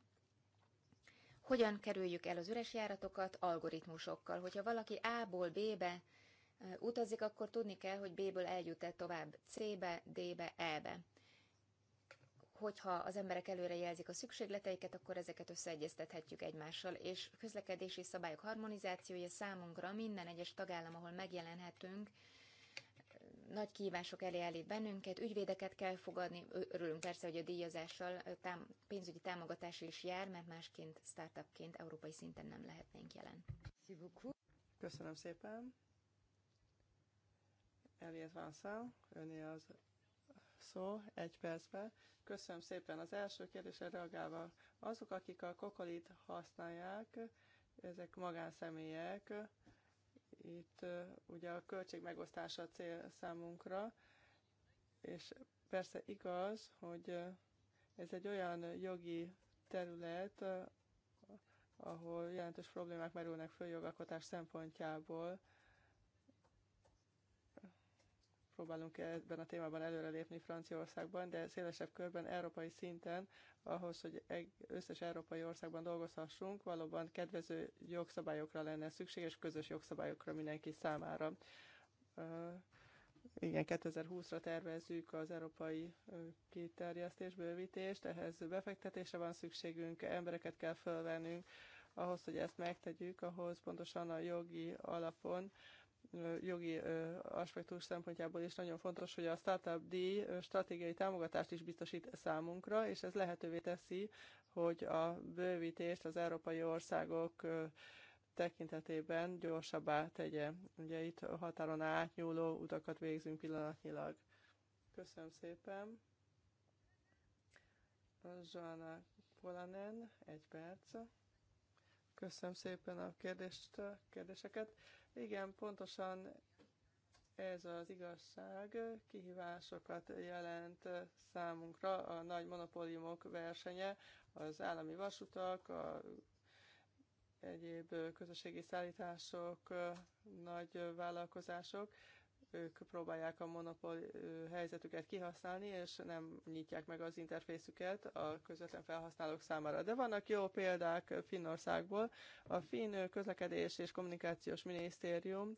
Hogyan kerüljük el az üres járatokat? Algoritmusokkal. Hogyha valaki A-ból B-be utazik, akkor tudni kell, hogy B-ből eljut-e tovább C-be, D-be, E-be hogyha az emberek előre jelzik a szükségleteiket, akkor ezeket összeegyeztethetjük egymással, és közlekedési szabályok harmonizációja számunkra minden egyes tagállam, ahol megjelenhetünk, nagy kívások elé állít bennünket, ügyvédeket kell fogadni, örülünk persze, hogy a díjazással tám- pénzügyi támogatás is jár, mert másként startupként európai szinten nem lehetnénk jelen. Köszönöm szépen. Elliot Vanszal, öné az szó egy percben. Köszönöm szépen az első kérdésre reagálva. Azok, akik a kokolit használják, ezek magánszemélyek. Itt ugye a költség megosztása a cél számunkra, és persze igaz, hogy ez egy olyan jogi terület, ahol jelentős problémák merülnek föl jogalkotás szempontjából, próbálunk ebben a témában előrelépni Franciaországban, de szélesebb körben, európai szinten, ahhoz, hogy összes európai országban dolgozhassunk, valóban kedvező jogszabályokra lenne szükség, és közös jogszabályokra mindenki számára. Igen, 2020-ra tervezzük az európai kiterjesztés, bővítést, ehhez befektetésre van szükségünk, embereket kell fölvennünk, ahhoz, hogy ezt megtegyük, ahhoz pontosan a jogi alapon jogi aspektus szempontjából is nagyon fontos, hogy a startup díj stratégiai támogatást is biztosít számunkra, és ez lehetővé teszi, hogy a bővítést az európai országok tekintetében gyorsabbá tegye. Ugye itt határon átnyúló utakat végzünk pillanatnyilag. Köszönöm szépen. Zsana Polanen, egy perc. Köszönöm szépen a kérdést, kérdéseket. Igen, pontosan ez az igazság kihívásokat jelent számunkra a nagy monopóliumok versenye, az állami vasutak, a egyéb közösségi szállítások, nagy vállalkozások, ők próbálják a monopól helyzetüket kihasználni, és nem nyitják meg az interfészüket a közvetlen felhasználók számára. De vannak jó példák Finnországból. A Finn Közlekedés és Kommunikációs Minisztérium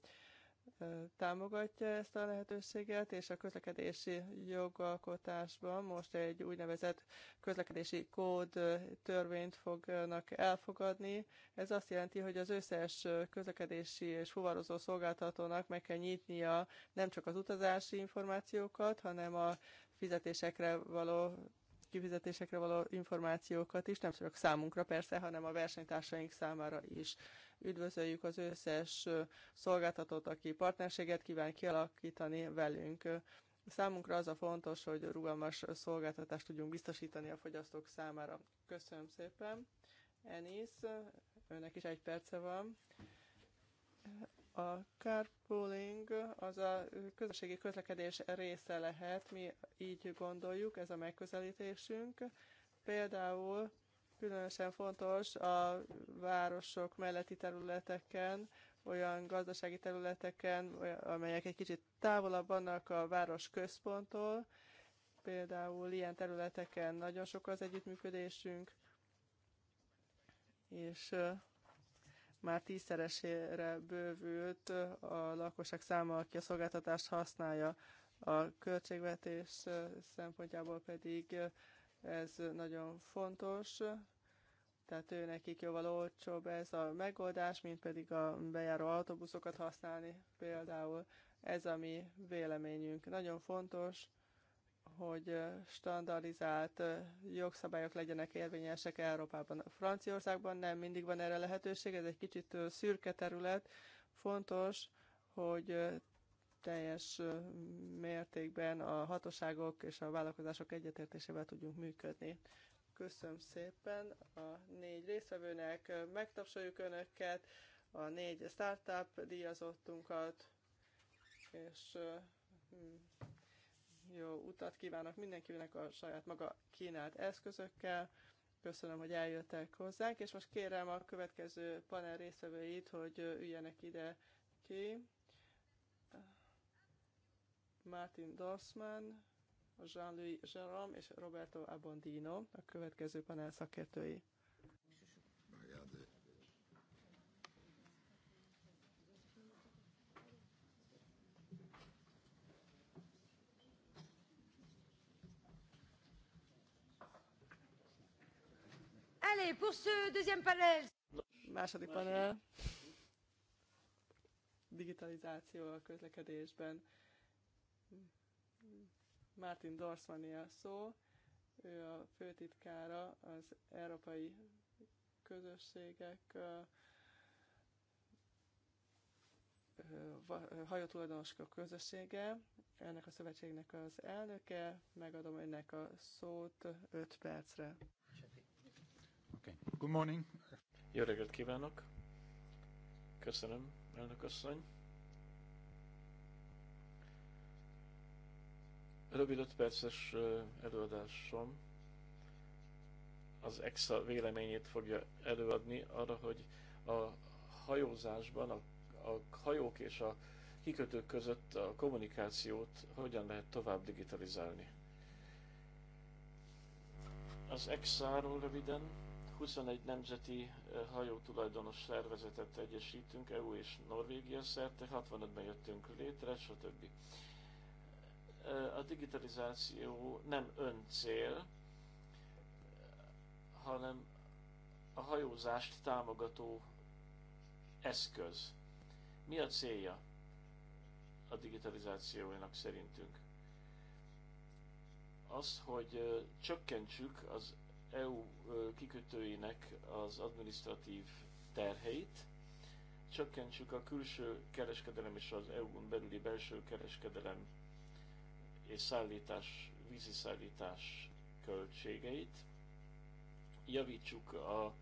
támogatja ezt a lehetőséget, és a közlekedési jogalkotásban most egy úgynevezett közlekedési kód törvényt fognak elfogadni. Ez azt jelenti, hogy az összes közlekedési és fuvarozó szolgáltatónak meg kell nyitnia nem csak az utazási információkat, hanem a fizetésekre való kifizetésekre való információkat is, nem csak számunkra persze, hanem a versenytársaink számára is. Üdvözöljük az összes szolgáltatót, aki partnerséget kíván kialakítani velünk. Számunkra az a fontos, hogy rugalmas szolgáltatást tudjunk biztosítani a fogyasztók számára. Köszönöm szépen. Enis, önnek is egy perce van. A carpooling az a közösségi közlekedés része lehet, mi így gondoljuk, ez a megközelítésünk. Például különösen fontos a városok melletti területeken, olyan gazdasági területeken, amelyek egy kicsit távolabb vannak a város központtól. Például ilyen területeken nagyon sok az együttműködésünk, és már tízszeresére bővült a lakosság száma, aki a szolgáltatást használja. A költségvetés szempontjából pedig ez nagyon fontos, tehát ő nekik jóval olcsóbb ez a megoldás, mint pedig a bejáró autóbuszokat használni például. Ez a mi véleményünk. Nagyon fontos, hogy standardizált jogszabályok legyenek érvényesek Európában. Franciaországban nem mindig van erre lehetőség, ez egy kicsit szürke terület. Fontos, hogy teljes mértékben a hatóságok és a vállalkozások egyetértésével tudjunk működni. Köszönöm szépen a négy résztvevőnek, megtapsoljuk Önöket, a négy startup díjazottunkat, és jó utat kívánok mindenkinek a saját maga kínált eszközökkel. Köszönöm, hogy eljöttek hozzánk, és most kérem a következő panel résztvevőit, hogy üljenek ide ki. Martin Dorsman, Jean-Louis Jerome és Roberto Abondino a következő panel szakértői. pour ce deuxième panel. Második panel. Digitalizáció a közlekedésben. Martin Dorsmani a szó, ő a főtitkára az Európai Közösségek hajótulajdonosok közössége, ennek a szövetségnek az elnöke, megadom önnek a szót 5 percre. Good morning. Jó reggelt kívánok. Köszönöm, elnök asszony. Rövid öt perces előadásom az EXA véleményét fogja előadni arra, hogy a hajózásban, a, a hajók és a kikötők között a kommunikációt hogyan lehet tovább digitalizálni. Az EXA-ról röviden 21 nemzeti hajó tulajdonos szervezetet egyesítünk, EU és Norvégia szerte, 65-ben jöttünk létre, stb. A digitalizáció nem ön cél, hanem a hajózást támogató eszköz. Mi a célja a digitalizációjának szerintünk? Az, hogy csökkentsük az EU kikötőinek az administratív terheit, csökkentsük a külső kereskedelem és az EU-n belüli belső kereskedelem és szállítás, szállítás költségeit, javítsuk a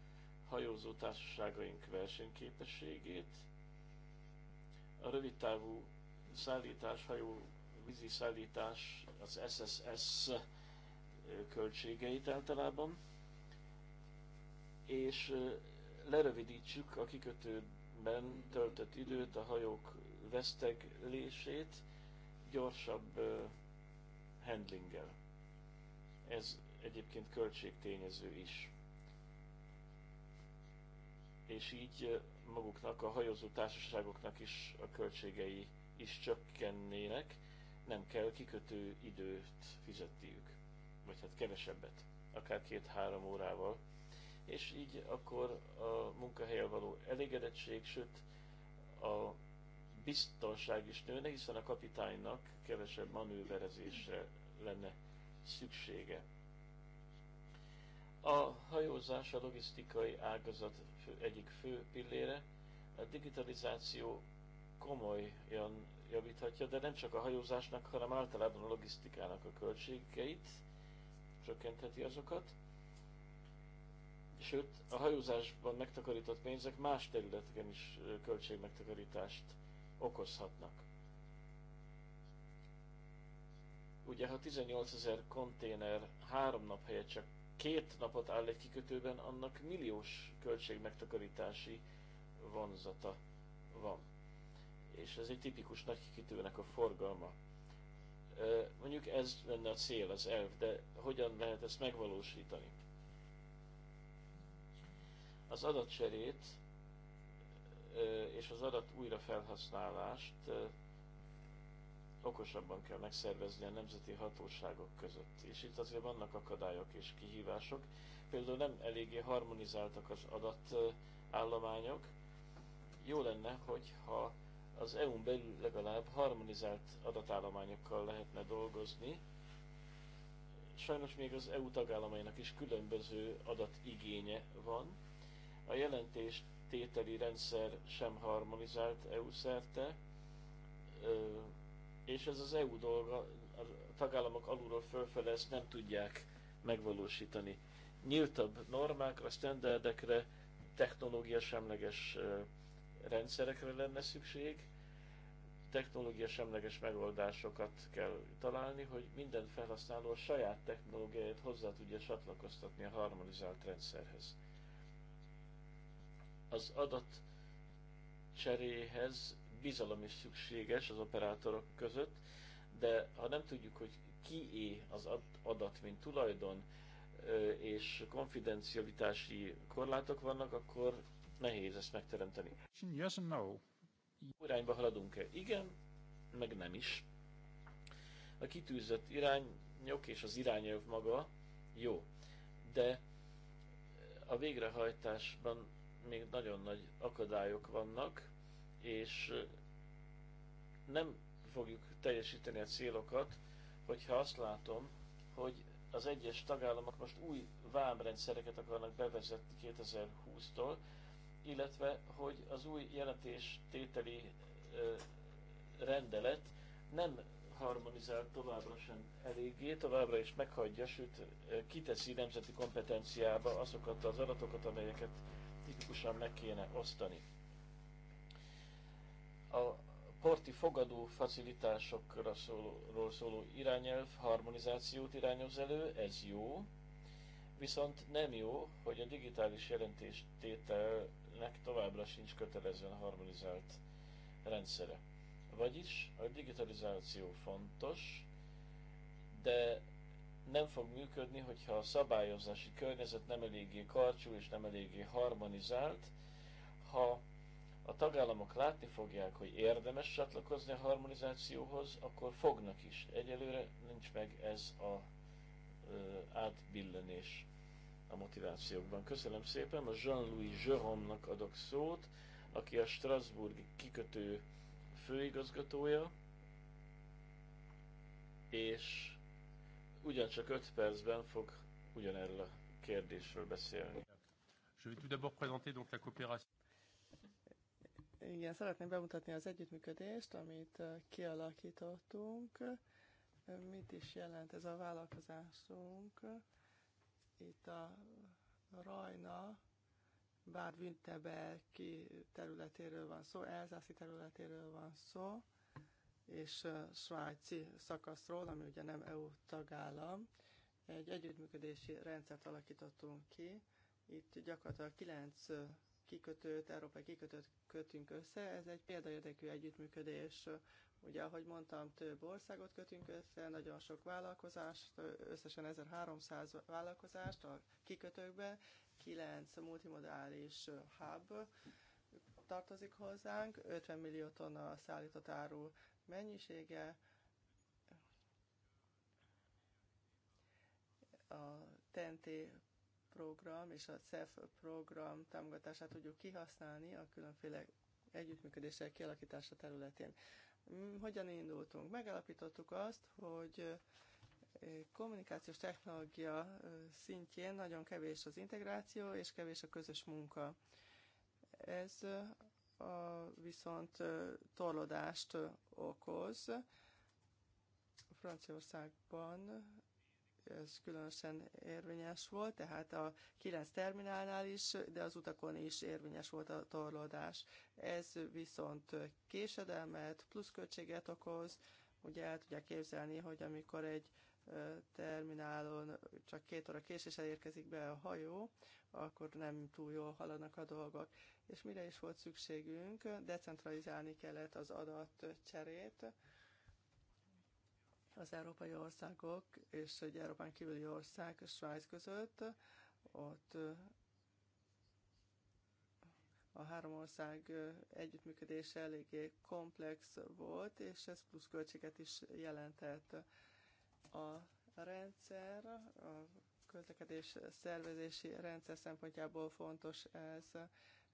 hajózó társaságaink versenyképességét, a rövidtávú szállítás, hajó vízi szállítás, az SSS költségeit általában, és lerövidítsük a kikötőben töltött időt, a hajók veszteglését gyorsabb handlinggel. Ez egyébként költségtényező is. És így maguknak, a hajózó társaságoknak is a költségei is csökkennének, nem kell kikötő időt fizetniük vagy hát kevesebbet, akár két-három órával, és így akkor a munkahelyen való elégedettség, sőt a biztonság is nőne, hiszen a kapitánynak kevesebb manőverezésre lenne szüksége. A hajózás a logisztikai ágazat egyik fő pillére, a digitalizáció komolyan javíthatja, de nem csak a hajózásnak, hanem általában a logisztikának a költségeit, csökkentheti azokat, sőt a hajózásban megtakarított pénzek más területeken is költségmegtakarítást okozhatnak. Ugye, ha 18 ezer konténer három nap helyett csak két napot áll egy kikötőben, annak milliós költségmegtakarítási vonzata van. És ez egy tipikus nagy kikötőnek a forgalma. Mondjuk ez lenne a cél, az elv, de hogyan lehet ezt megvalósítani? Az adatcserét és az adat újrafelhasználást okosabban kell megszervezni a nemzeti hatóságok között. És itt azért vannak akadályok és kihívások. Például nem eléggé harmonizáltak az adatállományok. Jó lenne, hogyha az EU-n belül legalább harmonizált adatállományokkal lehetne dolgozni. Sajnos még az EU tagállamainak is különböző adatigénye van. A jelentés tételi rendszer sem harmonizált EU szerte, és ez az EU dolga, a tagállamok alulról fölfele ezt nem tudják megvalósítani. Nyíltabb normákra, sztenderdekre, technológia semleges rendszerekre lenne szükség, technológia semleges megoldásokat kell találni, hogy minden felhasználó a saját technológiáját hozzá tudja csatlakoztatni a harmonizált rendszerhez. Az adat cseréhez bizalom is szükséges az operátorok között, de ha nem tudjuk, hogy ki é az adat, mint tulajdon, és konfidencialitási korlátok vannak, akkor Nehéz ezt megteremteni. Yes and no. Irányba haladunk-e? Igen, meg nem is. A kitűzött irányok és az irányelv maga jó, de a végrehajtásban még nagyon nagy akadályok vannak, és nem fogjuk teljesíteni a célokat, hogyha azt látom, hogy az egyes tagállamok most új vámrendszereket akarnak bevezetni 2020-tól, illetve hogy az új jelentés tételi rendelet nem harmonizál továbbra sem eléggé, továbbra is meghagyja, sőt kiteszi nemzeti kompetenciába azokat az adatokat, amelyeket tipikusan meg kéne osztani. A porti fogadó facilitásokra szóló, szóló irányelv harmonizációt irányoz elő, ez jó, viszont nem jó, hogy a digitális jelentéstétel nek továbbra sincs kötelezően harmonizált rendszere. Vagyis a digitalizáció fontos, de nem fog működni, hogyha a szabályozási környezet nem eléggé karcsú és nem eléggé harmonizált. Ha a tagállamok látni fogják, hogy érdemes csatlakozni a harmonizációhoz, akkor fognak is. Egyelőre nincs meg ez a átbillenés a motivációkban. Köszönöm szépen, a Jean-Louis Jerome-nak adok szót, aki a Strasbourg kikötő főigazgatója, és ugyancsak 5 percben fog ugyanerről a kérdésről beszélni. Je vais tout d'abord présenter donc la coopération. Igen, szeretném bemutatni az együttműködést, amit uh, kialakítottunk. Mit is jelent ez a vállalkozásunk? Itt a Rajna bár Wüntebelki területéről van szó, elzászi területéről van szó, és svájci szakaszról, ami ugye nem EU tagállam, egy együttműködési rendszert alakítottunk ki. Itt gyakorlatilag kilenc kikötőt, európai kikötőt kötünk össze. Ez egy példaérdekű együttműködés Ugye, ahogy mondtam, több országot kötünk össze, nagyon sok vállalkozást, összesen 1300 vállalkozást a kikötőkbe, 9 multimodális hub tartozik hozzánk, 50 millió tonna szállított áru mennyisége, a TNT program és a CEF program támogatását tudjuk kihasználni a különféle együttműködések kialakítása területén. Mm, hogyan indultunk? Megalapítottuk azt, hogy eh, kommunikációs technológia eh, szintjén nagyon kevés az integráció és kevés a közös munka. Ez eh, a, viszont torlodást okoz. Franciaországban ez különösen érvényes volt, tehát a 9 terminálnál is, de az utakon is érvényes volt a torlódás. Ez viszont késedelmet, pluszköltséget okoz, ugye el tudják képzelni, hogy amikor egy terminálon csak két óra késéssel érkezik be a hajó, akkor nem túl jól haladnak a dolgok. És mire is volt szükségünk? Decentralizálni kellett az adatcserét, az európai országok és egy Európán kívüli ország, Svájc között. Ott a három ország együttműködése eléggé komplex volt, és ez plusz költséget is jelentett. A rendszer, a közlekedés szervezési rendszer szempontjából fontos ez.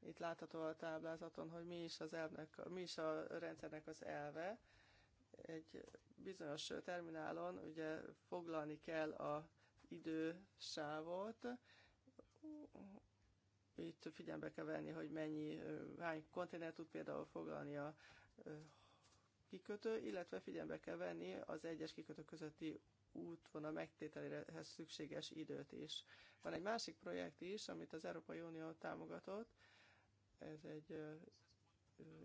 Itt látható a táblázaton, hogy mi is, az elvnek, mi is a rendszernek az elve. Egy bizonyos terminálon ugye foglalni kell a idősávot, itt figyelembe kell venni, hogy mennyi, hány konténer tud például foglalni a kikötő, illetve figyelembe kell venni az egyes kikötő közötti útvonal megtételéhez szükséges időt is. Van egy másik projekt is, amit az Európai Unió támogatott, ez egy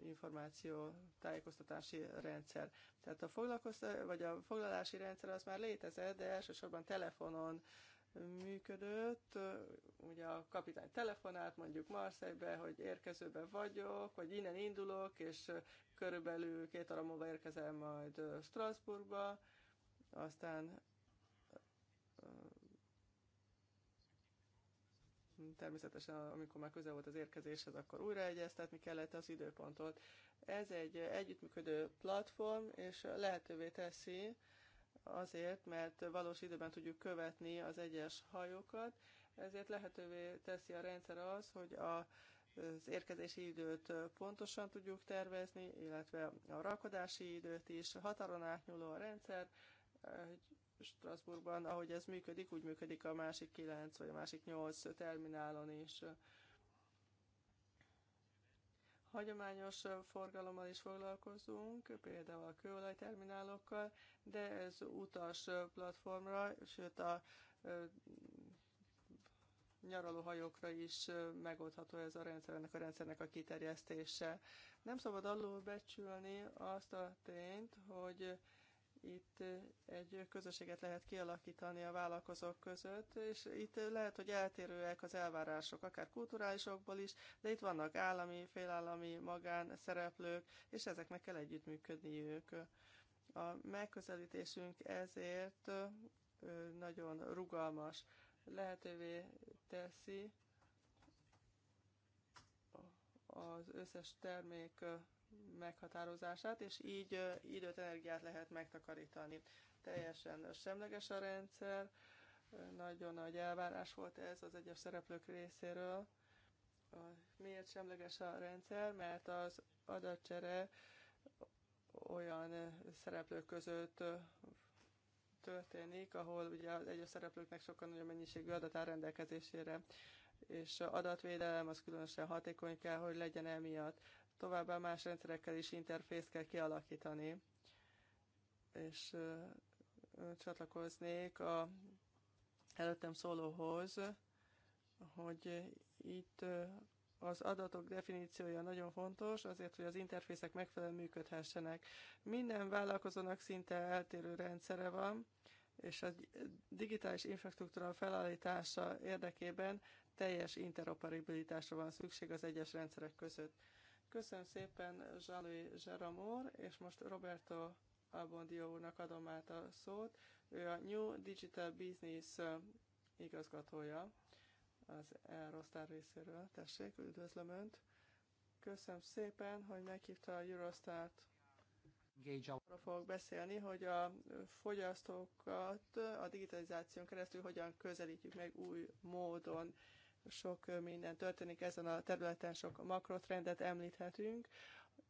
információ tájékoztatási rendszer. Tehát a foglalkoztatás, vagy a foglalási rendszer az már létezett, de elsősorban telefonon működött. Ugye a kapitány telefonált mondjuk Marseille-be, hogy érkezőben vagyok, vagy innen indulok, és körülbelül két óra múlva érkezem majd Strasbourgba, aztán természetesen amikor már közel volt az érkezéshez, akkor újraegyeztetni kellett az időpontot. Ez egy együttműködő platform, és lehetővé teszi azért, mert valós időben tudjuk követni az egyes hajókat, ezért lehetővé teszi a rendszer az, hogy a az érkezési időt pontosan tudjuk tervezni, illetve a rakodási időt is, határon átnyúló a rendszer, Strasbourgban, ahogy ez működik, úgy működik a másik kilenc vagy a másik nyolc terminálon is. Hagyományos forgalommal is foglalkozunk, például a terminálokkal, de ez utas platformra, sőt a nyaralóhajókra is megoldható ez a rendszer, ennek a rendszernek a kiterjesztése. Nem szabad alul becsülni azt a tényt, hogy itt egy közösséget lehet kialakítani a vállalkozók között, és itt lehet, hogy eltérőek az elvárások, akár kulturálisokból is, de itt vannak állami, félállami, magán szereplők, és ezeknek kell együttműködniük. A megközelítésünk ezért nagyon rugalmas, lehetővé teszi az összes termék meghatározását, és így időt, energiát lehet megtakarítani. Teljesen semleges a rendszer, nagyon nagy elvárás volt ez az egyes szereplők részéről. Miért semleges a rendszer? Mert az adatcsere olyan szereplők között történik, ahol ugye az egyes szereplőknek sokkal nagyobb mennyiségű adat áll rendelkezésére, és adatvédelem az különösen hatékony kell, hogy legyen emiatt. Továbbá más rendszerekkel is interfészt kell kialakítani, és csatlakoznék a előttem szólóhoz, hogy itt az adatok definíciója nagyon fontos, azért, hogy az interfészek megfelelően működhessenek. Minden vállalkozónak szinte eltérő rendszere van, és a digitális infrastruktúra felállítása érdekében teljes interoperabilitásra van szükség az egyes rendszerek között. Köszönöm szépen Zsalui Zsaramor, és most Roberto Albondio úrnak adom át a szót. Ő a New Digital Business igazgatója az Eurostar részéről. Tessék, üdvözlöm Önt. Köszönöm szépen, hogy meghívta a Eurostart. Arra fogok beszélni, hogy a fogyasztókat a digitalizáción keresztül hogyan közelítjük meg új módon sok minden történik ezen a területen, sok makrotrendet említhetünk.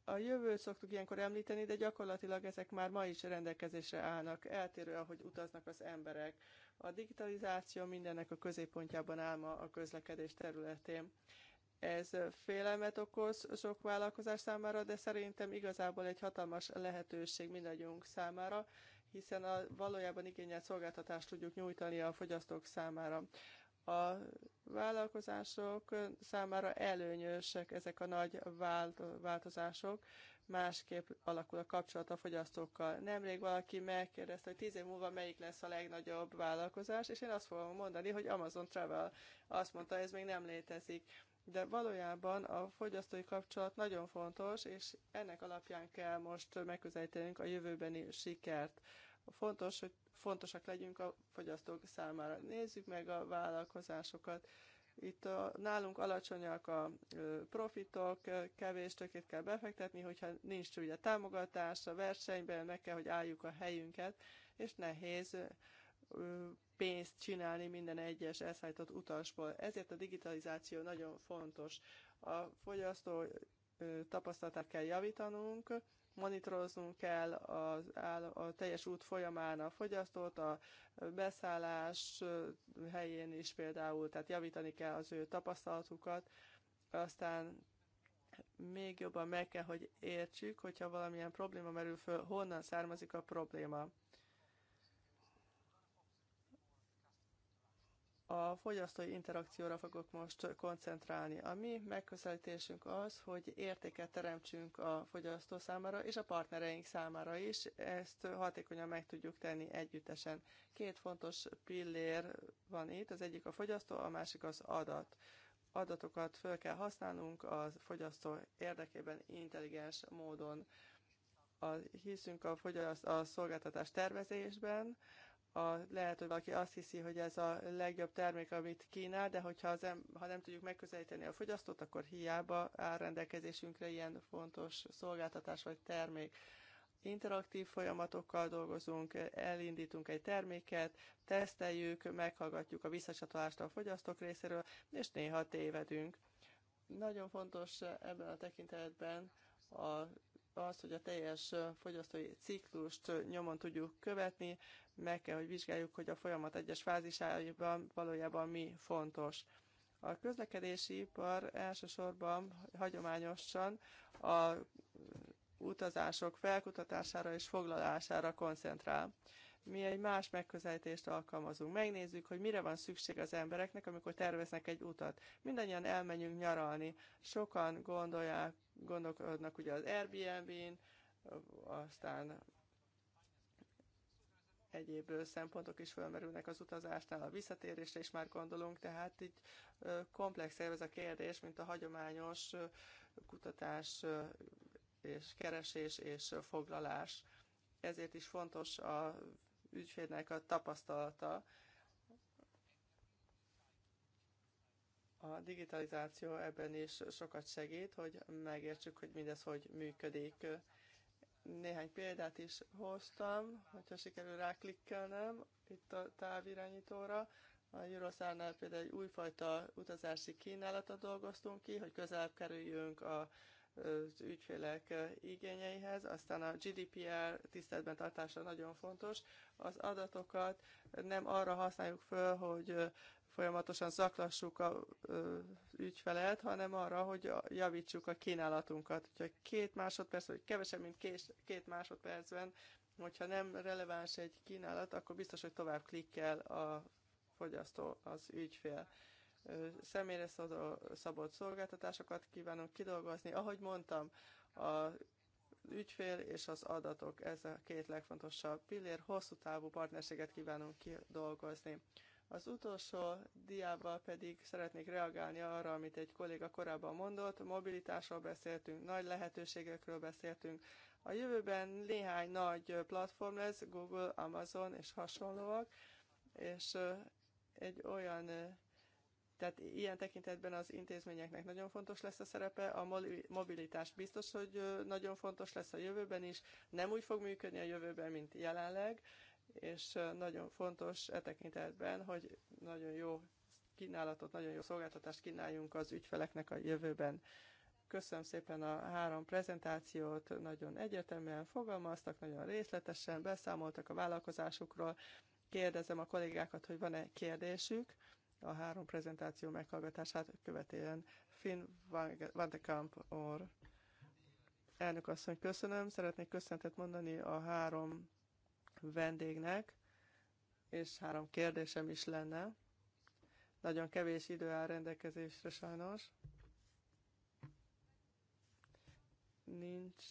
A jövőt szoktuk ilyenkor említeni, de gyakorlatilag ezek már ma is rendelkezésre állnak, eltérő, ahogy utaznak az emberek. A digitalizáció mindennek a középpontjában áll ma a közlekedés területén. Ez félelmet okoz sok vállalkozás számára, de szerintem igazából egy hatalmas lehetőség mindannyiunk számára, hiszen a valójában igényelt szolgáltatást tudjuk nyújtani a fogyasztók számára. A vállalkozások számára előnyösek ezek a nagy változások, másképp alakul a kapcsolat a fogyasztókkal. Nemrég valaki megkérdezte, hogy tíz év múlva melyik lesz a legnagyobb vállalkozás, és én azt fogom mondani, hogy Amazon Travel. Azt mondta, ez még nem létezik. De valójában a fogyasztói kapcsolat nagyon fontos, és ennek alapján kell most megközelítenünk a jövőbeni sikert. Fontos, hogy fontosak legyünk a fogyasztók számára. Nézzük meg a vállalkozásokat. Itt a, nálunk alacsonyak a profitok, kevés tökét kell befektetni, hogyha nincs ugye támogatás, a versenyben meg kell, hogy álljuk a helyünket, és nehéz pénzt csinálni minden egyes elszállított utasból. Ezért a digitalizáció nagyon fontos. A fogyasztó tapasztalatát kell javítanunk, monitoroznunk kell a, a teljes út folyamán a fogyasztót, a beszállás helyén is például, tehát javítani kell az ő tapasztalatukat, aztán még jobban meg kell, hogy értsük, hogyha valamilyen probléma merül föl, honnan származik a probléma. A fogyasztói interakcióra fogok most koncentrálni. A mi megközelítésünk az, hogy értéket teremtsünk a fogyasztó számára és a partnereink számára is. Ezt hatékonyan meg tudjuk tenni együttesen. Két fontos pillér van itt, az egyik a fogyasztó, a másik az adat. Adatokat föl kell használnunk a fogyasztó érdekében intelligens módon. A, hiszünk a, fogyaszt, a szolgáltatás tervezésben, a, lehet, hogy valaki azt hiszi, hogy ez a legjobb termék, amit kínál, de hogyha az, ha nem tudjuk megközelíteni a fogyasztót, akkor hiába áll rendelkezésünkre ilyen fontos szolgáltatás vagy termék. Interaktív folyamatokkal dolgozunk, elindítunk egy terméket, teszteljük, meghallgatjuk a visszacsatolást a fogyasztók részéről, és néha tévedünk. Nagyon fontos ebben a tekintetben a az, hogy a teljes fogyasztói ciklust nyomon tudjuk követni, meg kell, hogy vizsgáljuk, hogy a folyamat egyes fázisában valójában mi fontos. A közlekedési ipar elsősorban hagyományosan a utazások felkutatására és foglalására koncentrál. Mi egy más megközelítést alkalmazunk. Megnézzük, hogy mire van szükség az embereknek, amikor terveznek egy utat. Mindannyian elmenjünk nyaralni. Sokan gondolják gondolkodnak ugye az Airbnb-n, aztán egyéb szempontok is felmerülnek az utazásnál, a visszatérésre is már gondolunk, tehát így komplexebb ez a kérdés, mint a hagyományos kutatás és keresés és foglalás. Ezért is fontos a ügyfélnek a tapasztalata, A digitalizáció ebben is sokat segít, hogy megértsük, hogy mindez hogy működik. Néhány példát is hoztam, hogyha sikerül ráklikkelnem itt a távirányítóra. A Eurosárnál például egy újfajta utazási kínálatot dolgoztunk ki, hogy közelebb kerüljünk a az ügyfélek igényeihez, aztán a GDPR tiszteletben tartása nagyon fontos. Az adatokat nem arra használjuk föl, hogy folyamatosan zaklassuk a ö, ügyfelet, hanem arra, hogy javítsuk a kínálatunkat. Hogyha két másodperc, vagy kevesebb, mint kés, két másodpercben, hogyha nem releváns egy kínálat, akkor biztos, hogy tovább klikkel a fogyasztó, az ügyfél. Ö, személyre szabott szolgáltatásokat kívánunk kidolgozni. Ahogy mondtam, a ügyfél és az adatok, ez a két legfontosabb pillér, hosszú távú partnerséget kívánunk kidolgozni. Az utolsó diával pedig szeretnék reagálni arra, amit egy kolléga korábban mondott. Mobilitásról beszéltünk, nagy lehetőségekről beszéltünk. A jövőben néhány nagy platform lesz, Google, Amazon és hasonlóak, és egy olyan tehát ilyen tekintetben az intézményeknek nagyon fontos lesz a szerepe, a mobilitás biztos, hogy nagyon fontos lesz a jövőben is, nem úgy fog működni a jövőben, mint jelenleg, és nagyon fontos e tekintetben, hogy nagyon jó kínálatot, nagyon jó szolgáltatást kínáljunk az ügyfeleknek a jövőben. Köszönöm szépen a három prezentációt, nagyon egyetemen fogalmaztak, nagyon részletesen beszámoltak a vállalkozásukról. Kérdezem a kollégákat, hogy van-e kérdésük a három prezentáció meghallgatását követően. Finn van de Kamp or. Elnök asszony, köszönöm. Szeretnék köszöntet mondani a három vendégnek, és három kérdésem is lenne. Nagyon kevés idő áll rendelkezésre sajnos. Nincs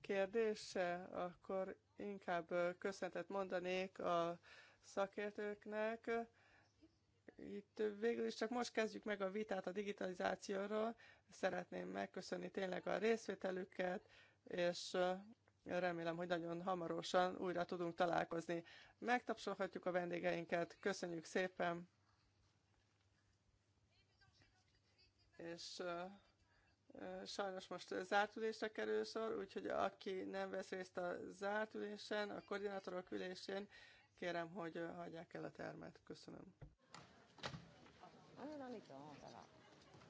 kérdése, akkor inkább köszöntet mondanék a szakértőknek. Itt végül is csak most kezdjük meg a vitát a digitalizációról. Szeretném megköszönni tényleg a részvételüket, és Remélem, hogy nagyon hamarosan újra tudunk találkozni. Megtapsolhatjuk a vendégeinket. Köszönjük szépen! És sajnos most zárt ülésre kerül sor, úgyhogy aki nem vesz részt a zárt ülésen, a koordinátorok ülésén, kérem, hogy hagyják el a termet. Köszönöm. Ah,